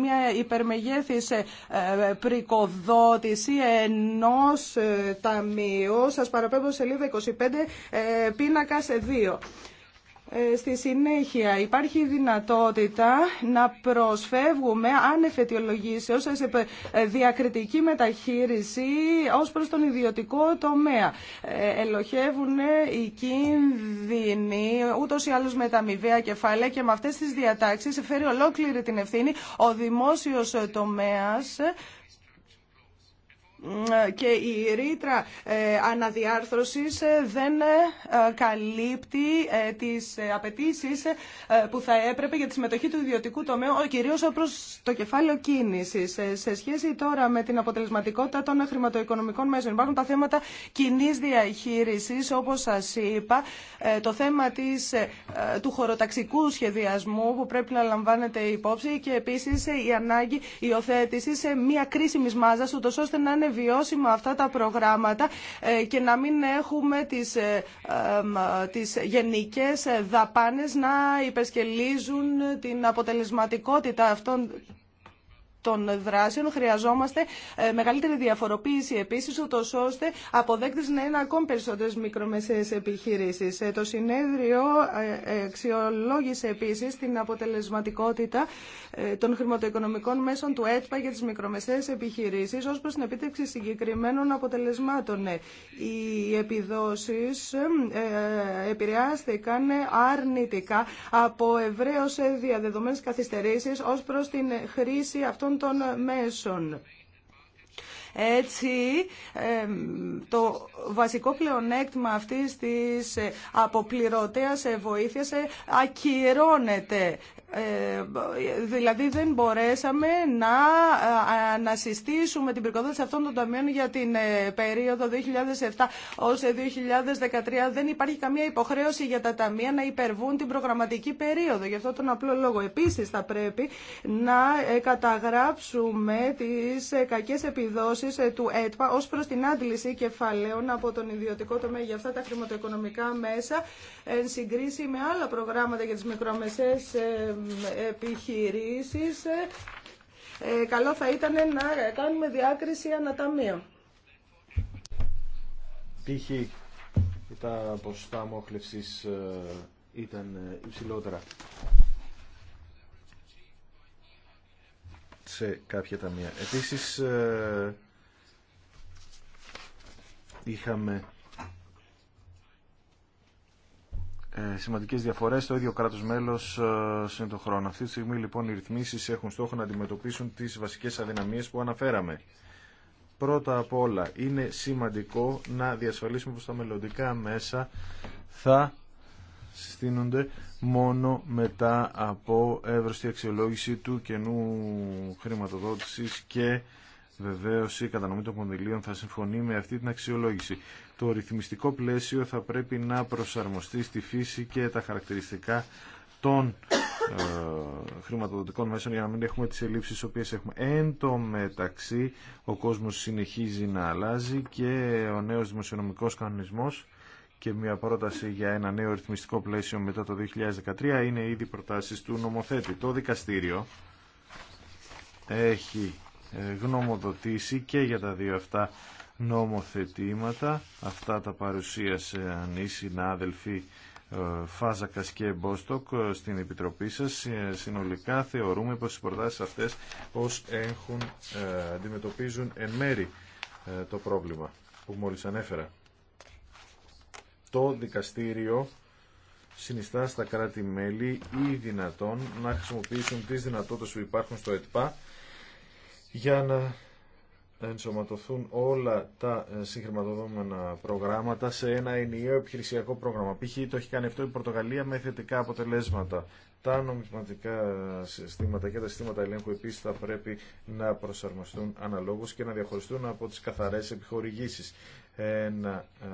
μια υπερμεγέθηση πρικοδότηση ενός ταμείου. Σας παραπέμπω σελίδα 25, πίνακα σε 2. Ε, στη συνέχεια υπάρχει δυνατότητα να προσφεύγουμε ανεφετιολογήσεως σε διακριτική μεταχείριση ως προς τον ιδιωτικό τομέα. Ε, ελοχεύουν οι κίνδυνοι ούτως ή άλλως με τα αμοιβαία κεφάλαια και με αυτές τις διατάξεις φέρει ολόκληρη την ευθύνη ο δημόσιος τομέας και η ρήτρα ε, αναδιάρθρωσης ε, δεν ε, καλύπτει τις απαιτήσει που θα έπρεπε για τη συμμετοχή του ιδιωτικού τομέα, κυρίως προς το κεφάλαιο κίνησης. Σε σχέση τώρα με την αποτελεσματικότητα των χρηματοοικονομικών μέσων υπάρχουν τα θέματα κοινή διαχείρισης, όπως σας είπα, το θέμα της, του χωροταξικού σχεδιασμού που πρέπει να λαμβάνεται υπόψη και επίσης η ανάγκη υιοθέτησης σε μια κρίσιμη μάζα, ούτως ώστε να είναι βιώσιμα αυτά τα προγράμματα ε, και να μην έχουμε τις, ε, ε, τις γενικές δαπάνες να υπεσκελίζουν την αποτελεσματικότητα αυτών των δράσεων. Χρειαζόμαστε ε, μεγαλύτερη διαφοροποίηση επίση, ούτω ώστε αποδέκτε να είναι ακόμη περισσότερε μικρομεσαίε επιχειρήσει. Ε, το συνέδριο ε, αξιολόγησε επίση την αποτελεσματικότητα των χρηματοοικονομικών μέσων του ΕΤΠΑ για τι μικρομεσαίε επιχειρήσει ω προ την επίτευξη συγκεκριμένων αποτελεσμάτων. Οι επιδόσει επηρεάστηκαν αρνητικά από ευρέω διαδεδομένε καθυστερήσει ω προ την χρήση αυτών των μέσων. Έτσι, το βασικό πλεονέκτημα αυτής της ε, αποπληρωτέας ε, βοήθειας ε, ακυρώνεται. Ε, δηλαδή δεν μπορέσαμε να ε, ανασυστήσουμε την πυρκοδότηση αυτών των ταμείων για την ε, περίοδο 2007 ως 2013. Δεν υπάρχει καμία υποχρέωση για τα ταμεία να υπερβούν την προγραμματική περίοδο. Γι' αυτό τον απλό λόγο. Επίσης θα πρέπει να καταγράψουμε τις κακές επιδόσεις του ΕΤΠΑ ως προς την άντληση κεφαλαίων από τον ιδιωτικό τομέα για αυτά τα χρηματοοικονομικά μέσα εν συγκρίση με άλλα προγράμματα για τις μικρομεσαίες επιχειρήσεις, ε, ε, καλό θα ήταν να κάνουμε διάκριση αναταμία. Π.χ. τα ποσοστά μόχλευσης ε, ήταν υψηλότερα σε κάποια ταμεία. Επίσης είχαμε Ε, σημαντικές διαφορές στο ίδιο κράτος μέλος ε, σύν χρόνο. Αυτή τη στιγμή λοιπόν οι ρυθμίσεις έχουν στόχο να αντιμετωπίσουν τις βασικές αδυναμίες που αναφέραμε. Πρώτα απ' όλα είναι σημαντικό να διασφαλίσουμε πως τα μελλοντικά μέσα θα συστήνονται μόνο μετά από εύρωστη αξιολόγηση του καινού χρηματοδότησης και βεβαίως η κατανομή των κονδυλίων θα συμφωνεί με αυτή την αξιολόγηση το ρυθμιστικό πλαίσιο θα πρέπει να προσαρμοστεί στη φύση και τα χαρακτηριστικά των ε, χρηματοδοτικών μέσων για να μην έχουμε τις ελλείψεις οποίες έχουμε. Εν τω μεταξύ ο κόσμος συνεχίζει να αλλάζει και ο νέος δημοσιονομικός κανονισμός και μια πρόταση για ένα νέο ρυθμιστικό πλαίσιο μετά το 2013 είναι ήδη προτάσεις του νομοθέτη. Το δικαστήριο έχει ε, γνωμοδοτήσει και για τα δύο αυτά νομοθετήματα. Αυτά τα παρουσίασε οι συνάδελφοι ε, Φάζακας και Μπόστοκ ε, στην Επιτροπή σας. Ε, συνολικά θεωρούμε πως οι προτάσεις αυτές ως έχουν, αντιμετωπίζουν εν μέρη το πρόβλημα που μόλις ανέφερα. Το δικαστήριο συνιστά στα κράτη-μέλη ή δυνατόν να χρησιμοποιήσουν τις δυνατότητες που υπάρχουν στο ΕΤΠΑ για να ενσωματωθούν όλα τα ε, συγχρηματοδόμενα προγράμματα σε ένα ενιαίο επιχειρησιακό πρόγραμμα. Π.χ. το έχει κάνει αυτό η Πορτογαλία με θετικά αποτελέσματα. Τα νομισματικά συστήματα και τα συστήματα ελέγχου επίσης θα πρέπει να προσαρμοστούν αναλόγως και να διαχωριστούν από τις καθαρές επιχορηγήσεις. Ένα ε,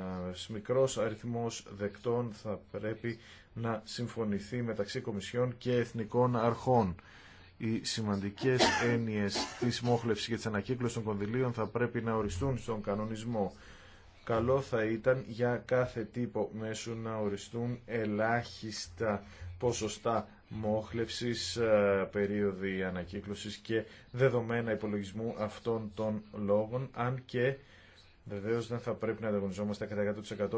μικρός αριθμός δεκτών θα πρέπει να συμφωνηθεί μεταξύ Κομισιών και Εθνικών Αρχών οι σημαντικές έννοιες της μόχλευσης και της ανακύκλωσης των κονδυλίων θα πρέπει να οριστούν στον κανονισμό. Καλό θα ήταν για κάθε τύπο μέσου να οριστούν ελάχιστα ποσοστά μόχλευσης, ε, περίοδοι ανακύκλωσης και δεδομένα υπολογισμού αυτών των λόγων, αν και Βεβαίω δεν θα πρέπει να ανταγωνιζόμαστε κατά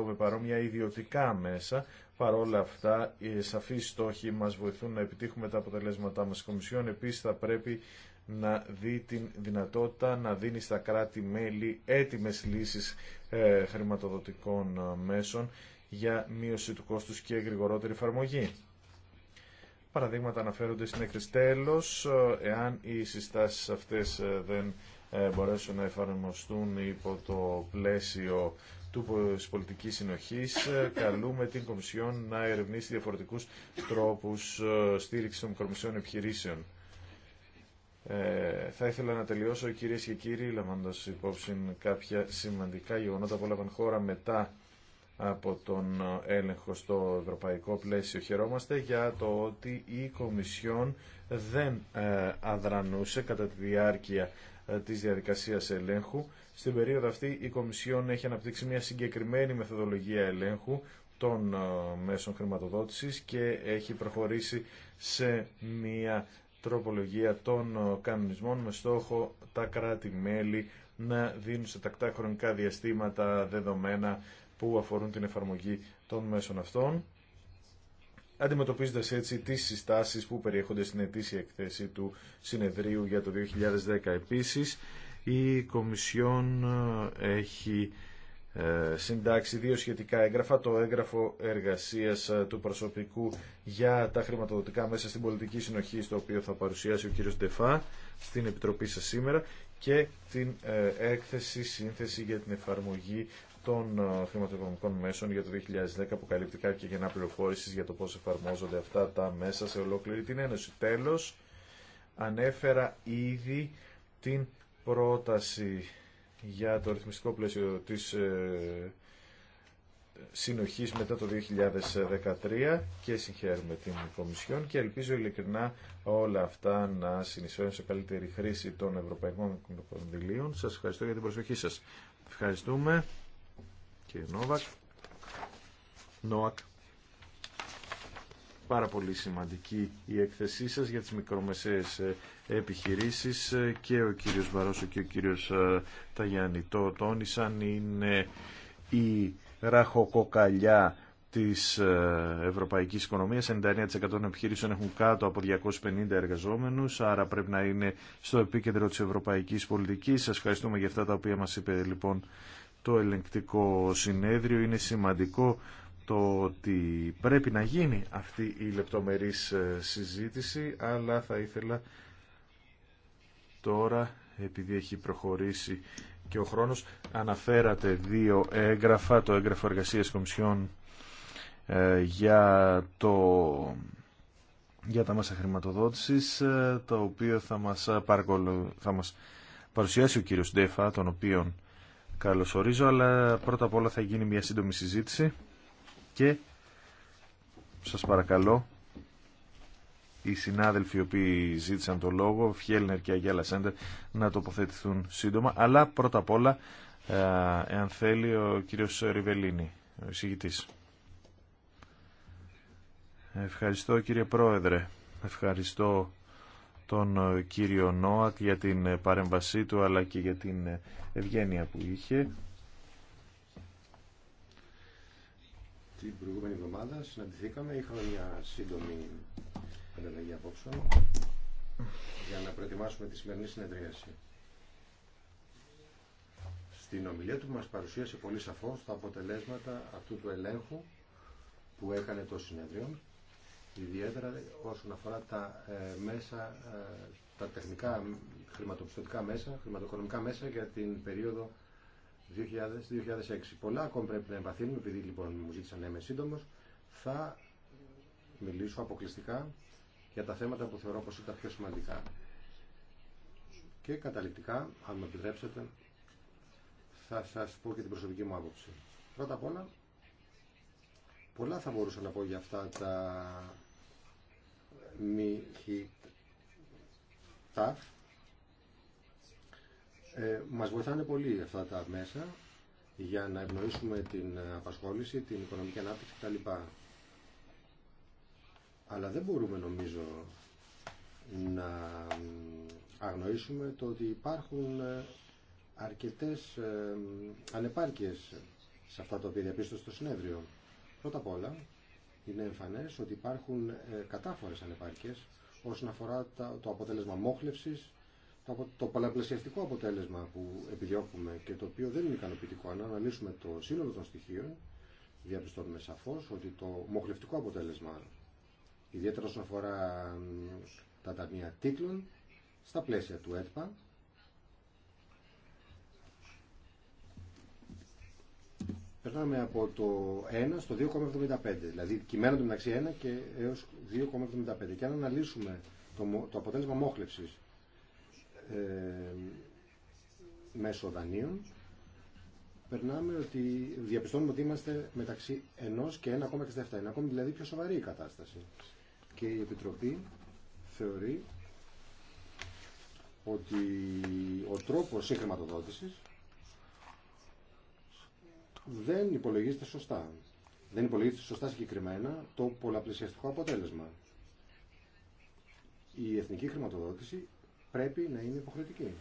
100% με παρόμοια ιδιωτικά μέσα, Παρ' όλα αυτά, οι σαφείς στόχοι μας βοηθούν να επιτύχουμε τα αποτελέσματά μας. Η Κομισιόν επίσης θα πρέπει να δει την δυνατότητα να δίνει στα κράτη-μέλη έτοιμες λύσεις ε, χρηματοδοτικών ε, μέσων για μείωση του κόστους και γρηγορότερη εφαρμογή. Παραδείγματα αναφέρονται στην έκθεση τέλος, ε, εάν οι συστάσεις αυτές δεν μπορέσουν να εφαρμοστούν υπό το πλαίσιο του πολιτική συνοχής ε, καλούμε την Κομισιόν να ερευνήσει διαφορετικού τρόπους ε, στήριξη των μικρομεσαίων επιχειρήσεων. Ε, θα ήθελα να τελειώσω, κυρίε και κύριοι, λαμβάνοντα υπόψη κάποια σημαντικά γεγονότα που έλαβαν χώρα μετά από τον έλεγχο στο ευρωπαϊκό πλαίσιο. Χαιρόμαστε για το ότι η Κομισιόν δεν αδρανούσε κατά τη διάρκεια της διαδικασίας ελέγχου στην περίοδο αυτή η Κομισιόν έχει αναπτύξει μια συγκεκριμένη μεθοδολογία ελέγχου των ε, μέσων χρηματοδότησης και έχει προχωρήσει σε μια τροπολογία των ε, κανονισμών με στόχο τα κράτη-μέλη να δίνουν σε τακτά χρονικά διαστήματα δεδομένα που αφορούν την εφαρμογή των μέσων αυτών, αντιμετωπίζοντας έτσι τις συστάσεις που περιέχονται στην ετήσια εκθέση του συνεδρίου για το 2010. Επίσης, η Κομισιόν ε, έχει ε, συντάξει δύο σχετικά έγγραφα, το έγγραφο εργασίας ε, του προσωπικού για τα χρηματοδοτικά μέσα στην πολιτική συνοχή, στο οποίο θα παρουσιάσει ο κύριος Ντεφά στην Επιτροπή σας σήμερα και την έκθεση σύνθεση για την εφαρμογή των χρηματοδοτικών μέσων για το 2010 που καλύπτει κάποια γεννά πληροφόρηση για το πώς εφαρμόζονται αυτά τα μέσα σε ολόκληρη την Ένωση. Τέλος, ανέφερα ήδη την πρόταση για το ρυθμιστικό πλαίσιο της ε, συνοχής μετά το 2013 και συγχαίρουμε την Κομισιόν και ελπίζω ειλικρινά όλα αυτά να συνεισφέρουν σε καλύτερη χρήση των ευρωπαϊκών κονδυλίων. Σας ευχαριστώ για την προσοχή σας. Ευχαριστούμε και Νόβακ. Νόακ πάρα πολύ σημαντική η έκθεσή σας για τις μικρομεσαίες ε, επιχειρήσεις ε, και ο κύριος Βαρόσο και ο κύριος ε, Ταγιάννη το τόνισαν είναι η ραχοκοκαλιά της ευρωπαϊκής οικονομίας 99% των επιχειρήσεων έχουν κάτω από 250 εργαζόμενους άρα πρέπει να είναι στο επίκεντρο της ευρωπαϊκής πολιτικής σας ευχαριστούμε για αυτά τα οποία μας είπε λοιπόν το ελεγκτικό συνέδριο είναι σημαντικό το ότι πρέπει να γίνει αυτή η λεπτομερής ε, συζήτηση, αλλά θα ήθελα τώρα, επειδή έχει προχωρήσει και ο χρόνος, αναφέρατε δύο έγγραφα, το έγγραφο εργασίας κομισιών ε, για, το, για τα μέσα χρηματοδότησης, ε, το οποίο θα μας, θα μας παρουσιάσει ο κύριος Ντέφα, τον οποίον καλωσορίζω, αλλά πρώτα απ' όλα θα γίνει μια σύντομη συζήτηση και σας παρακαλώ οι συνάδελφοι οι οποίοι ζήτησαν το λόγο, Φιέλνερ και Αγιάλα Σέντερ, να τοποθετηθούν σύντομα. Αλλά πρώτα απ' όλα, ε, εάν θέλει, ο κύριος Ριβελίνη, ο εισηγητής. Ευχαριστώ κύριε Πρόεδρε. Ευχαριστώ τον ε, κύριο Νόατ για την ε, παρέμβασή του αλλά και για την ευγένεια που είχε. την προηγούμενη εβδομάδα συναντηθήκαμε, είχαμε μια σύντομη ανταλλαγή απόψεων για να προετοιμάσουμε τη σημερινή συνεδρίαση. Στην ομιλία του μας παρουσίασε πολύ σαφώς τα αποτελέσματα αυτού του ελέγχου που έκανε το συνέδριο, ιδιαίτερα όσον αφορά τα, ε, μέσα, ε, τα τεχνικά χρηματοπιστωτικά μέσα, χρηματοοικονομικά μέσα για την περίοδο 2006 Πολλά ακόμη πρέπει να εμπαθύνουμε, επειδή λοιπόν μου ζήτησαν να είμαι σύντομο, θα μιλήσω αποκλειστικά για τα θέματα που θεωρώ πως είναι τα πιο σημαντικά. Και καταληκτικά, αν με επιτρέψετε, θα σας πω και την προσωπική μου άποψη. Πρώτα απ' όλα, πολλά θα μπορούσα να πω για αυτά τα μη χιτάφ, ε, μας βοηθάνε πολύ αυτά τα μέσα για να ευνοήσουμε την απασχόληση, την οικονομική ανάπτυξη κτλ. Αλλά δεν μπορούμε νομίζω να αγνοήσουμε το ότι υπάρχουν ε, αρκετές ε, ανεπάρκειες σε αυτά τα οποία διαπίστωσε στο συνέδριο. Πρώτα απ' όλα είναι εμφανές ότι υπάρχουν ε, κατάφορες ανεπάρκειες όσον αφορά το αποτέλεσμα μόχλευσης το, το πολλαπλασιαστικό αποτέλεσμα που επιδιώκουμε και το οποίο δεν είναι ικανοποιητικό, αν αναλύσουμε το σύνολο των στοιχείων, διαπιστώνουμε σαφώς ότι το μοχλευτικό αποτέλεσμα, ιδιαίτερα όσον αφορά τα ταμεία τίτλων, στα πλαίσια του ΕΤΠΑ, περνάμε από το 1 στο 2,75, δηλαδή κυμαίνονται μεταξύ 1 και έως 2,75. Και αν αναλύσουμε το, το αποτέλεσμα μόχλευσης ε, μέσω δανείων, περνάμε ότι διαπιστώνουμε ότι είμαστε μεταξύ 1 και 1,67. Είναι ακόμη δηλαδή πιο σοβαρή η κατάσταση. Και η Επιτροπή θεωρεί ότι ο τρόπος χρηματοδότησης δεν υπολογίζεται σωστά. Δεν υπολογίζεται σωστά συγκεκριμένα το πολλαπλησιαστικό αποτέλεσμα. Η εθνική χρηματοδότηση πρέπει να είναι υποχρεωτική.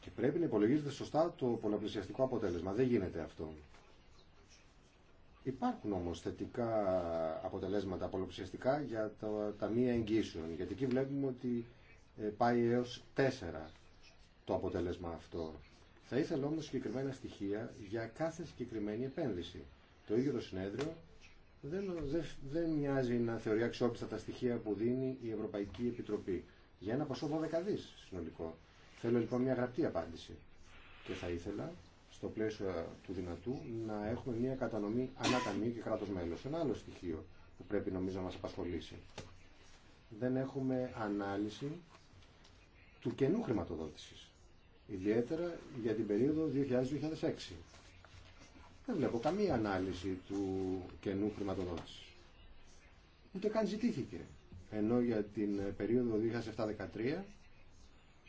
Και πρέπει να υπολογίζεται σωστά το πολλαπλησιαστικό αποτέλεσμα. Δεν γίνεται αυτό. Υπάρχουν όμω θετικά αποτελέσματα πολλαπλησιαστικά για τα μία εγγύσεων. Γιατί εκεί βλέπουμε ότι ε, πάει έω 4 το αποτέλεσμα αυτό. Θα ήθελα όμω συγκεκριμένα στοιχεία για κάθε συγκεκριμένη επένδυση. Το ίδιο το συνέδριο δεν, μοιάζει να θεωρεί αξιόπιστα τα στοιχεία που δίνει η Ευρωπαϊκή Επιτροπή για ένα ποσό 12 συνολικό. Θέλω λοιπόν μια γραπτή απάντηση και θα ήθελα στο πλαίσιο του δυνατού να έχουμε μια κατανομή αναταμίου και κράτος μέλος. Ένα άλλο στοιχείο που πρέπει νομίζω να μας απασχολήσει. Δεν έχουμε ανάλυση του κενού χρηματοδότησης, ιδιαίτερα για την περιοδο 2000-2006. Δεν βλέπω καμία ανάλυση του καινού χρηματοδότηση. Ούτε καν ζητήθηκε. Ενώ για την περίοδο 2007-2013,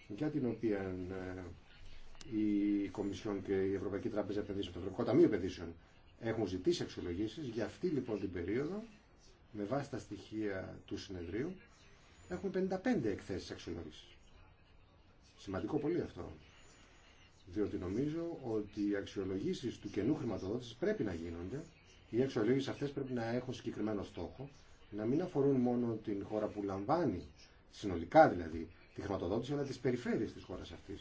για την οποία ε, η Κομισιόν και η Ευρωπαϊκή Τράπεζα Επενδύσεων, το Ευρωπαϊκό Ταμείο Επενδύσεων, έχουν ζητήσει αξιολογήσει, για αυτή λοιπόν την περίοδο, με βάση τα στοιχεία του συνεδρίου, έχουμε 55 εκθέσει αξιολογήσει. Σημαντικό πολύ αυτό. Διότι νομίζω ότι οι αξιολογήσει του καινού χρηματοδότηση πρέπει να γίνονται. Οι αξιολογήσει αυτέ πρέπει να έχουν συγκεκριμένο στόχο, να μην αφορούν μόνο την χώρα που λαμβάνει, συνολικά δηλαδή, τη χρηματοδότηση, αλλά τι περιφέρειε τη χώρα αυτή.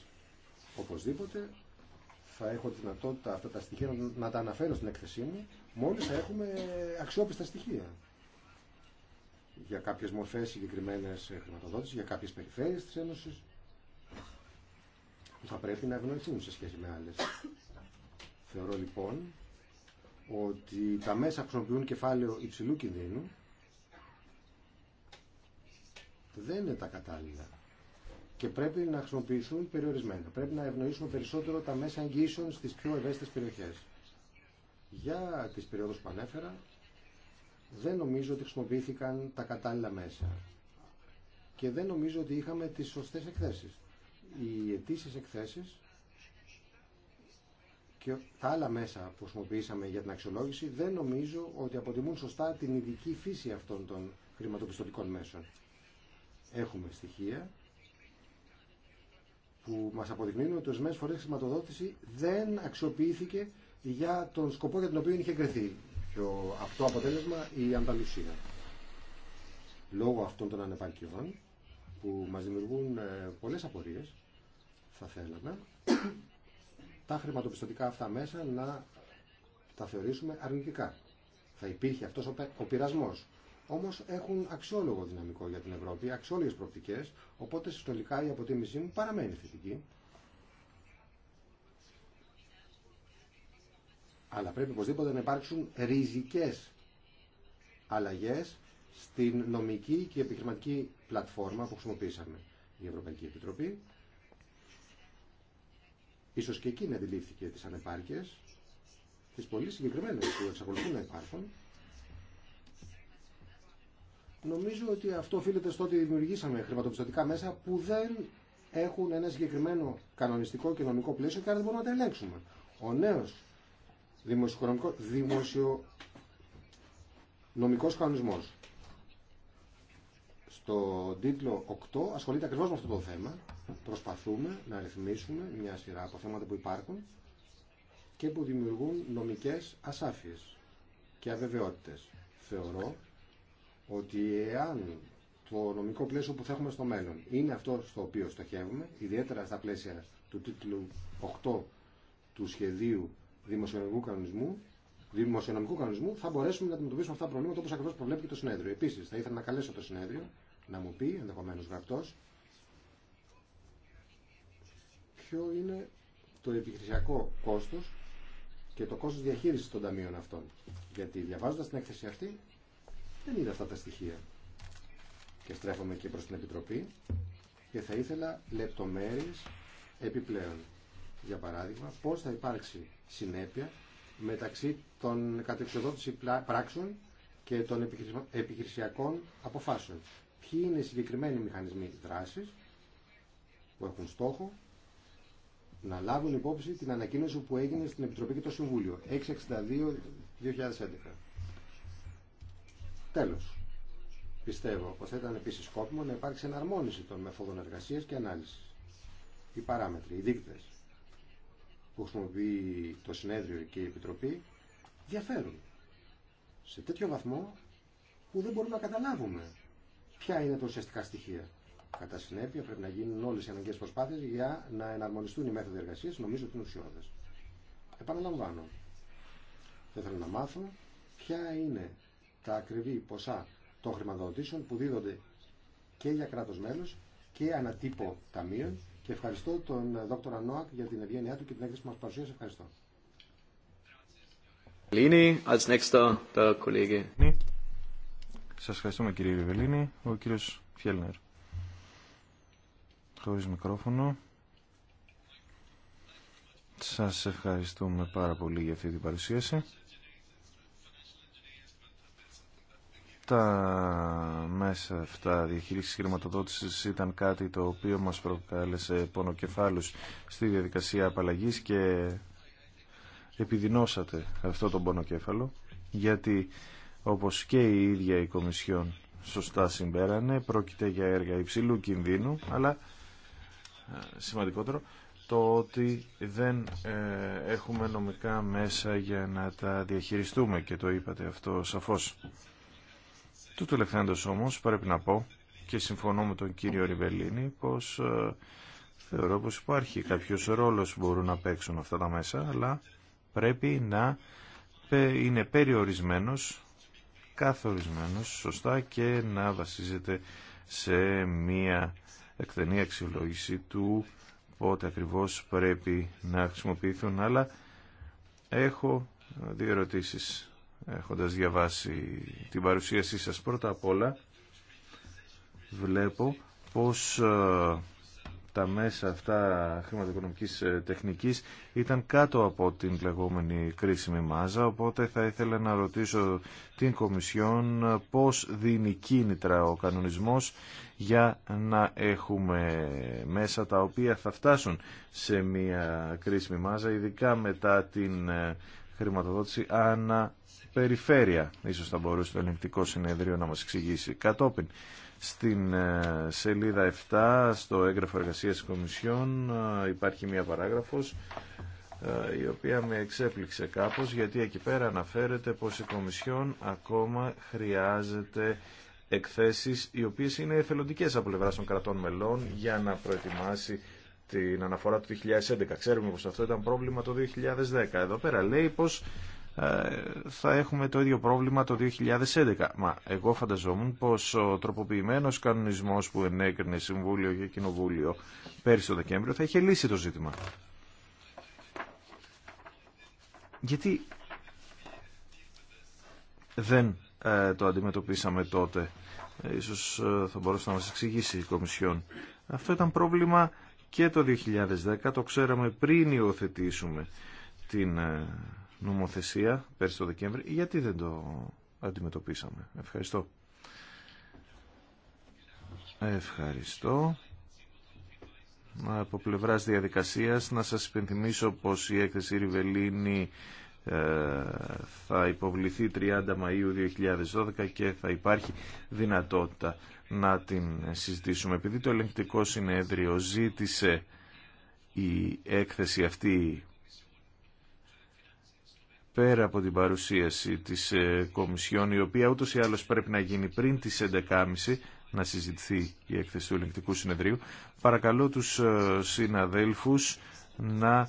Οπωσδήποτε θα έχω τη δυνατότητα αυτά τα στοιχεία να τα αναφέρω στην έκθεσή μου, μόλι θα έχουμε αξιόπιστα στοιχεία για κάποιες μορφές συγκεκριμένες χρηματοδότηση, για κάποιες περιφέρειες της Ένωση θα πρέπει να ευνοηθούν σε σχέση με άλλες. Θεωρώ λοιπόν ότι τα μέσα χρησιμοποιούν κεφάλαιο υψηλού κινδύνου δεν είναι τα κατάλληλα και πρέπει να χρησιμοποιηθούν περιορισμένα. Πρέπει να ευνοήσουμε περισσότερο τα μέσα εγγύσεων στις πιο ευαίσθητες περιοχές. Για τις περιόδους που ανέφερα, δεν νομίζω ότι χρησιμοποιήθηκαν τα κατάλληλα μέσα και δεν νομίζω ότι είχαμε τις σωστές εκθέσεις οι αιτήσει εκθέσεις και τα άλλα μέσα που χρησιμοποιήσαμε για την αξιολόγηση δεν νομίζω ότι αποτιμούν σωστά την ειδική φύση αυτών των χρηματοπιστωτικών μέσων. Έχουμε στοιχεία που μας αποδεικνύουν ότι ορισμένε φορές η χρηματοδότηση δεν αξιοποιήθηκε για τον σκοπό για τον οποίο είχε κρεθεί Και αυτό αποτέλεσμα η Ανταλουσία. Λόγω αυτών των ανεπαρκειών που μας δημιουργούν ε, πολλές απορίες, θα θέλαμε τα χρηματοπιστωτικά αυτά μέσα να τα θεωρήσουμε αρνητικά. Θα υπήρχε αυτός ο πειρασμό. Όμως έχουν αξιόλογο δυναμικό για την Ευρώπη, αξιόλογε προοπτικέ, οπότε συστολικά η αποτίμησή μου παραμένει θετική. Αλλά πρέπει οπωσδήποτε να υπάρξουν ριζικές αλλαγές στην νομική και επιχειρηματική πλατφόρμα που χρησιμοποίησαμε. Η Ευρωπαϊκή Επιτροπή Ίσως και εκείνη αντιλήφθηκε τις ανεπάρκειες, τις πολύ συγκεκριμένες που εξακολουθούν να υπάρχουν. Νομίζω ότι αυτό οφείλεται στο ότι δημιουργήσαμε χρηματοπιστωτικά μέσα που δεν έχουν ένα συγκεκριμένο κανονιστικό και νομικό πλαίσιο και άρα δεν μπορούμε να τα ελέγξουμε. Ο νέος δημοσιονομικός κανονισμός στο τίτλο 8 ασχολείται ακριβώς με αυτό το θέμα Προσπαθούμε να ρυθμίσουμε μια σειρά από θέματα που υπάρχουν και που δημιουργούν νομικές ασάφειες και αβεβαιότητες. Θεωρώ ότι εάν το νομικό πλαίσιο που θα έχουμε στο μέλλον είναι αυτό στο οποίο στοχεύουμε, ιδιαίτερα στα πλαίσια του τίτλου 8 του σχεδίου δημοσιονομικού κανονισμού, δημοσιονομικού κανονισμού θα μπορέσουμε να αντιμετωπίσουμε αυτά τα προβλήματα όπω ακριβώ προβλέπει και το συνέδριο. Επίση, θα ήθελα να καλέσω το συνέδριο να μου πει, ενδεχομένω γραπτό, ποιο είναι το επιχειρησιακό κόστος και το κόστος διαχείρισης των ταμείων αυτών. Γιατί διαβάζοντας την έκθεση αυτή δεν είδα αυτά τα στοιχεία. Και στρέφομαι και προς την Επιτροπή και θα ήθελα λεπτομέρειες επιπλέον. Για παράδειγμα, πώς θα υπάρξει συνέπεια μεταξύ των κατεξοδότηση πράξεων και των επιχειρησιακών αποφάσεων. Ποιοι είναι οι συγκεκριμένοι μηχανισμοί δράσης που έχουν στόχο να λάβουν υπόψη την ανακοίνωση που έγινε στην Επιτροπή και το Συμβούλιο 662-2011. Τέλος, πιστεύω πως θα ήταν επίσης σκόπιμο να υπάρξει εναρμόνιση των μεθόδων εργασίας και ανάλυσης. Οι παράμετροι, οι δείκτες που χρησιμοποιεί το συνέδριο και η Επιτροπή διαφέρουν σε τέτοιο βαθμό που δεν μπορούμε να καταλάβουμε ποια είναι τα ουσιαστικά στοιχεία. Κατά συνέπεια, πρέπει να γίνουν όλε οι αναγκαίε προσπάθειε για να εναρμονιστούν οι μέθοδοι εργασία. Νομίζω ότι είναι ουσιώδε. Επαναλαμβάνω. θέλω να μάθω ποια είναι τα ακριβή ποσά των χρηματοδοτήσεων που δίδονται και για κράτο μέλο και ανατύπω ταμείων. Και ευχαριστώ τον Δόκτορα Νόακ για την ευγένειά του και την έκθεση που μα παρουσίασε. Ευχαριστώ. Σας ευχαριστούμε κύριε Ριβελίνη. Ο κύριος Φιέλνερ χωρίς μικρόφωνο. Σας ευχαριστούμε πάρα πολύ για αυτή την παρουσίαση. Τα μέσα αυτά διαχείρισης χρηματοδότησης ήταν κάτι το οποίο μας προκάλεσε πονοκεφάλους στη διαδικασία απαλλαγής και επιδεινώσατε αυτό το πονοκέφαλο γιατί όπως και η ίδια η Κομισιόν σωστά συμπέρανε πρόκειται για έργα υψηλού κινδύνου αλλά ε, σημαντικότερο το ότι δεν ε, έχουμε νομικά μέσα για να τα διαχειριστούμε και το είπατε αυτό σαφώς. Τούτου τελευταίο όμως πρέπει να πω και συμφωνώ με τον κύριο Ριβελίνη πως ε, θεωρώ πως υπάρχει κάποιος ρόλος που μπορούν να παίξουν αυτά τα μέσα αλλά πρέπει να είναι περιορισμένος καθορισμένος σωστά και να βασίζεται σε μία εκτενή αξιολόγηση του πότε ακριβώς πρέπει να χρησιμοποιηθούν, αλλά έχω δύο ερωτήσεις έχοντας διαβάσει την παρουσίασή σας. Πρώτα απ' όλα βλέπω πως ε, τα μέσα αυτά χρηματοοικονομικής ε, τεχνικής ήταν κάτω από την λεγόμενη κρίσιμη μάζα, οπότε θα ήθελα να ρωτήσω την Κομισιόν ε, πώς δίνει κίνητρα ο κανονισμός για να έχουμε μέσα τα οποία θα φτάσουν σε μια κρίσιμη μάζα, ειδικά μετά την ε, χρηματοδότηση αναπεριφέρεια. Ίσως θα μπορούσε το ελληνικό συνεδρίο να μας εξηγήσει κατόπιν. Στην ε, σελίδα 7, στο έγγραφο εργασίας της Κομισιόν, ε, υπάρχει μία παράγραφος ε, η οποία με εξέπληξε κάπως γιατί εκεί πέρα αναφέρεται πως η Κομισιόν ακόμα χρειάζεται εκθέσεις οι οποίες είναι εθελοντικές από πλευρά των κρατών μελών για να προετοιμάσει την αναφορά του 2011. Ξέρουμε πως αυτό ήταν πρόβλημα το 2010. Εδώ πέρα λέει πως ε, θα έχουμε το ίδιο πρόβλημα το 2011. Μα εγώ φανταζόμουν πως ο τροποποιημένος κανονισμός που ενέκρινε Συμβούλιο και Κοινοβούλιο πέρσι το Δεκέμβριο θα είχε λύσει το ζήτημα. Γιατί δεν ε, το αντιμετωπίσαμε τότε. Ε, ίσως θα μπορούσε να μας εξηγήσει η Κομισιόν. Αυτό ήταν πρόβλημα και το 2010, το ξέραμε πριν υιοθετήσουμε την νομοθεσία πέρσι το Δεκέμβρη, γιατί δεν το αντιμετωπίσαμε. Ευχαριστώ. Ευχαριστώ. Από πλευράς διαδικασίας να σας υπενθυμίσω πως η έκθεση Ριβελίνη ε, θα υποβληθεί 30 Μαΐου 2012 και θα υπάρχει δυνατότητα να την συζητήσουμε. Επειδή το ελεγκτικό συνέδριο ζήτησε η έκθεση αυτή πέρα από την παρουσίαση της ε, Κομισιόν, η οποία ούτως ή άλλως πρέπει να γίνει πριν τις 11.30 να συζητηθεί η έκθεση του ελεγκτικού συνεδρίου, παρακαλώ τους ε, συναδέλφους να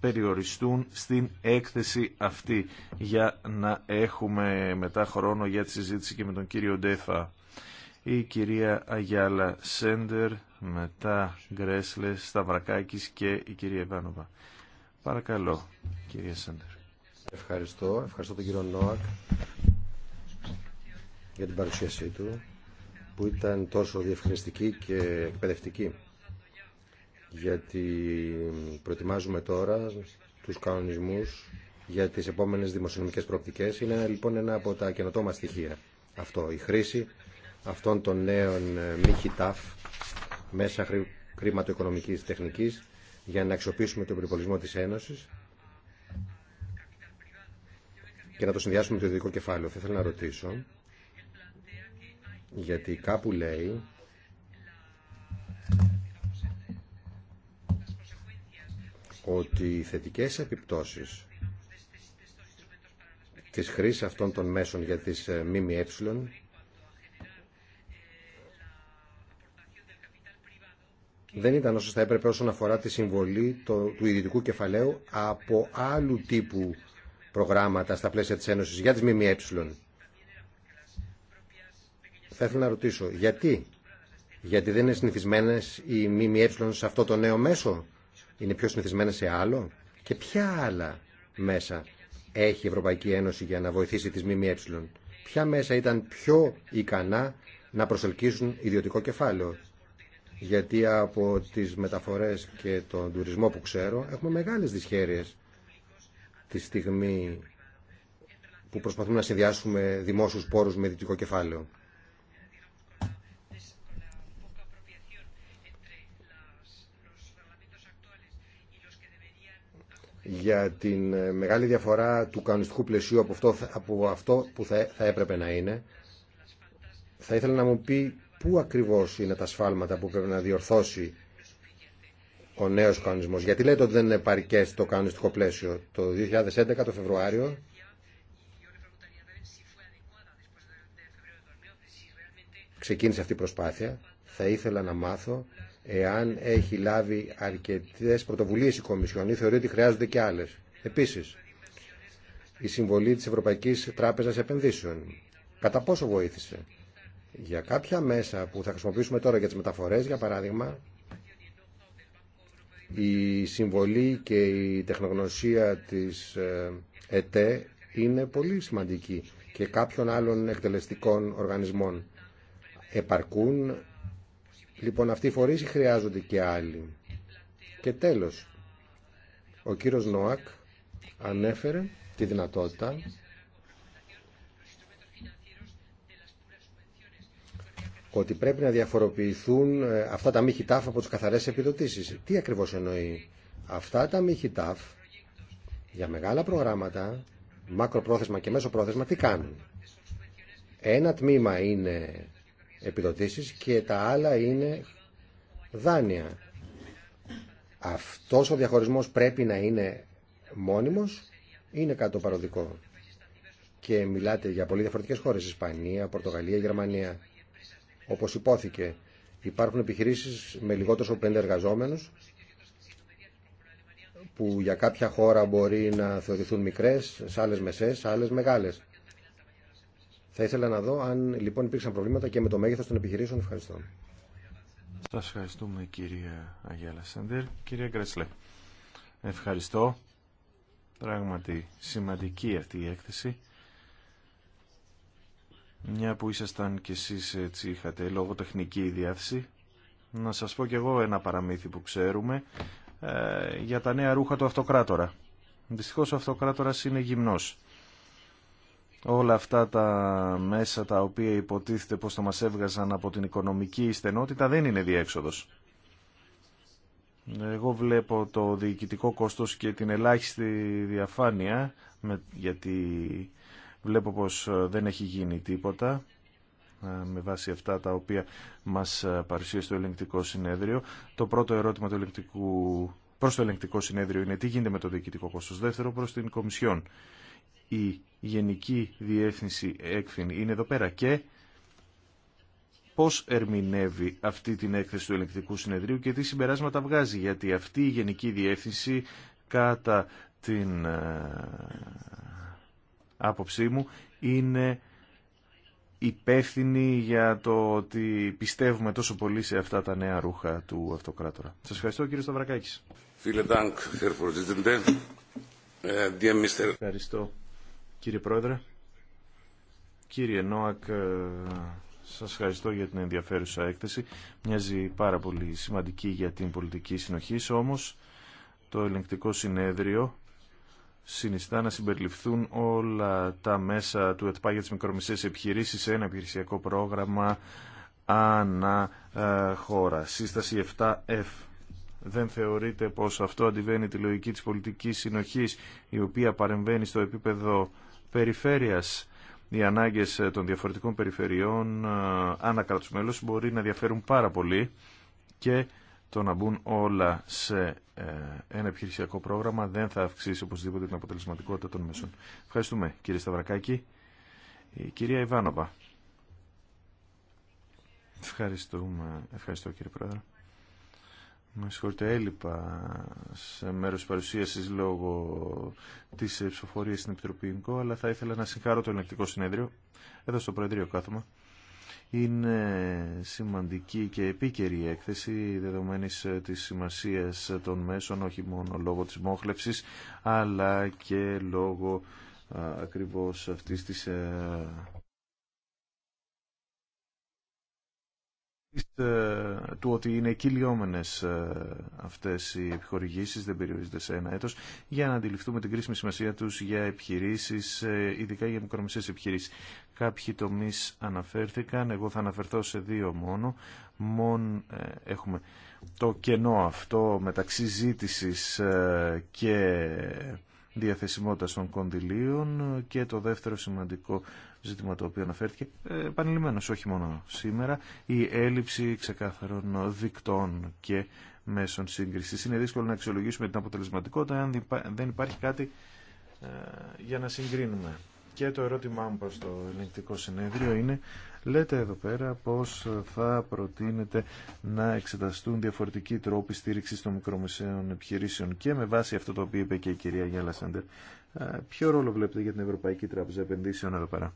περιοριστούν στην έκθεση αυτή για να έχουμε μετά χρόνο για τη συζήτηση και με τον κύριο Ντέφα. Η κυρία Αγιάλα Σέντερ, μετά Γκρέσλε, Σταυρακάκης και η κυρία Βάνοβα. Παρακαλώ, κύριε Σέντερ. Ευχαριστώ. Ευχαριστώ τον κύριο Νόακ για την παρουσίασή του που ήταν τόσο διευκρινιστική και εκπαιδευτική γιατί προετοιμάζουμε τώρα τους κανονισμούς για τις επόμενες δημοσιονομικές προοπτικές. Είναι λοιπόν ένα από τα καινοτόμα στοιχεία αυτό, η χρήση αυτών των νέων μη μέσα χρηματοοικονομικής τεχνικής για να αξιοποιήσουμε τον περιπολισμό της Ένωσης και να το συνδυάσουμε με το ειδικό κεφάλαιο. Θα ήθελα να ρωτήσω, γιατί κάπου λέει ότι οι θετικές επιπτώσεις της χρήσης αυτών των μέσων για τις ΜΜΕ δεν ήταν όσο θα έπρεπε όσον αφορά τη συμβολή του ιδιωτικού κεφαλαίου από άλλου τύπου προγράμματα στα πλαίσια της Ένωσης για τις ΜΜΕ. Θα ήθελα να ρωτήσω, γιατί, γιατί δεν είναι συνηθισμένες οι ΜΜΕ σε αυτό το νέο μέσο, είναι πιο συνηθισμένες σε άλλο και ποια άλλα μέσα έχει η Ευρωπαϊκή Ένωση για να βοηθήσει τις ΜΜΕ. Ποια μέσα ήταν πιο ικανά να προσελκύσουν ιδιωτικό κεφάλαιο γιατί από τις μεταφορές και τον τουρισμό που ξέρω έχουμε μεγάλες δυσχέρειες τη στιγμή που προσπαθούμε να συνδυάσουμε δημόσιους πόρους με δυτικό κεφάλαιο. για την ε, μεγάλη διαφορά του κανονιστικού πλαισίου από αυτό, αυτό που θα, θα έπρεπε να είναι. Θα ήθελα να μου πει πού ακριβώς είναι τα σφάλματα που πρέπει να διορθώσει ο νέος κανονισμός. Γιατί λέτε ότι δεν είναι παρικές το κανονιστικό πλαίσιο. Το 2011, το Φεβρουάριο, ξεκίνησε αυτή η προσπάθεια. Θα ήθελα να μάθω εάν έχει λάβει αρκετές πρωτοβουλίες η Κομισιόν ή θεωρεί ότι χρειάζονται και άλλες. Επίσης, η συμβολή της Ευρωπαϊκής Τράπεζας Επενδύσεων. Κατά πόσο βοήθησε. Για κάποια μέσα που θα χρησιμοποιήσουμε τώρα για τις μεταφορές, για παράδειγμα, η συμβολή και η τεχνογνωσία της ε, ΕΤΕ είναι πολύ σημαντική και κάποιων άλλων εκτελεστικών οργανισμών. Επαρκούν λοιπόν αυτοί οι φορείς χρειάζονται και άλλοι. Και τέλος, ο κύριος Νοάκ ανέφερε τη δυνατότητα ότι πρέπει να διαφοροποιηθούν ε, αυτά τα μη ΤΑΦ από τις καθαρές επιδοτήσεις. Τι ακριβώς εννοεί. Αυτά τα μη ΤΑΦ για μεγάλα προγράμματα, μακροπρόθεσμα και μέσοπρόθεσμα, τι κάνουν. Ένα τμήμα είναι επιδοτήσεις και τα άλλα είναι δάνεια. Αυτός ο διαχωρισμός πρέπει να είναι μόνιμος, είναι κάτι το παροδικό. Και μιλάτε για πολύ διαφορετικές χώρες, Ισπανία, Πορτογαλία, Γερμανία. Όπω υπόθηκε, υπάρχουν επιχειρήσεις με λιγότερο από πέντε εργαζόμενους που για κάποια χώρα μπορεί να θεωρηθούν μικρές, σε άλλες μεσές, σε άλλε μεγάλες. Θα ήθελα να δω αν λοιπόν υπήρξαν προβλήματα και με το μέγεθος των επιχειρήσεων. Ευχαριστώ. Σας ευχαριστούμε κυρία Αγιάλα Σέντερ. Κυρία Γκρέτσλε, ευχαριστώ. Πράγματι σημαντική αυτή η έκθεση μια που ήσασταν κι εσείς έτσι είχατε λόγω τεχνική διάθεση. Να σας πω κι εγώ ένα παραμύθι που ξέρουμε ε, για τα νέα ρούχα του αυτοκράτορα. Δυστυχώς ο αυτοκράτορας είναι γυμνός. Όλα αυτά τα μέσα τα οποία υποτίθεται πως θα μας έβγαζαν από την οικονομική στενότητα δεν είναι διέξοδος. Εγώ βλέπω το διοικητικό κόστος και την ελάχιστη διαφάνεια γιατί Βλέπω πως ε, δεν έχει γίνει τίποτα ε, με βάση αυτά τα οποία μας ε, παρουσίασε το ελεγκτικό συνέδριο. Το πρώτο ερώτημα του ελεγκτικού, προς το ελεγκτικό συνέδριο είναι τι γίνεται με το διοικητικό κόστος. Δεύτερο προς την Κομισιόν. Η Γενική Διεύθυνση Έκθυνη είναι εδώ πέρα και πώς ερμηνεύει αυτή την έκθεση του ελεγκτικού συνεδρίου και τι συμπεράσματα βγάζει, γιατί αυτή η Γενική Διεύθυνση κατά την άποψή είναι υπεύθυνη για το ότι πιστεύουμε τόσο πολύ σε αυτά τα νέα ρούχα του αυτοκράτορα. Σας ευχαριστώ κύριε Σταυρακάκης. Ε, ευχαριστώ κύριε Πρόεδρε. Κύριε Νόακ, ε, σας ευχαριστώ για την ενδιαφέρουσα έκθεση. Μοιάζει πάρα πολύ σημαντική για την πολιτική συνοχή, όμως το ελεγκτικό συνέδριο συνιστά να συμπεριληφθούν όλα τα μέσα του ΕΤΠΑ για τις μικρομεσαίες επιχειρήσεις σε ένα επιχειρησιακό πρόγραμμα ανά ε, χώρα. Σύσταση 7F. Δεν θεωρείται πως αυτό αντιβαίνει τη λογική της πολιτικής συνοχής η οποία παρεμβαίνει στο επίπεδο περιφέρειας. Οι ανάγκες ε, των διαφορετικών περιφερειών ε, μπορεί να διαφέρουν πάρα πολύ και το να μπουν όλα σε ε, ένα επιχειρησιακό πρόγραμμα δεν θα αυξήσει οπωσδήποτε την αποτελεσματικότητα των μέσων. Ευχαριστούμε κύριε Σταυρακάκη. Η κυρία Ιβάνοβα. Ευχαριστούμε. Ευχαριστώ κύριε Πρόεδρε. Με συγχωρείτε, έλειπα σε μέρος της παρουσίασης λόγω της ψηφοφορίας στην Επιτροπή αλλά θα ήθελα να συγχαρώ το ελεκτικό συνέδριο. Εδώ στο Προεδρείο κάθομαι είναι σημαντική και επίκαιρη η έκθεση δεδομένης ε, της σημασίας των μέσων όχι μόνο λόγω της μόχλευσης αλλά και λόγω ακριβώ ακριβώς αυτής της ε, Ε, του ότι είναι κυλιόμενες ε, αυτές οι επιχορηγήσεις, δεν περιορίζονται σε ένα έτος, για να αντιληφθούμε την κρίσιμη σημασία τους για επιχειρήσεις, ε, ειδικά για μικρομεσαίες επιχειρήσεις. Κάποιοι τομείς αναφέρθηκαν, εγώ θα αναφερθώ σε δύο μόνο. Μον έχουμε το κενό αυτό μεταξύ ζήτησης και διαθεσιμότητας των κονδυλίων και το δεύτερο σημαντικό ζήτημα το οποίο αναφέρθηκε ε, επανειλημμένως όχι μόνο σήμερα η έλλειψη ξεκάθαρων δικτών και μέσων σύγκρισης είναι δύσκολο να αξιολογήσουμε την αποτελεσματικότητα αν δεν υπάρχει κάτι ε, για να συγκρίνουμε και το ερώτημά μου προς το ελεγκτικό συνέδριο είναι λέτε εδώ πέρα πως θα προτείνετε να εξεταστούν διαφορετικοί τρόποι στήριξης των μικρομεσαίων επιχειρήσεων και με βάση αυτό το οποίο είπε και η κυρία Γιάλα Σάντερ ε, ποιο ρόλο βλέπετε για την Ευρωπαϊκή Τράπεζα Επενδύσεων εδώ πέρα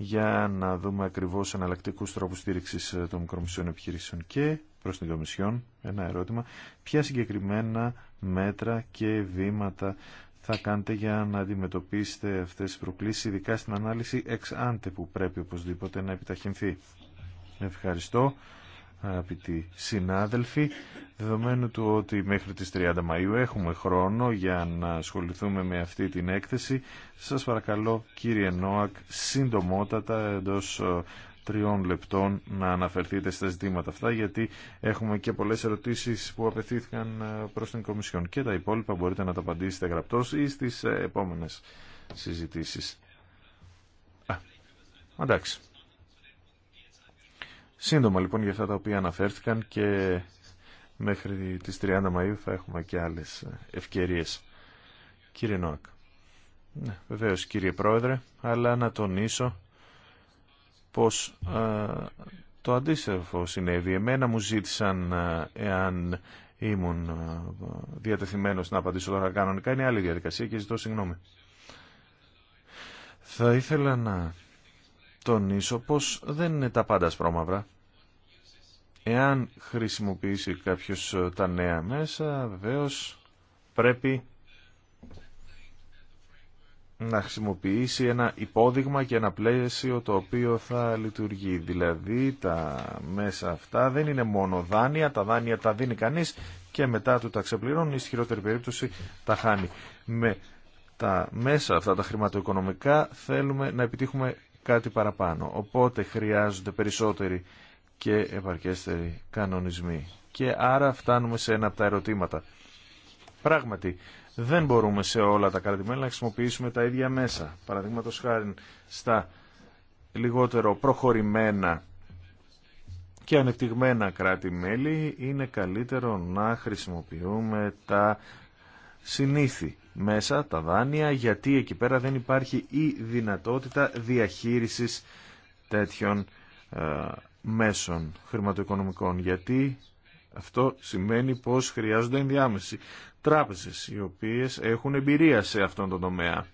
για να δούμε ακριβώς εναλλακτικούς τρόπους στήριξης ε, των μικρομεσαίων επιχειρήσεων και προς την Κομισιόν ένα ερώτημα. Ποια συγκεκριμένα μέτρα και βήματα θα κάνετε για να αντιμετωπίσετε αυτές τις προκλήσεις, ειδικά στην ανάλυση εξ άντε που πρέπει οπωσδήποτε να επιταχυνθεί. Ευχαριστώ αγαπητοί συνάδελφοι, δεδομένου του ότι μέχρι τις 30 Μαΐου έχουμε χρόνο για να ασχοληθούμε με αυτή την έκθεση, σας παρακαλώ κύριε Νόακ συντομότατα εντός ε, τριών λεπτών να αναφερθείτε στα ζητήματα αυτά γιατί έχουμε και πολλές ερωτήσεις που απαιτήθηκαν ε, προς την Κομισιόν και τα υπόλοιπα μπορείτε να τα απαντήσετε γραπτώς ή στις ε, επόμενες συζητήσεις. εντάξει. Σύντομα λοιπόν για αυτά τα οποία αναφέρθηκαν και μέχρι τις 30 Μαΐου θα έχουμε και άλλες ευκαιρίες. Κύριε Νόακ. Ναι, βεβαίως κύριε Πρόεδρε, αλλά να τονίσω πως το αντίστοιχο συνέβη. Εμένα μου ζήτησαν εάν ήμουν α, διατεθειμένος να απαντήσω τώρα κανονικά. Είναι άλλη διαδικασία και ζητώ συγγνώμη. Θα ήθελα να τονίσω πως δεν είναι τα πάντα σπρώμαυρα. Εάν χρησιμοποιήσει κάποιος ε, τα νέα μέσα, βεβαίως πρέπει να χρησιμοποιήσει ένα υπόδειγμα και ένα πλαίσιο το οποίο θα λειτουργεί. Δηλαδή τα μέσα αυτά δεν είναι μόνο δάνεια, τα δάνεια τα δίνει κανείς και μετά του τα ξεπληρώνει, στη χειρότερη περίπτωση τα χάνει. Με τα μέσα αυτά τα χρηματοοικονομικά θέλουμε να επιτύχουμε κάτι παραπάνω. Οπότε χρειάζονται περισσότεροι και επαρκέστεροι κανονισμοί. Και άρα φτάνουμε σε ένα από τα ερωτήματα. Πράγματι, δεν μπορούμε σε όλα τα κρατημένα να χρησιμοποιήσουμε τα ίδια μέσα. Παραδείγματο χάρη στα λιγότερο προχωρημένα και ανεπτυγμένα κράτη-μέλη είναι καλύτερο να χρησιμοποιούμε τα συνήθι μέσα τα δάνεια γιατί εκεί πέρα δεν υπάρχει η δυνατότητα διαχείρισης τέτοιων ε, μέσων χρηματοοικονομικών γιατί αυτό σημαίνει πως χρειάζονται ενδιάμεση τράπεζες οι οποίες έχουν εμπειρία σε αυτόν τον τομέα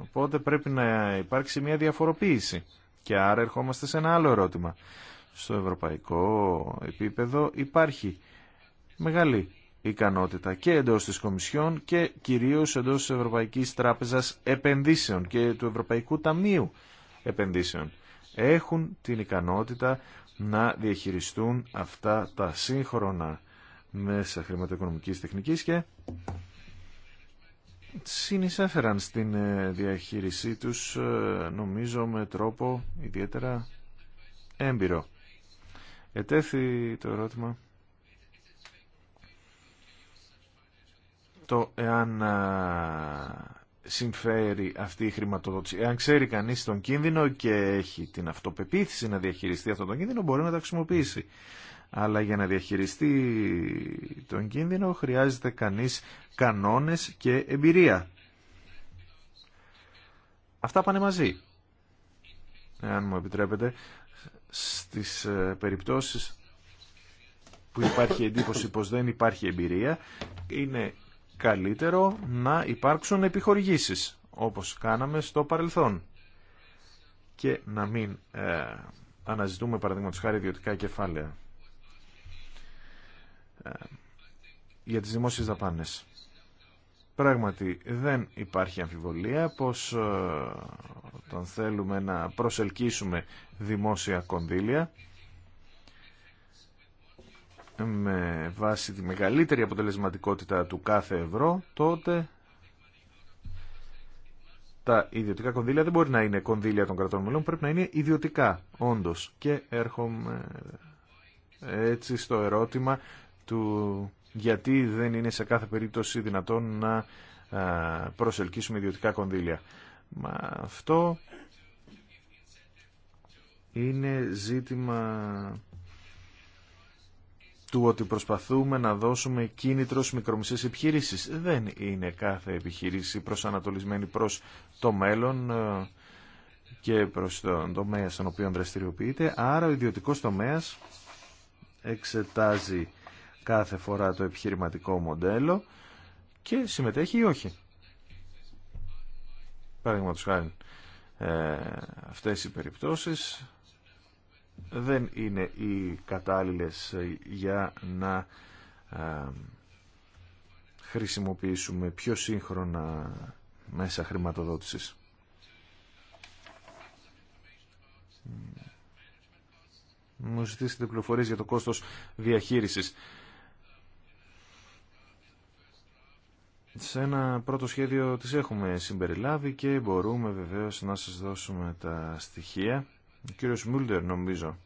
οπότε πρέπει να υπάρξει μια διαφοροποίηση και άρα ερχόμαστε σε ένα άλλο ερώτημα στο ευρωπαϊκό επίπεδο υπάρχει μεγάλη ικανότητα και εντός της Κομισιόν και κυρίως εντός της Ευρωπαϊκής Τράπεζας Επενδύσεων και του Ευρωπαϊκού Ταμείου Επενδύσεων. Έχουν την ικανότητα να διαχειριστούν αυτά τα σύγχρονα μέσα χρηματοοικονομικής τεχνικής και συνεισέφεραν στην ε, διαχείρισή τους ε, νομίζω με τρόπο ιδιαίτερα έμπειρο. Ετέθη το ερώτημα το εάν συμφέρει αυτή η χρηματοδότηση. Εάν ξέρει κανείς τον κίνδυνο και έχει την αυτοπεποίθηση να διαχειριστεί αυτόν τον κίνδυνο, μπορεί να τα χρησιμοποιήσει. Αλλά για να διαχειριστεί τον κίνδυνο χρειάζεται κανείς κανόνες και εμπειρία. Αυτά πάνε μαζί. Εάν μου επιτρέπετε, στις ε, περιπτώσεις που υπάρχει εντύπωση πως δεν υπάρχει εμπειρία, είναι καλύτερο να υπάρξουν επιχορηγήσεις, όπως κάναμε στο παρελθόν. Και να μην ε, αναζητούμε, παραδείγματος χάρη, ιδιωτικά κεφάλαια ε, για τις δημόσιες δαπάνες. Πράγματι, δεν υπάρχει αμφιβολία πως ε, τον θέλουμε να προσελκύσουμε δημόσια κονδύλια, με βάση τη μεγαλύτερη αποτελεσματικότητα του κάθε ευρώ, τότε τα ιδιωτικά κονδύλια δεν μπορεί να είναι κονδύλια των κρατών μελών, πρέπει να είναι ιδιωτικά, όντως. Και έρχομαι έτσι στο ερώτημα του γιατί δεν είναι σε κάθε περίπτωση δυνατόν να προσελκύσουμε ιδιωτικά κονδύλια. Μα αυτό είναι ζήτημα του ότι προσπαθούμε να δώσουμε κίνητρο στις μικρομισές επιχειρήσεις. Δεν είναι κάθε επιχειρήση προσανατολισμένη προς το μέλλον ε, και προς τον τομέα στον οποίο δραστηριοποιείται. Άρα ο ιδιωτικός τομέας εξετάζει κάθε φορά το επιχειρηματικό μοντέλο και συμμετέχει ή όχι. Παραδείγματος χάρη ε, αυτές οι περιπτώσεις δεν είναι οι κατάλληλες για να ε, χρησιμοποιήσουμε πιο σύγχρονα μέσα χρηματοδότησης. Μου ζητήσετε πληροφορίες για το κόστος διαχείρισης. Σε ένα πρώτο σχέδιο τις έχουμε συμπεριλάβει και μπορούμε βεβαίως να σας δώσουμε τα στοιχεία ο κύριος Μούλτερ νομίζω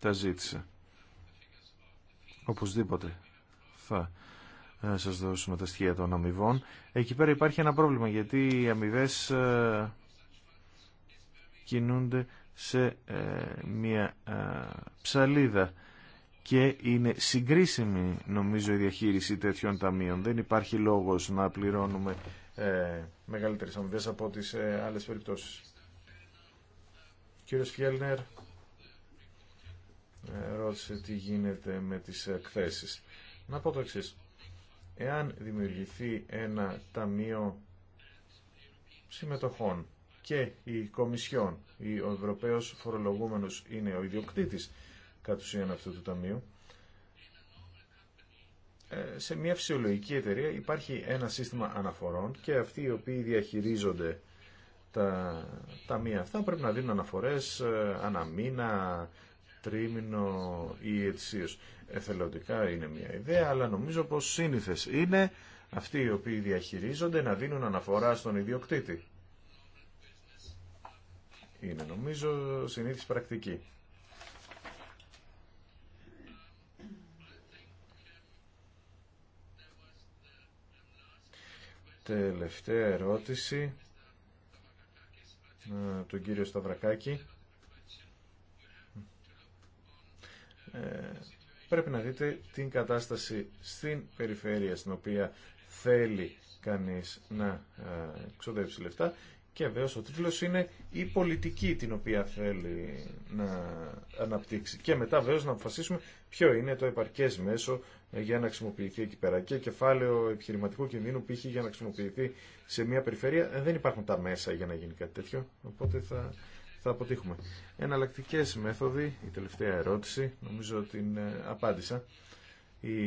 τα ζήτησε. Οπωσδήποτε θα ε, σας δώσουμε τα στοιχεία των αμοιβών. Εκεί πέρα υπάρχει ένα πρόβλημα γιατί οι αμοιβέ ε, κινούνται σε ε, μια ψαλίδα και είναι συγκρίσιμη νομίζω η διαχείριση τέτοιων ταμείων. Δεν υπάρχει λόγος να πληρώνουμε μεγαλύτερες αμοιβές από τις άλλες περιπτώσεις κύριος Φιέλνερ ε, ρώτησε τι γίνεται με τις εκθέσεις. Να πω το εξής. Εάν δημιουργηθεί ένα ταμείο συμμετοχών και η Κομισιόν ή ο Ευρωπαίος φορολογούμενος είναι ο ιδιοκτήτης κατ' ουσίαν αυτού του ταμείου, ε, σε μια φυσιολογική εταιρεία υπάρχει ένα σύστημα αναφορών και αυτοί οι οποίοι διαχειρίζονται τα μία. αυτά πρέπει να δίνουν αναφορές ε, αναμήνα, τρίμηνο ή ετησίως. Εθελοντικά είναι μια ιδέα, αλλά νομίζω πως σύνηθες είναι αυτοί οι οποίοι διαχειρίζονται να δίνουν αναφορά στον ιδιοκτήτη. Είναι νομίζω συνήθις πρακτική. Τελευταία ερώτηση. Ε, τον κύριο Σταυρακάκη. Ε, πρέπει να δείτε την κατάσταση στην περιφέρεια στην οποία θέλει κανείς να ε, ξοδέψει λεφτά και βέβαια ο τίτλος είναι η πολιτική την οποία θέλει να αναπτύξει. Και μετά βέβαια να αποφασίσουμε ποιο είναι το επαρκές μέσο για να χρησιμοποιηθεί εκεί πέρα. Και κεφάλαιο επιχειρηματικού κινδύνου π.χ. για να χρησιμοποιηθεί σε μια περιφέρεια. Δεν υπάρχουν τα μέσα για να γίνει κάτι τέτοιο, οπότε θα, θα αποτύχουμε. Εναλλακτικέ μέθοδοι, η τελευταία ερώτηση, νομίζω την ε, απάντησα. Η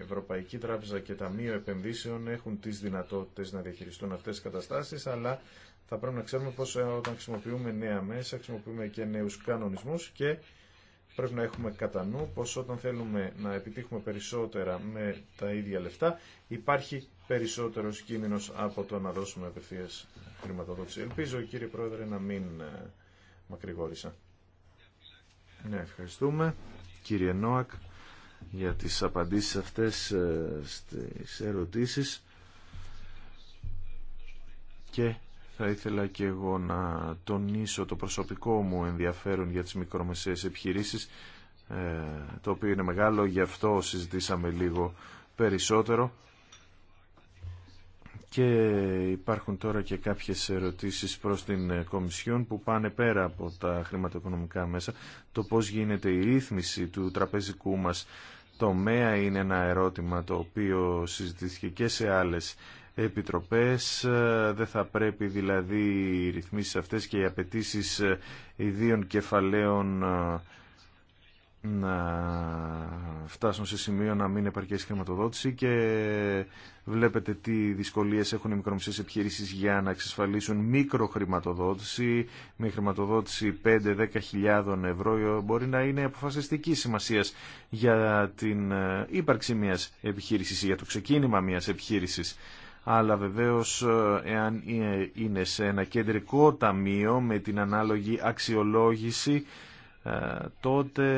Ευρωπαϊκή Τράπεζα και Ταμείο Επενδύσεων έχουν τις δυνατότητες να διαχειριστούν αυτές τις καταστάσεις, αλλά θα πρέπει να ξέρουμε πως ε, όταν χρησιμοποιούμε νέα μέσα, χρησιμοποιούμε και νέους κανονισμού. και Πρέπει να έχουμε κατά νου πως όταν θέλουμε να επιτύχουμε περισσότερα με τα ίδια λεφτά υπάρχει περισσότερος κίνδυνος από το να δώσουμε απευθεία χρηματοδότηση. Ελπίζω κύριε Πρόεδρε να μην ε, μακρηγόρησα. Ναι, ευχαριστούμε κύριε Νόακ για τις απαντήσεις αυτές ε, στις ερωτήσεις και θα ήθελα και εγώ να τονίσω το προσωπικό μου ενδιαφέρον για τις μικρομεσαίες επιχειρήσεις, ε, το οποίο είναι μεγάλο, γι' αυτό συζητήσαμε λίγο περισσότερο. Και υπάρχουν τώρα και κάποιες ερωτήσεις προς την ε, Κομισιόν που πάνε πέρα από τα χρηματοοικονομικά μέσα. Το πώς γίνεται η ρύθμιση του τραπεζικού μας τομέα είναι ένα ερώτημα το οποίο συζητήθηκε και σε άλλες επιτροπές. Δεν θα πρέπει δηλαδή οι ρυθμίσεις αυτές και οι απαιτήσει ιδίων κεφαλαίων ε, να φτάσουν σε σημείο να μην επαρκέσει χρηματοδότηση και βλέπετε τι δυσκολίες έχουν οι μικρομισές επιχειρήσεις για να εξασφαλίσουν μικροχρηματοδότηση με χρηματοδότηση 5-10 ευρώ μπορεί να είναι αποφασιστική σημασία για την ε, ύπαρξη μιας επιχείρησης ή για το ξεκίνημα μιας επιχείρησης αλλά βεβαίως ε, εάν ε, είναι σε ένα κεντρικό ταμείο με την ανάλογη αξιολόγηση ε, τότε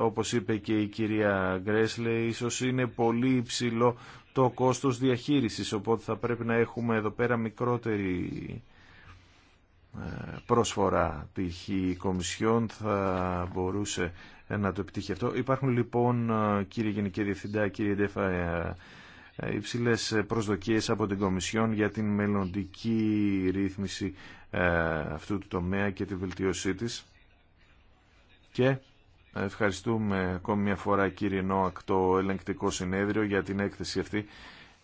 όπως είπε και η κυρία Γκρέσλε ίσως είναι πολύ υψηλό το κόστος διαχείρισης οπότε θα πρέπει να έχουμε εδώ πέρα μικρότερη προσφορά π.χ. Κομισιόν θα μπορούσε να το επιτύχει αυτό. Υπάρχουν λοιπόν κύριε Γενική Διευθυντά, κύριε Ντέφα ε, Υψηλέ προσδοκίες από την Κομισιόν για την μελλοντική ρύθμιση ε, αυτού του τομέα και τη βελτίωσή της. Και ευχαριστούμε ακόμη μια φορά κύριε Νόακ το ελεγκτικό συνέδριο για την έκθεση αυτή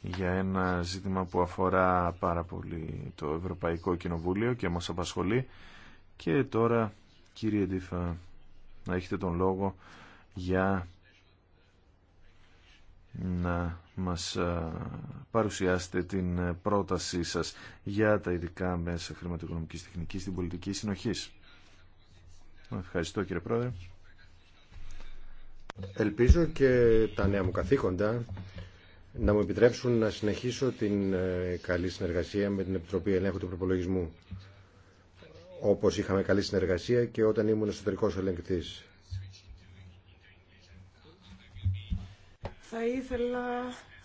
για ένα ζήτημα που αφορά πάρα πολύ το Ευρωπαϊκό Κοινοβούλιο και μας απασχολεί. Και τώρα κύριε Ντίφα να έχετε τον λόγο για να μας ε, παρουσιάσετε την ε, πρότασή σας για τα ειδικά μέσα χρηματοοικονομικής τεχνικής στην πολιτική συνοχής. Ευχαριστώ κύριε Πρόεδρε. Ελπίζω και τα νέα μου καθήκοντα να μου επιτρέψουν να συνεχίσω την ε, καλή συνεργασία με την Επιτροπή Ελέγχου του Προπολογισμού όπως είχαμε καλή συνεργασία και όταν ήμουν εσωτερικός ελεγκτής. Θα ήθελα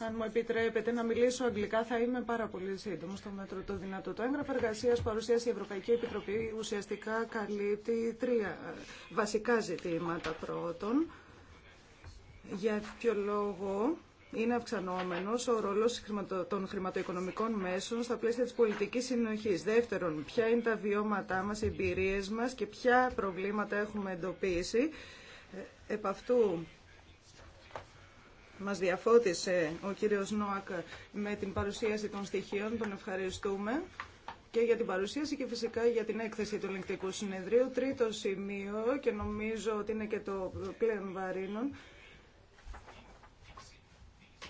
αν μου επιτρέπετε να μιλήσω αγγλικά, θα είμαι πάρα πολύ σύντομο στο μέτρο το δυνατό. Το έγγραφο εργασία που η Ευρωπαϊκή Επιτροπή ουσιαστικά καλύπτει τρία ε, βασικά ζητήματα. Πρώτον, για ποιο λόγο είναι αυξανόμενο ο ρόλο των χρηματοοικονομικών μέσων στα πλαίσια τη πολιτική συνοχή. Δεύτερον, ποια είναι τα βιώματά μα, οι εμπειρίε μα και ποια προβλήματα έχουμε εντοπίσει. Ε, επ' αυτού μας διαφώτισε ο κύριος Νόακ με την παρουσίαση των στοιχείων. Τον ευχαριστούμε και για την παρουσίαση και φυσικά για την έκθεση του ελεγκτικού συνεδρίου. Τρίτο σημείο και νομίζω ότι είναι και το πλέον βαρύνων.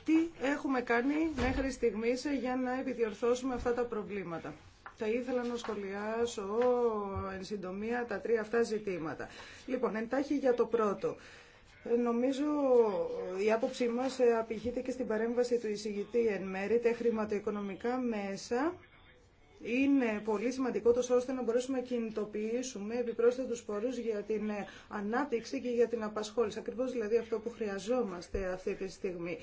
Τι έχουμε κάνει μέχρι στιγμής για να επιδιορθώσουμε αυτά τα προβλήματα. Θα ήθελα να σχολιάσω εν συντομία τα τρία αυτά ζητήματα. Λοιπόν, εντάχει για το πρώτο. Νομίζω η άποψή μας ε, απηχείται και στην παρέμβαση του εισηγητή εν μέρη, τα χρηματοοικονομικά μέσα είναι πολύ σημαντικό τόσο ώστε να μπορέσουμε να κινητοποιήσουμε επιπρόσθετους πόρους για την ε, ανάπτυξη και για την απασχόληση. Ακριβώς δηλαδή αυτό που χρειαζόμαστε αυτή τη στιγμή.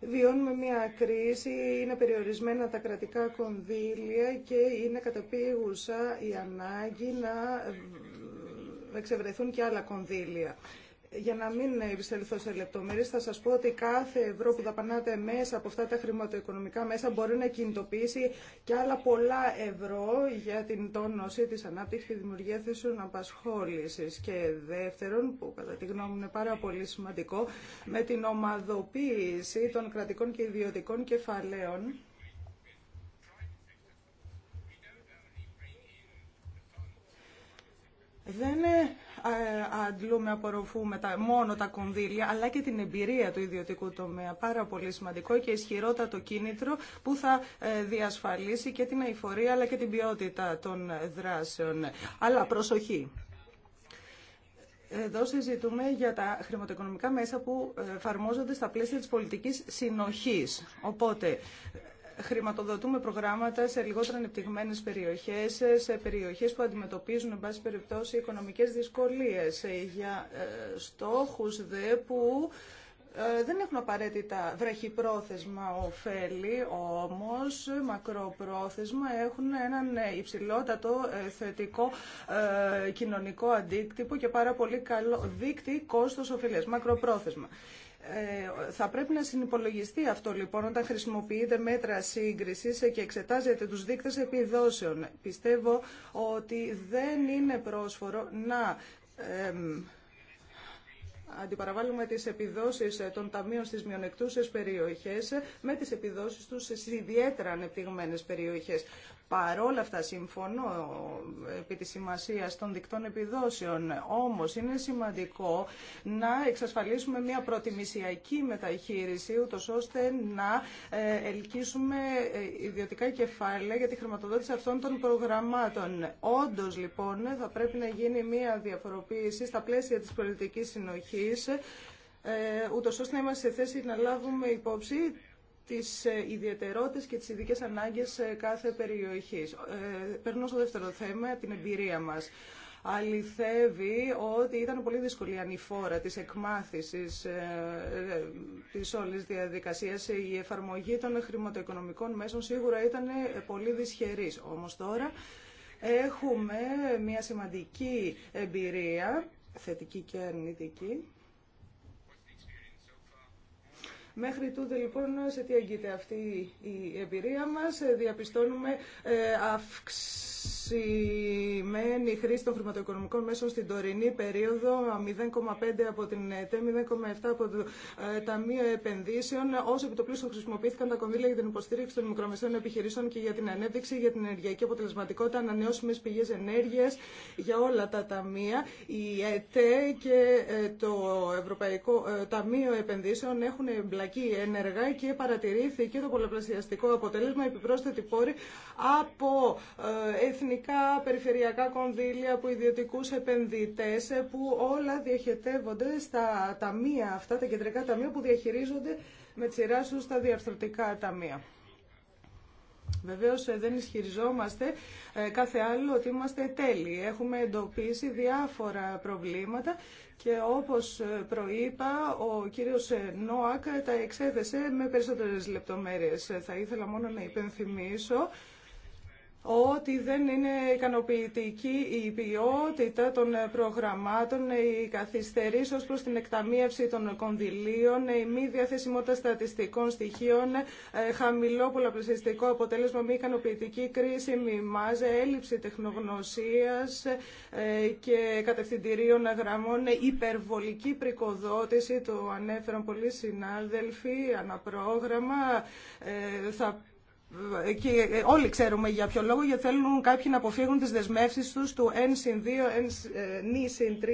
Βιώνουμε μια κρίση, είναι περιορισμένα τα κρατικά κονδύλια και είναι καταπίγουσα η ανάγκη να ε, εξευρεθούν και άλλα κονδύλια για να μην επιστρέψω σε λεπτομέρειες, θα σας πω ότι κάθε ευρώ που δαπανάτε μέσα από αυτά τα χρηματοοικονομικά μέσα μπορεί να κινητοποιήσει και άλλα πολλά ευρώ για την τόνωση της ανάπτυξης και τη δημιουργία θέσεων απασχόλησης. Και δεύτερον, που κατά τη γνώμη μου είναι πάρα πολύ σημαντικό, με την ομαδοποίηση των κρατικών και ιδιωτικών κεφαλαίων, δεν ε, αντλούμε, απορροφούμε τα, μόνο τα κονδύλια, αλλά και την εμπειρία του ιδιωτικού τομέα. Πάρα πολύ σημαντικό και ισχυρότατο κίνητρο που θα ε, διασφαλίσει και την αηφορία αλλά και την ποιότητα των δράσεων. Αλλά προσοχή. Εδώ συζητούμε για τα χρηματοοικονομικά μέσα που ε, εφαρμόζονται στα πλαίσια της πολιτικής συνοχής. Οπότε, χρηματοδοτούμε προγράμματα σε λιγότερο ανεπτυγμένε περιοχέ, σε περιοχέ που αντιμετωπίζουν, εν πάση περιπτώσει, οικονομικέ δυσκολίε. Ε, για ε, στόχου δε που ε, δεν έχουν απαραίτητα βραχυπρόθεσμα ωφέλη, όμως μακροπρόθεσμα έχουν έναν υψηλότατο θετικό κοινωνικό αντίκτυπο και πάρα πολύ καλό δίκτυ κόστος ωφελίας, μακροπρόθεσμα. Ε, θα πρέπει να συνυπολογιστεί αυτό λοιπόν όταν χρησιμοποιείται μέτρα σύγκριση και εξετάζεται τους δείκτε επιδόσεων. Πιστεύω ότι δεν είναι πρόσφορο να αντιπαραβάλλουμε τις επιδόσεις των ταμείων στις μειονεκτούσες περιοχές με τις επιδόσεις τους σε ιδιαίτερα ανεπτυγμένες περιοχές. Παρόλα αυτά συμφωνώ ε, επί της σημασίας των δικτών επιδόσεων, όμως είναι σημαντικό να εξασφαλίσουμε μια προτιμησιακή μεταχείριση, ούτως ώστε να ε, ελκύσουμε ε, ιδιωτικά κεφάλαια για τη χρηματοδότηση αυτών των προγραμμάτων. Όντως λοιπόν θα πρέπει να γίνει μια διαφοροποίηση στα πλαίσια της πολιτικής συνοχής, ούτως ώστε να είμαστε σε θέση να λάβουμε υπόψη τις ε, ιδιαιτερότητες και τις ειδικέ ανάγκες ε, κάθε περιοχής. Ε, περνώ στο δεύτερο θέμα, την εμπειρία μας. Αληθεύει ότι ήταν πολύ δύσκολη η ανηφόρα της εκμάθησης της όλης διαδικασίας. Η εφαρμογή των χρηματοοικονομικών μέσων σίγουρα ήταν πολύ δυσχερής. Όμως τώρα έχουμε μια σημαντική εμπειρία, θετική και αρνητική, Μέχρι τούτε λοιπόν σε τι αγγείται αυτή η εμπειρία μας. Ε, διαπιστώνουμε ε, αυξή σημαίνει χρήση των χρηματοοικονομικών μέσων στην τωρινή περίοδο 0,5 από την ΕΤΕ, 0,7 από το ε, Ταμείο Επενδύσεων, όσο επιτοπλίστων χρησιμοποιήθηκαν τα κονδύλια για την υποστήριξη των μικρομεσαίων επιχειρήσεων και για την ανέπτυξη, για την ενεργειακή αποτελεσματικότητα, ανανεώσιμε πηγέ ενέργεια για όλα τα ταμεία. Η ΕΤΕ και ε, το Ευρωπαϊκό ε, Ταμείο Επενδύσεων έχουν εμπλακεί ενεργά και παρατηρήθηκε το πολλαπλασιαστικό αποτέλεσμα επιπρόσθετη πόρη από εθνικά περιφερειακά κονδύλια από ιδιωτικού επενδυτέ ε, που όλα διαχετεύονται στα ταμεία αυτά, τα κεντρικά ταμεία που διαχειρίζονται με τη σειρά σου στα διαρθρωτικά ταμεία. Βεβαίως ε, δεν ισχυριζόμαστε ε, κάθε άλλο ότι είμαστε τέλειοι. Έχουμε εντοπίσει διάφορα προβλήματα και όπως προείπα ο κύριος Νόακ τα εξέθεσε με περισσότερες λεπτομέρειες. Θα ήθελα μόνο να υπενθυμίσω ότι δεν είναι ικανοποιητική η ποιότητα των προγραμμάτων, η καθυστερήσει ω προ την εκταμείευση των κονδυλίων, η μη διαθεσιμότητα στατιστικών στοιχείων, ε, χαμηλό πολλαπλασιαστικό αποτέλεσμα, μη ικανοποιητική μη μάζε, έλλειψη τεχνογνωσία ε, και κατευθυντηρίων γραμμών, υπερβολική πρικοδότηση, το ανέφεραν πολλοί συνάδελφοι, αναπρόγραμμα. Ε, θα και όλοι ξέρουμε για ποιο λόγο, γιατί θέλουν κάποιοι να αποφύγουν τις δεσμεύσεις τους του N συν 2, N ε, συν 3,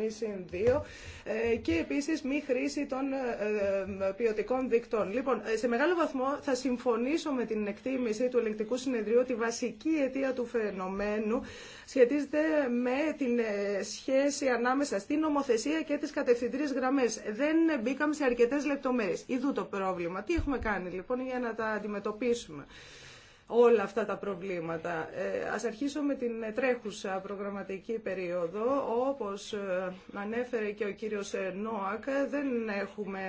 N συν 2 ε, και επίσης μη χρήση των ε, ε, ποιοτικών δικτών. Λοιπόν, σε μεγάλο βαθμό θα συμφωνήσω με την εκτίμηση του ελεγκτικού συνεδρίου ότι η βασική αιτία του φαινομένου σχετίζεται με την σχέση ανάμεσα στην νομοθεσία και τι κατευθυντήριες γραμμές. Δεν μπήκαμε σε αρκετέ λεπτομέρειε. Ιδού το πρόβλημα. Τι έχουμε κάνει λοιπόν για να τα αντιμετωπίσουμε όλα αυτά τα προβλήματα. Ε, ας αρχίσω με την τρέχουσα προγραμματική περίοδο. Όπως ε, ανέφερε και ο κύριος ε, Νόακ, δεν έχουμε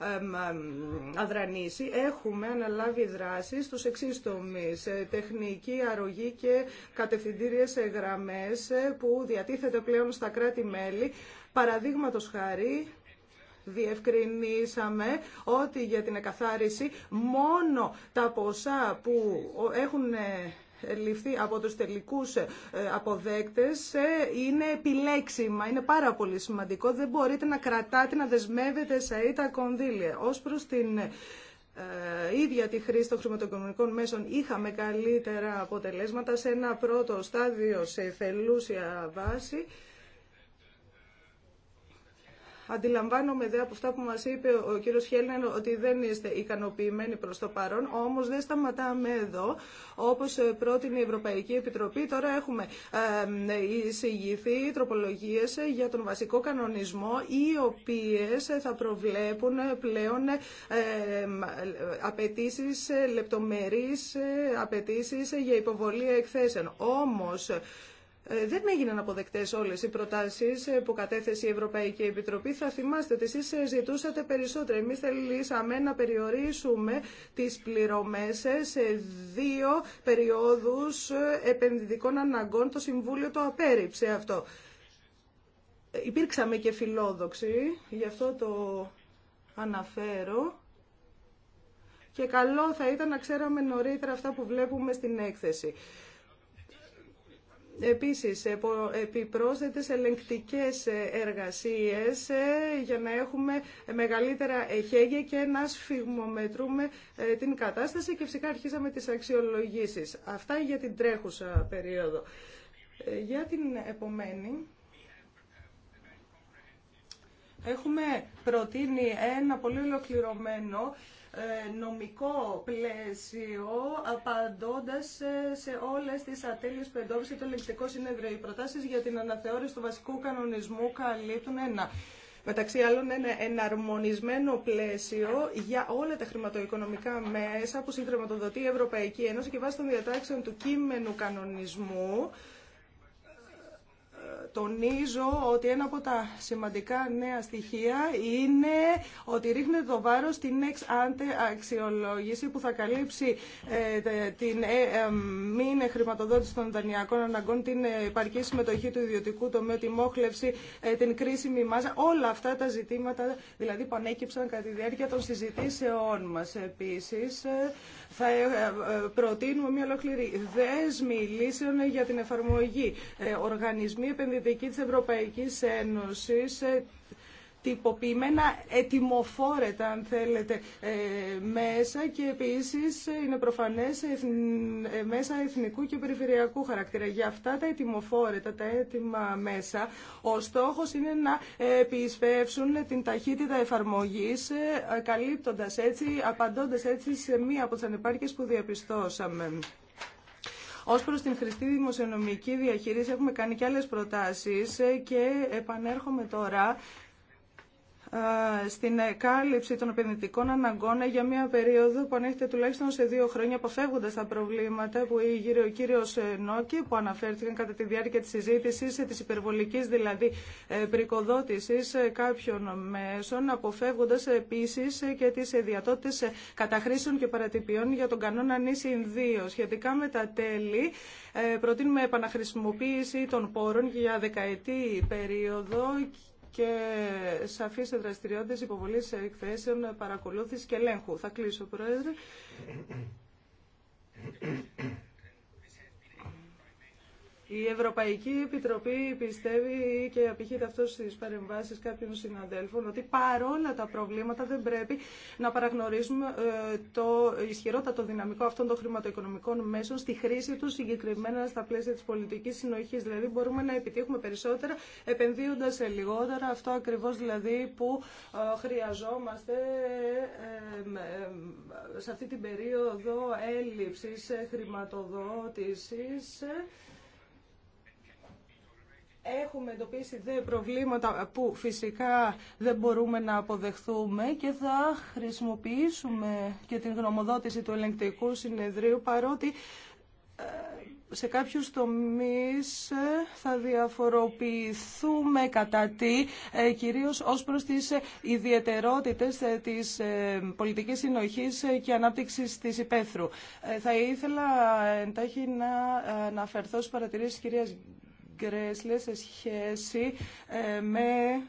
ε, αδρανήσει. Έχουμε αναλάβει δράσεις στους εξής τομείς. Ε, τεχνική αρρωγή και κατευθυντήριες γραμμές που διατίθεται πλέον στα κράτη-μέλη. Παραδείγματος χάρη, διευκρινίσαμε ότι για την εκαθάριση μόνο τα ποσά που έχουν ε, ληφθεί από τους τελικούς ε, αποδέκτες ε, είναι επιλέξιμα, είναι πάρα πολύ σημαντικό. Δεν μπορείτε να κρατάτε, να δεσμεύετε σε τα κονδύλια. Ως προς την ίδια τη χρήση των χρηματοοικονομικών μέσων είχαμε καλύτερα αποτελέσματα σε ένα πρώτο στάδιο σε θελούσια βάση. Αντιλαμβάνομαι δε από αυτά που μας είπε ο κύριος Χέλνερ ότι δεν είστε ικανοποιημένοι προς το παρόν, όμως δεν σταματάμε εδώ. Όπως πρότεινε η Ευρωπαϊκή Επιτροπή, τώρα έχουμε εισηγηθεί τροπολογίε για τον βασικό κανονισμό, οι οποίε θα προβλέπουν πλέον απαιτήσει λεπτομερεί απαιτήσει για υποβολή εκθέσεων. Όμως, ε, δεν έγιναν αποδεκτές όλες οι προτάσεις ε, που κατέθεσε η Ευρωπαϊκή Επιτροπή. Θα θυμάστε ότι εσεί ε, ζητούσατε περισσότερα. Εμείς θελήσαμε να περιορίσουμε τις πληρωμέ σε δύο περιόδους επενδυτικών αναγκών. Το Συμβούλιο το απέρριψε αυτό. Υπήρξαμε και φιλόδοξοι, γι' αυτό το αναφέρω. Και καλό θα ήταν να ξέραμε νωρίτερα αυτά που βλέπουμε στην έκθεση. Επίσης, επιπρόσθετες ελεγκτικές ε, εργασίες ε, για να έχουμε ε, μεγαλύτερα εχέγγυα και να σφιγμομετρούμε την κατάσταση και φυσικά αρχίσαμε τις αξιολογήσεις. Αυτά για την τρέχουσα περίοδο. Για την επομένη... Έχουμε προτείνει ένα πολύ ολοκληρωμένο ε, νομικό πλαίσιο απαντώντας σε όλες τις ατέλειες που εντόπισε το ελεγκτικό συνέδριο. Οι προτάσεις για την αναθεώρηση του βασικού κανονισμού καλύπτουν ένα μεταξύ άλλων ένα εναρμονισμένο πλαίσιο για όλα τα χρηματοοικονομικά μέσα που συγχρηματοδοτεί η Ευρωπαϊκή Ένωση και βάσει των διατάξεων του κείμενου κανονισμού τονίζω ότι ένα από τα σημαντικά νέα στοιχεία είναι ότι ρίχνεται το βάρος στην ex αξιολόγηση που θα καλύψει ε, την ε, ε, μηνε χρηματοδότηση των δανειακών αναγκών, την επαρκή συμμετοχή του ιδιωτικού τομέα, τη μόχλευση, την κρίσιμη μάζα, όλα αυτά τα ζητήματα δηλαδή που ανέκυψαν κατά τη διάρκεια των συζητήσεών μας. Επίσης, θα ε, ε, προτείνουμε μια ολόκληρη δέσμη λύσεων για την εφαρμογή. Ε, οργανισμοί επενδυτικοί της Ευρωπαϊκής Ένωσης τυποποιημένα ετοιμοφόρετα, αν θέλετε, ε, μέσα και επίσης είναι προφανές ε, μέσα εθνικού και περιφερειακού χαρακτήρα. Για αυτά τα ετοιμοφόρετα, τα έτοιμα μέσα, ο στόχος είναι να επισπεύσουν την ταχύτητα εφαρμογής, ε, καλύπτοντας έτσι, απαντώντας έτσι σε μία από τις ανεπάρκειες που διαπιστώσαμε. Ω προ την χρηστή δημοσιονομική διαχείριση έχουμε κάνει και άλλε προτάσει και επανέρχομαι τώρα στην κάλυψη των επενδυτικών αναγκών για μια περίοδο που ανέχεται τουλάχιστον σε δύο χρόνια, αποφεύγοντα τα προβλήματα που ο κύριο ε, Νόκη, που αναφέρθηκαν κατά τη διάρκεια τη συζήτηση, ε, τη υπερβολική δηλαδή ε, πρικοδότηση κάποιων μέσων, αποφεύγοντα επίση και τι διατότητε καταχρήσεων και παρατυπιών για τον κανόνα νήσιν 2. Σχετικά με τα τέλη, προτείνουμε επαναχρησιμοποίηση των πόρων για δεκαετή περίοδο και σαφείς δραστηριότητες υποβολής εκθέσεων παρακολούθησης και ελέγχου. Θα κλείσω, Πρόεδρε. Η Ευρωπαϊκή Επιτροπή πιστεύει και απηχείται αυτό στι παρεμβάσει κάποιων συναδέλφων ότι παρόλα τα προβλήματα δεν πρέπει να παραγνωρίσουμε ε, το ισχυρότατο δυναμικό αυτών των χρηματοοικονομικών μέσων στη χρήση του συγκεκριμένα στα πλαίσια τη πολιτική συνοχή. Δηλαδή μπορούμε να επιτύχουμε περισσότερα επενδύοντα σε λιγότερα. Αυτό ακριβώ δηλαδή που ε, χρειαζόμαστε ε, σε αυτή την περίοδο έλλειψη χρηματοδότηση. Έχουμε εντοπίσει δε προβλήματα που φυσικά δεν μπορούμε να αποδεχθούμε και θα χρησιμοποιήσουμε και την γνωμοδότηση του ελεγκτικού συνεδρίου παρότι ε, σε κάποιους τομείς ε, θα διαφοροποιηθούμε κατά τι, ε, κυρίως ως προς τις ιδιαιτερότητες της πολιτικής συνοχής και ανάπτυξης της υπαίθρου. Θα ήθελα εντάχει να αναφερθώ στις παρατηρήσεις της κυρίας Γκρέσλε σε σχέση ε, με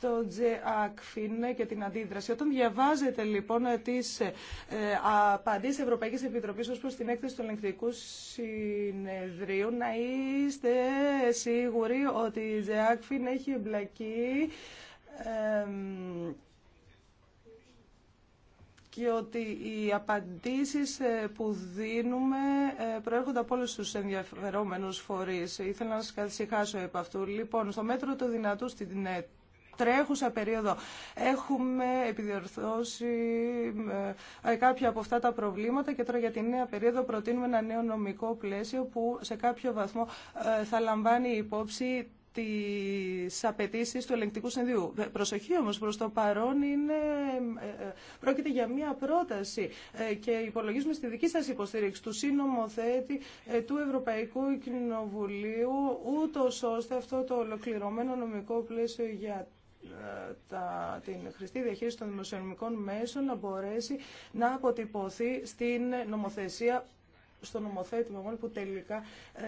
το Τζεάκφιν και την αντίδραση. Όταν διαβάζετε λοιπόν τι ε, απαντήσει Ευρωπαϊκή Επιτροπή ω προ την έκθεση του ελεγκτικού συνεδρίου, να είστε σίγουροι ότι η Τζεάκφιν έχει εμπλακεί. Ε, και ότι οι απαντήσεις ε, που δίνουμε ε, προέρχονται από όλους τους ενδιαφερόμενους φορείς. Ήθελα να σας καθησυχάσω επ' αυτού. Λοιπόν, στο μέτρο του δυνατού στην ε, τρέχουσα περίοδο έχουμε επιδιορθώσει κάποια από αυτά τα προβλήματα και τώρα για την νέα περίοδο προτείνουμε ένα νέο νομικό πλαίσιο που σε κάποιο βαθμό θα λαμβάνει υπόψη τις απαιτήσει του ελεγκτικού συνδύου. Ε, προσοχή όμως, προς το παρόν είναι, ε, ε, πρόκειται για μία πρόταση και υπολογίζουμε στη δική σας υποστήριξη του συνομοθέτη του Ευρωπαϊκού Κοινοβουλίου, ούτως ώστε αυτό το ολοκληρωμένο νομικό πλαίσιο για τα, την χρηστή διαχείριση των δημοσιονομικών μέσων να μπορέσει να αποτυπωθεί στην νομοθεσία στο νομοθέτημα μόνο που τελικά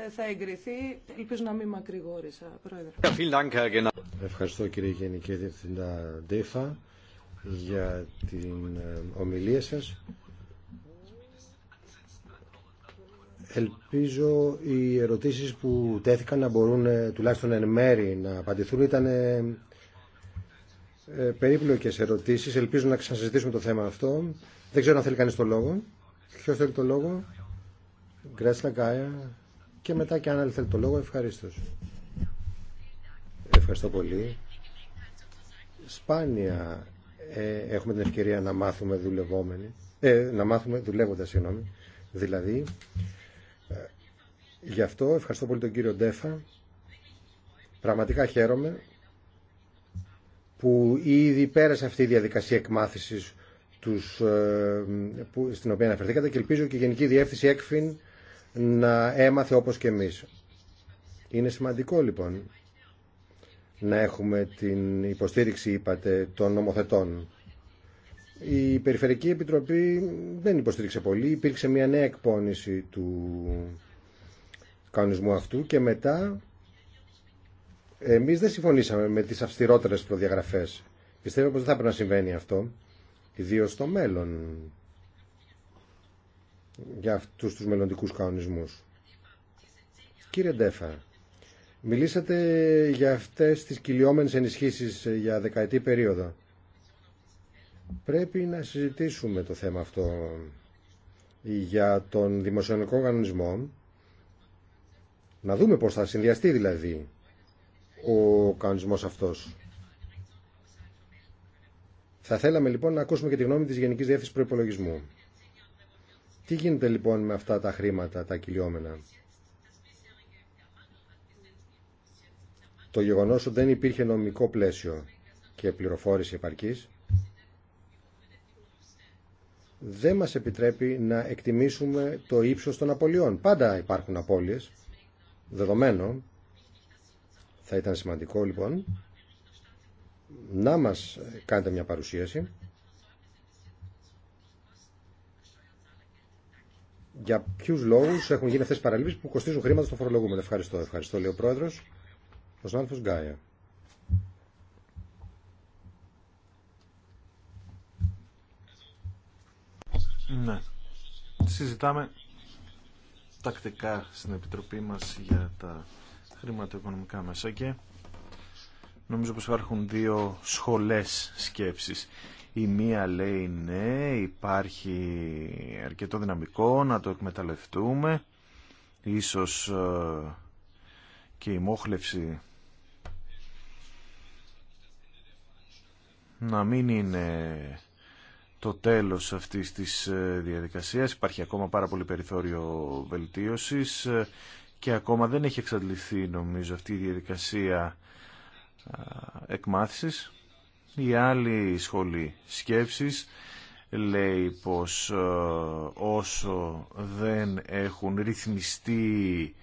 ε, θα εγκριθεί. Ελπίζω να μην μακρηγόρησα, Πρόεδρε. Ευχαριστώ κύριε Γενική Διευθυντά Ντέφα για την ε, ομιλία σας. Ελπίζω οι ερωτήσεις που τέθηκαν να μπορούν ε, τουλάχιστον εν μέρη να απαντηθούν. Ήταν περίπλοκες ερωτήσεις. Ελπίζω να ξανασυζητήσουμε το θέμα αυτό. Δεν ξέρω αν θέλει κανείς το λόγο. Ποιος θέλει το λόγο. Γκρέσλα και μετά και αν άλλη θέλει το λόγο ευχαρίστω. Ευχαριστώ πολύ. Σπάνια ε, έχουμε την ευκαιρία να μάθουμε δουλευόμενοι, ε, να μάθουμε δουλεύοντα, συγγνώμη. Δηλαδή, ε, γι' αυτό ευχαριστώ πολύ τον κύριο Ντέφα. Πραγματικά χαίρομαι που ήδη πέρασε αυτή η διαδικασία εκμάθησης τους, ε, που, στην οποία αναφερθήκατε και ελπίζω και η Γενική Διεύθυνση ΕΚΦΙΝ να έμαθε όπως και εμείς. Είναι σημαντικό λοιπόν να έχουμε την υποστήριξη, είπατε, των νομοθετών. Η περιφερική Επιτροπή δεν υποστήριξε πολύ. Υπήρξε μια νέα εκπόνηση του κανονισμού αυτού και μετά εμείς δεν συμφωνήσαμε με τις αυστηρότερες προδιαγραφές. Πιστεύω πως δεν θα πρέπει να συμβαίνει αυτό, ιδίως στο μέλλον για αυτούς τους μελλοντικούς κανονισμούς. Κύριε Ντέφα, μιλήσατε για αυτές τις κυλιόμενες ενισχύσεις για δεκαετή περίοδο. Πρέπει να συζητήσουμε το θέμα αυτό για τον δημοσιονομικό κανονισμό, να δούμε πώς θα συνδυαστεί δηλαδή ο κανονισμός αυτός. Θα θέλαμε λοιπόν να ακούσουμε και τη γνώμη της Γενικής Διεύθυνσης Προϋπολογισμού. Τι γίνεται λοιπόν με αυτά τα χρήματα, τα κυλιόμενα. Το γεγονός ότι δεν υπήρχε νομικό πλαίσιο και πληροφόρηση επαρκής δεν μας επιτρέπει να εκτιμήσουμε το ύψος των απολειών. Πάντα υπάρχουν απώλειες, δεδομένο. Θα ήταν σημαντικό λοιπόν να μας κάνετε μια παρουσίαση για ποιου λόγου έχουν γίνει αυτέ οι παραλήψει που κοστίζουν χρήματα στο φορολογούμενο. Ευχαριστώ, ευχαριστώ, λέει ο πρόεδρο. Ο Γκάια. Ναι. Συζητάμε τακτικά στην Επιτροπή μας για τα χρηματοοικονομικά μέσα και νομίζω πως υπάρχουν δύο σχολές σκέψης. Η μία λέει ναι, υπάρχει αρκετό δυναμικό να το εκμεταλλευτούμε. Ίσως ε, και η μόχλευση να μην είναι το τέλος αυτής της ε, διαδικασίας. Υπάρχει ακόμα πάρα πολύ περιθώριο βελτίωσης ε, και ακόμα δεν έχει εξαντληθεί νομίζω αυτή η διαδικασία εκμάθησης. Η άλλη σχολή σκέψης λέει πως ε, όσο δεν έχουν ρυθμιστεί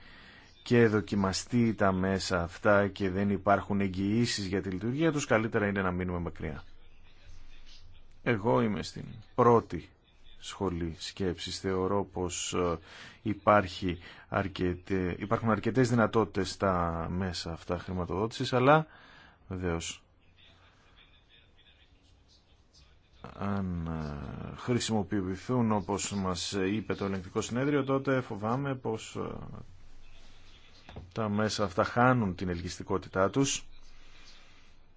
και δοκιμαστεί τα μέσα αυτά και δεν υπάρχουν εγγυήσει για τη λειτουργία τους, καλύτερα είναι να μείνουμε μακριά. Εγώ είμαι στην πρώτη σχολή σκέψης. Θεωρώ πως ε, υπάρχει αρκετέ, υπάρχουν αρκετές δυνατότητες στα μέσα αυτά χρηματοδότησης, αλλά βεβαίω αν ε, χρησιμοποιηθούν όπως μας είπε το ελεγκτικό συνέδριο τότε φοβάμαι πως ε, τα μέσα αυτά χάνουν την ελκυστικότητά τους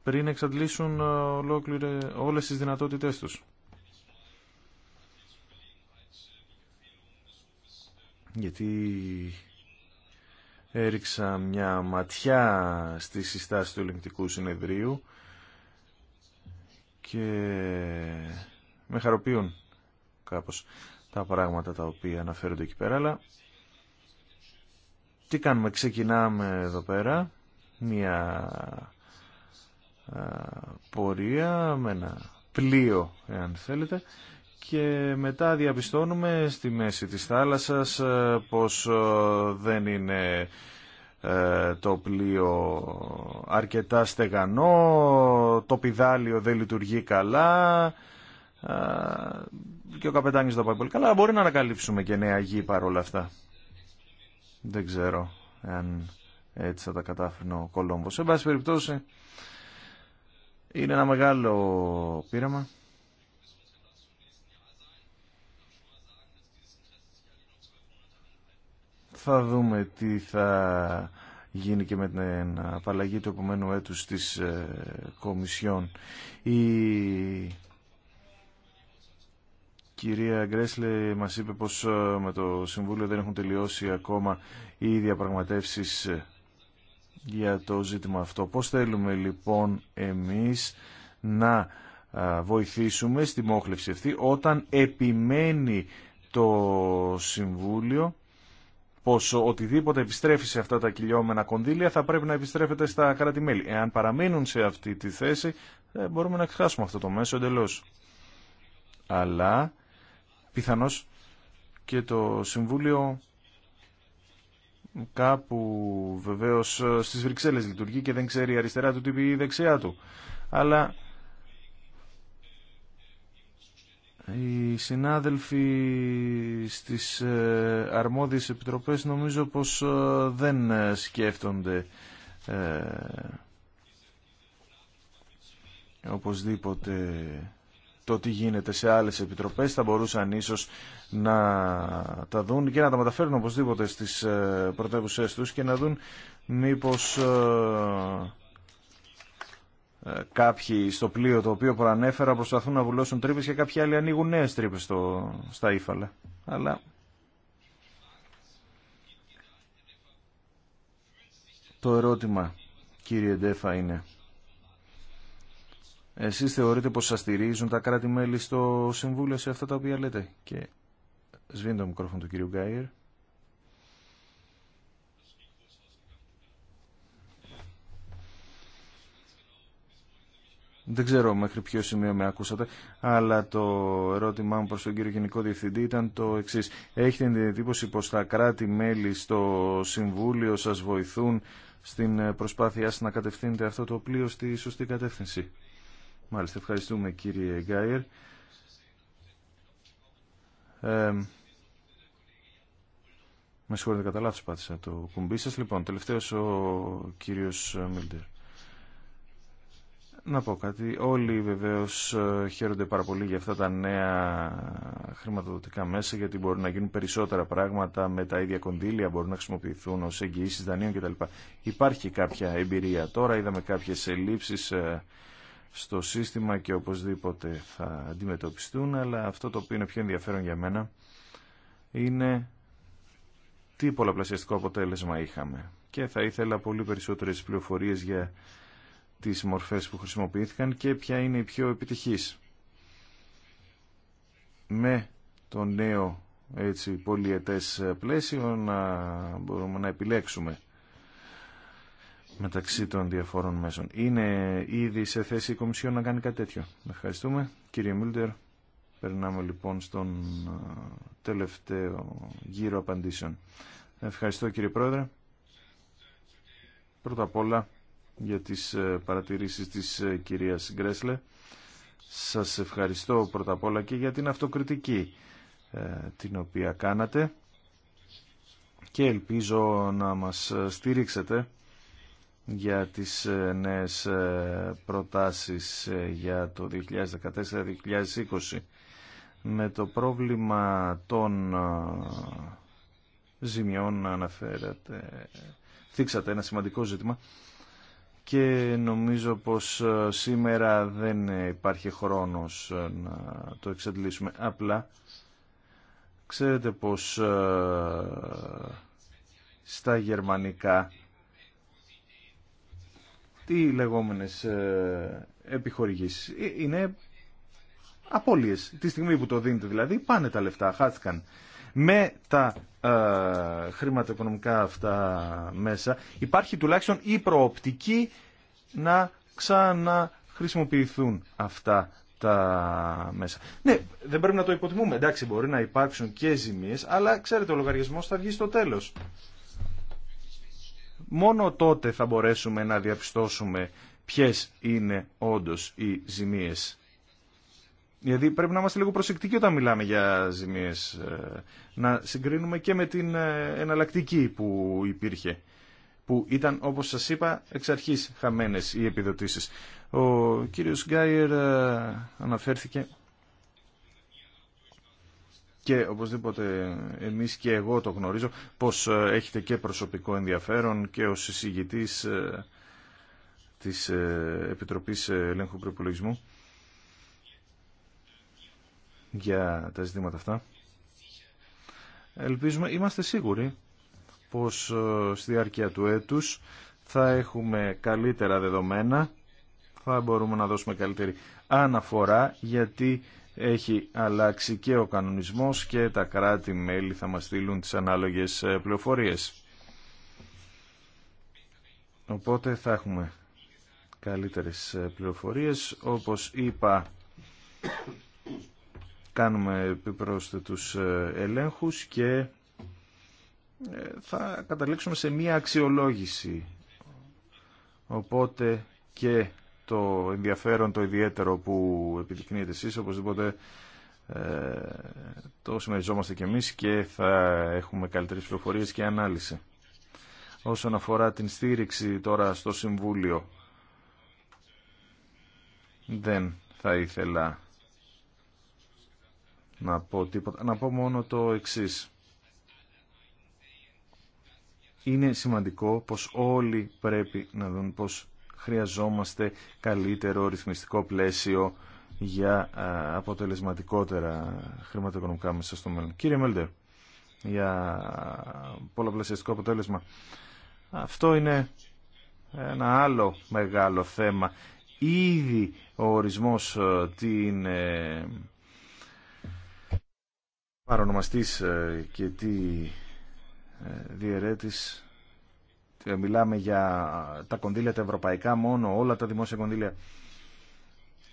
πριν εξαντλήσουν ε, ολόκληρε, όλες τις δυνατότητές τους. Γιατί έριξα μια ματιά στις συστάσεις του ελεγκτικού συνεδρίου και με χαροποιούν κάπως τα πράγματα τα οποία αναφέρονται εκεί πέρα, αλλά τι κάνουμε, ξεκινάμε εδώ πέρα μια πορεία με ένα πλοίο, εάν θέλετε, και μετά διαπιστώνουμε στη μέση της θάλασσας ε, πως ε, δεν είναι ε, το πλοίο αρκετά στεγανό, το πιδάλιο δεν λειτουργεί καλά ε, και ο καπετάνιος δεν πάει πολύ καλά. Μπορεί να ανακαλύψουμε και νέα γη παρόλα αυτά. Δεν ξέρω αν έτσι θα τα κατάφερνε ο Κολόμβος. Σε πάση περιπτώσει είναι ένα μεγάλο πείραμα. Θα δούμε τι θα γίνει και με την απαλλαγή του επομένου έτους της ε, Κομισιόν. Η κυρία Γκρέσλε μας είπε πως ε, με το Συμβούλιο δεν έχουν τελειώσει ακόμα οι διαπραγματεύσεις ε, για το ζήτημα αυτό. Πώς θέλουμε λοιπόν εμείς να βοηθήσουμε στη μόχλευση αυτή όταν επιμένει το Συμβούλιο πως οτιδήποτε επιστρέφει σε αυτά τα κυλιόμενα κονδύλια θα πρέπει να επιστρέφεται στα κράτη-μέλη. Εάν παραμείνουν σε αυτή τη θέση ε, μπορούμε να ξεχάσουμε αυτό το μέσο εντελώ. Αλλά πιθανώ και το Συμβούλιο κάπου βεβαίως ε, στις Βρυξέλλες λειτουργεί και δεν ξέρει αριστερά του τι πει η δεξιά του. Αλλά Οι συνάδελφοι στις ε, αρμόδιες επιτροπές νομίζω πως ε, δεν ε, σκέφτονται ε, οπωσδήποτε το τι γίνεται σε άλλες επιτροπές θα μπορούσαν ίσως να τα δουν και να τα μεταφέρουν οπωσδήποτε στις πρωτεύουσές τους και να δουν μήπως ε, κάποιοι στο πλοίο το οποίο προανέφερα προσπαθούν να βουλώσουν τρύπες και κάποιοι άλλοι ανοίγουν νέες τρύπες στα ύφαλα. Αλλά το ερώτημα κύριε Ντέφα είναι εσείς θεωρείτε πως σας στηρίζουν τα κράτη-μέλη στο Συμβούλιο σε αυτά τα οποία λέτε και σβήνει το μικρόφωνο του κύριου Γκάιερ. Δεν ξέρω μέχρι ποιο σημείο με ακούσατε, αλλά το ερώτημά μου προς τον κύριο Γενικό Διευθυντή ήταν το εξής. Έχετε την εντύπωση πως τα κράτη-μέλη στο Συμβούλιο σας βοηθούν στην προσπάθειά σας να κατευθύνετε αυτό το πλοίο στη σωστή κατεύθυνση. Μάλιστα, ευχαριστούμε κύριε Γκάιερ. Ε, με συγχωρείτε κατά λάθος πάτησα το κουμπί σας. Λοιπόν, τελευταίος ο κύριος Μιλντερ να πω κάτι. Όλοι βεβαίως ε, χαίρονται πάρα πολύ για αυτά τα νέα χρηματοδοτικά μέσα γιατί μπορούν να γίνουν περισσότερα πράγματα με τα ίδια κονδύλια, μπορούν να χρησιμοποιηθούν ως εγγυήσεις δανείων κτλ. Υπάρχει κάποια εμπειρία τώρα, είδαμε κάποιες ελλείψεις ε, στο σύστημα και οπωσδήποτε θα αντιμετωπιστούν, αλλά αυτό το οποίο είναι πιο ενδιαφέρον για μένα είναι τι πολλαπλασιαστικό αποτέλεσμα είχαμε. Και θα ήθελα πολύ περισσότερες πληροφορίε για τις μορφές που χρησιμοποιήθηκαν και ποια είναι η πιο επιτυχής. Με το νέο έτσι, πολυετές πλαίσιο να μπορούμε να επιλέξουμε μεταξύ των διαφόρων μέσων. Είναι ήδη σε θέση η Κομισιόν να κάνει κάτι τέτοιο. Ευχαριστούμε. Κύριε Μίλτερ, περνάμε λοιπόν στον τελευταίο γύρο απαντήσεων. Ευχαριστώ κύριε Πρόεδρε. Πρώτα απ' όλα για τις ε, παρατηρήσεις της ε, κυρίας Γκρέσλε. Σας ευχαριστώ πρώτα απ' όλα και για την αυτοκριτική ε, την οποία κάνατε και ελπίζω να μας στηρίξετε για τις νέες προτάσεις για το 2014-2020 με το πρόβλημα των ζημιών αναφέρατε θίξατε ένα σημαντικό ζήτημα και νομίζω πως ε, σήμερα δεν υπάρχει χρόνος ε, να το εξαντλήσουμε. Απλά ξέρετε πως ε, στα γερμανικά τι λεγόμενες επιχορηγήσεις είναι απώλειες. Τη στιγμή που το δίνετε δηλαδή πάνε τα λεφτά, χάθηκαν με τα ε, χρηματοοικονομικά αυτά μέσα υπάρχει τουλάχιστον η προοπτική να ξαναχρησιμοποιηθούν αυτά τα μέσα. Ναι, δεν πρέπει να το υποτιμούμε. Εντάξει, μπορεί να υπάρξουν και ζημίες, αλλά ξέρετε, ο λογαριασμός θα βγει στο τέλος. Μόνο τότε θα μπορέσουμε να διαπιστώσουμε ποιες είναι όντως οι ζημίες. Δηλαδή πρέπει να είμαστε λίγο προσεκτικοί όταν μιλάμε για ζημίες. Ε, να συγκρίνουμε και με την ε, εναλλακτική που υπήρχε. Που ήταν όπως σας είπα εξ αρχή χαμένες οι επιδοτήσεις. Ο κύριος Γκάιερ ε, αναφέρθηκε και οπωσδήποτε εμείς και εγώ το γνωρίζω πως έχετε και προσωπικό ενδιαφέρον και ως εισηγητής της Επιτροπής Ελέγχου Προπολογισμού για τα ζητήματα αυτά. Ελπίζουμε, είμαστε σίγουροι πως ε, στη διάρκεια του έτους θα έχουμε καλύτερα δεδομένα, θα μπορούμε να δώσουμε καλύτερη αναφορά γιατί έχει αλλάξει και ο κανονισμός και τα κράτη-μέλη θα μας στείλουν τις ανάλογες ε, πληροφορίες. Οπότε θα έχουμε καλύτερες ε, πληροφορίες. Όπως είπα, κάνουμε επιπρόσθετους ε, ελέγχους και ε, θα καταλήξουμε σε μία αξιολόγηση. Οπότε και το ενδιαφέρον το ιδιαίτερο που επιδεικνύετε εσείς, οπωσδήποτε ε, το συμμεριζόμαστε κι εμείς και θα έχουμε καλύτερες πληροφορίες και ανάλυση. Όσον αφορά την στήριξη τώρα στο Συμβούλιο, δεν θα ήθελα να πω τίποτα. Να πω μόνο το εξής. Είναι σημαντικό πως όλοι πρέπει να δουν πως χρειαζόμαστε καλύτερο ρυθμιστικό πλαίσιο για αποτελεσματικότερα χρηματοοικονομικά μέσα στο μέλλον. Κύριε Μέλντερ, για πολλαπλασιαστικό αποτέλεσμα. Αυτό είναι ένα άλλο μεγάλο θέμα. Ήδη ο ορισμός ε, την ε, παρονομαστής ε, και τι ε, διαιρέτης ε, μιλάμε για τα κονδύλια τα ευρωπαϊκά μόνο, όλα τα δημόσια κονδύλια.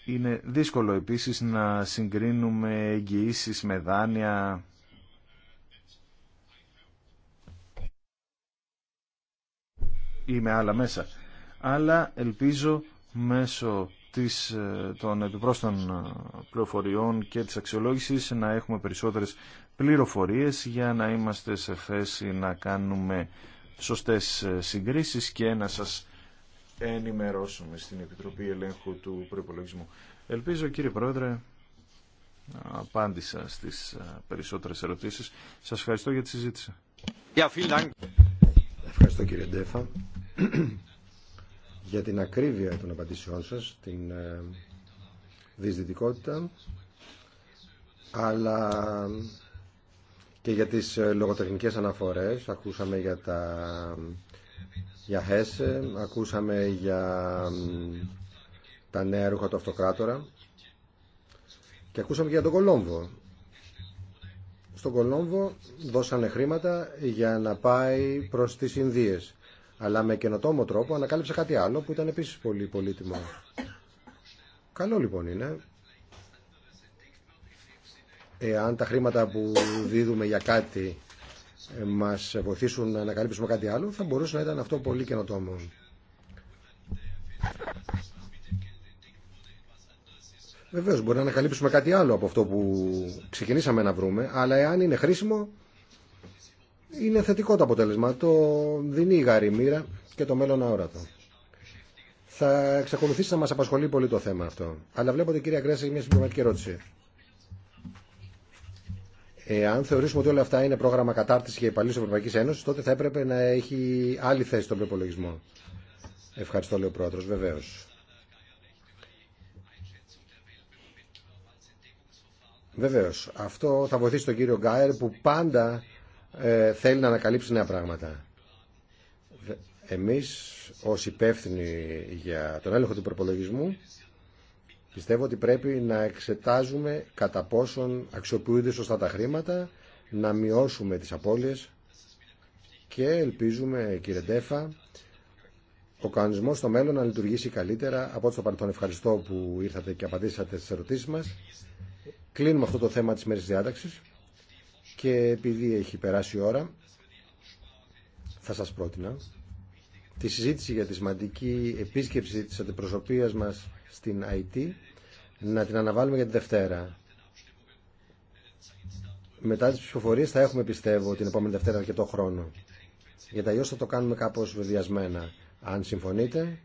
Είναι δύσκολο επίσης να συγκρίνουμε εγγυήσει με δάνεια. ή με άλλα μέσα. Αλλά ελπίζω μέσω της, ε, των επιπρόσθετων ε, πληροφοριών και της αξιολόγησης να έχουμε περισσότερες πληροφορίες για να είμαστε σε θέση να κάνουμε σωστές ε, συγκρίσεις και να σας ενημερώσουμε στην Επιτροπή Ελέγχου του Προϋπολογισμού. Ελπίζω κύριε Πρόεδρε απάντησα στις περισσότερες ερωτήσεις. Σας ευχαριστώ για τη συζήτηση. Ευχαριστώ κύριε Ντέφα για την ακρίβεια των απαντήσεών σας, την ε, δυσδυτικότητα, αλλά και για τις ε, λογοτεχνικές αναφορές. Ακούσαμε για τα για Χέσε, ακούσαμε για τα νέα ρούχα του αυτοκράτορα και ακούσαμε για τον Κολόμβο. Στον Κολόμβο δώσανε χρήματα για να πάει προς τις Ινδίες αλλά με καινοτόμο τρόπο ανακάλυψε κάτι άλλο που ήταν επίσης πολύ πολύτιμο. Καλό λοιπόν είναι εάν τα χρήματα που δίδουμε για κάτι ε, μας βοηθήσουν να ανακαλύψουμε κάτι άλλο θα μπορούσε να ήταν αυτό πολύ καινοτόμο. Βεβαίως μπορεί να ανακαλύψουμε κάτι άλλο από αυτό που ξεκινήσαμε να βρούμε αλλά εάν είναι χρήσιμο είναι θετικό το αποτέλεσμα. Το δίνει η γαρή μοίρα και το μέλλον αόρατο. Θα εξακολουθήσει να μα απασχολεί πολύ το θέμα αυτό. Αλλά βλέπετε, κυρία Γκρέσσα, έχει μια συμπληρωματική ερώτηση. Εάν θεωρήσουμε ότι όλα αυτά είναι πρόγραμμα κατάρτιση και υπαλλήλου τη Ευρωπαϊκή Ένωση, τότε θα έπρεπε να έχει άλλη θέση στον προπολογισμό. Ευχαριστώ, λέει ο πρόεδρο, βεβαίω. Βεβαίω. Αυτό θα βοηθήσει τον κύριο Γκάερ που πάντα ε, θέλει να ανακαλύψει νέα πράγματα. Εμείς ως υπεύθυνοι για τον έλεγχο του προπολογισμού πιστεύω ότι πρέπει να εξετάζουμε κατά πόσον αξιοποιούνται σωστά τα χρήματα, να μειώσουμε τις απώλειες και ελπίζουμε κύριε Ντέφα ο κανονισμό στο μέλλον να λειτουργήσει καλύτερα από ό,τι στο παρελθόν. Ευχαριστώ που ήρθατε και απαντήσατε στι ερωτήσει μα. Κλείνουμε αυτό το θέμα τη μέρη διάταξη και επειδή έχει περάσει η ώρα θα σας πρότεινα τη συζήτηση για τη σημαντική επίσκεψη της αντιπροσωπείας μας στην IT να την αναβάλουμε για την Δευτέρα. Μετά τις ψηφοφορίες θα έχουμε πιστεύω την επόμενη Δευτέρα αρκετό χρόνο. Για τα θα το κάνουμε κάπως βεβαιασμένα. Αν συμφωνείτε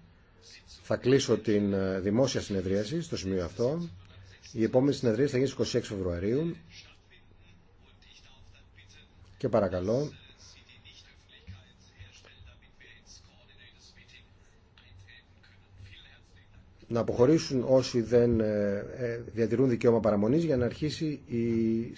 θα κλείσω την ε, δημόσια συνεδρίαση στο σημείο αυτό. Η επόμενη συνεδρίαση θα γίνει στις 26 Φεβρουαρίου και παρακαλώ να αποχωρήσουν όσοι δεν ε, ε, διατηρούν δικαίωμα παραμονής για να αρχίσει η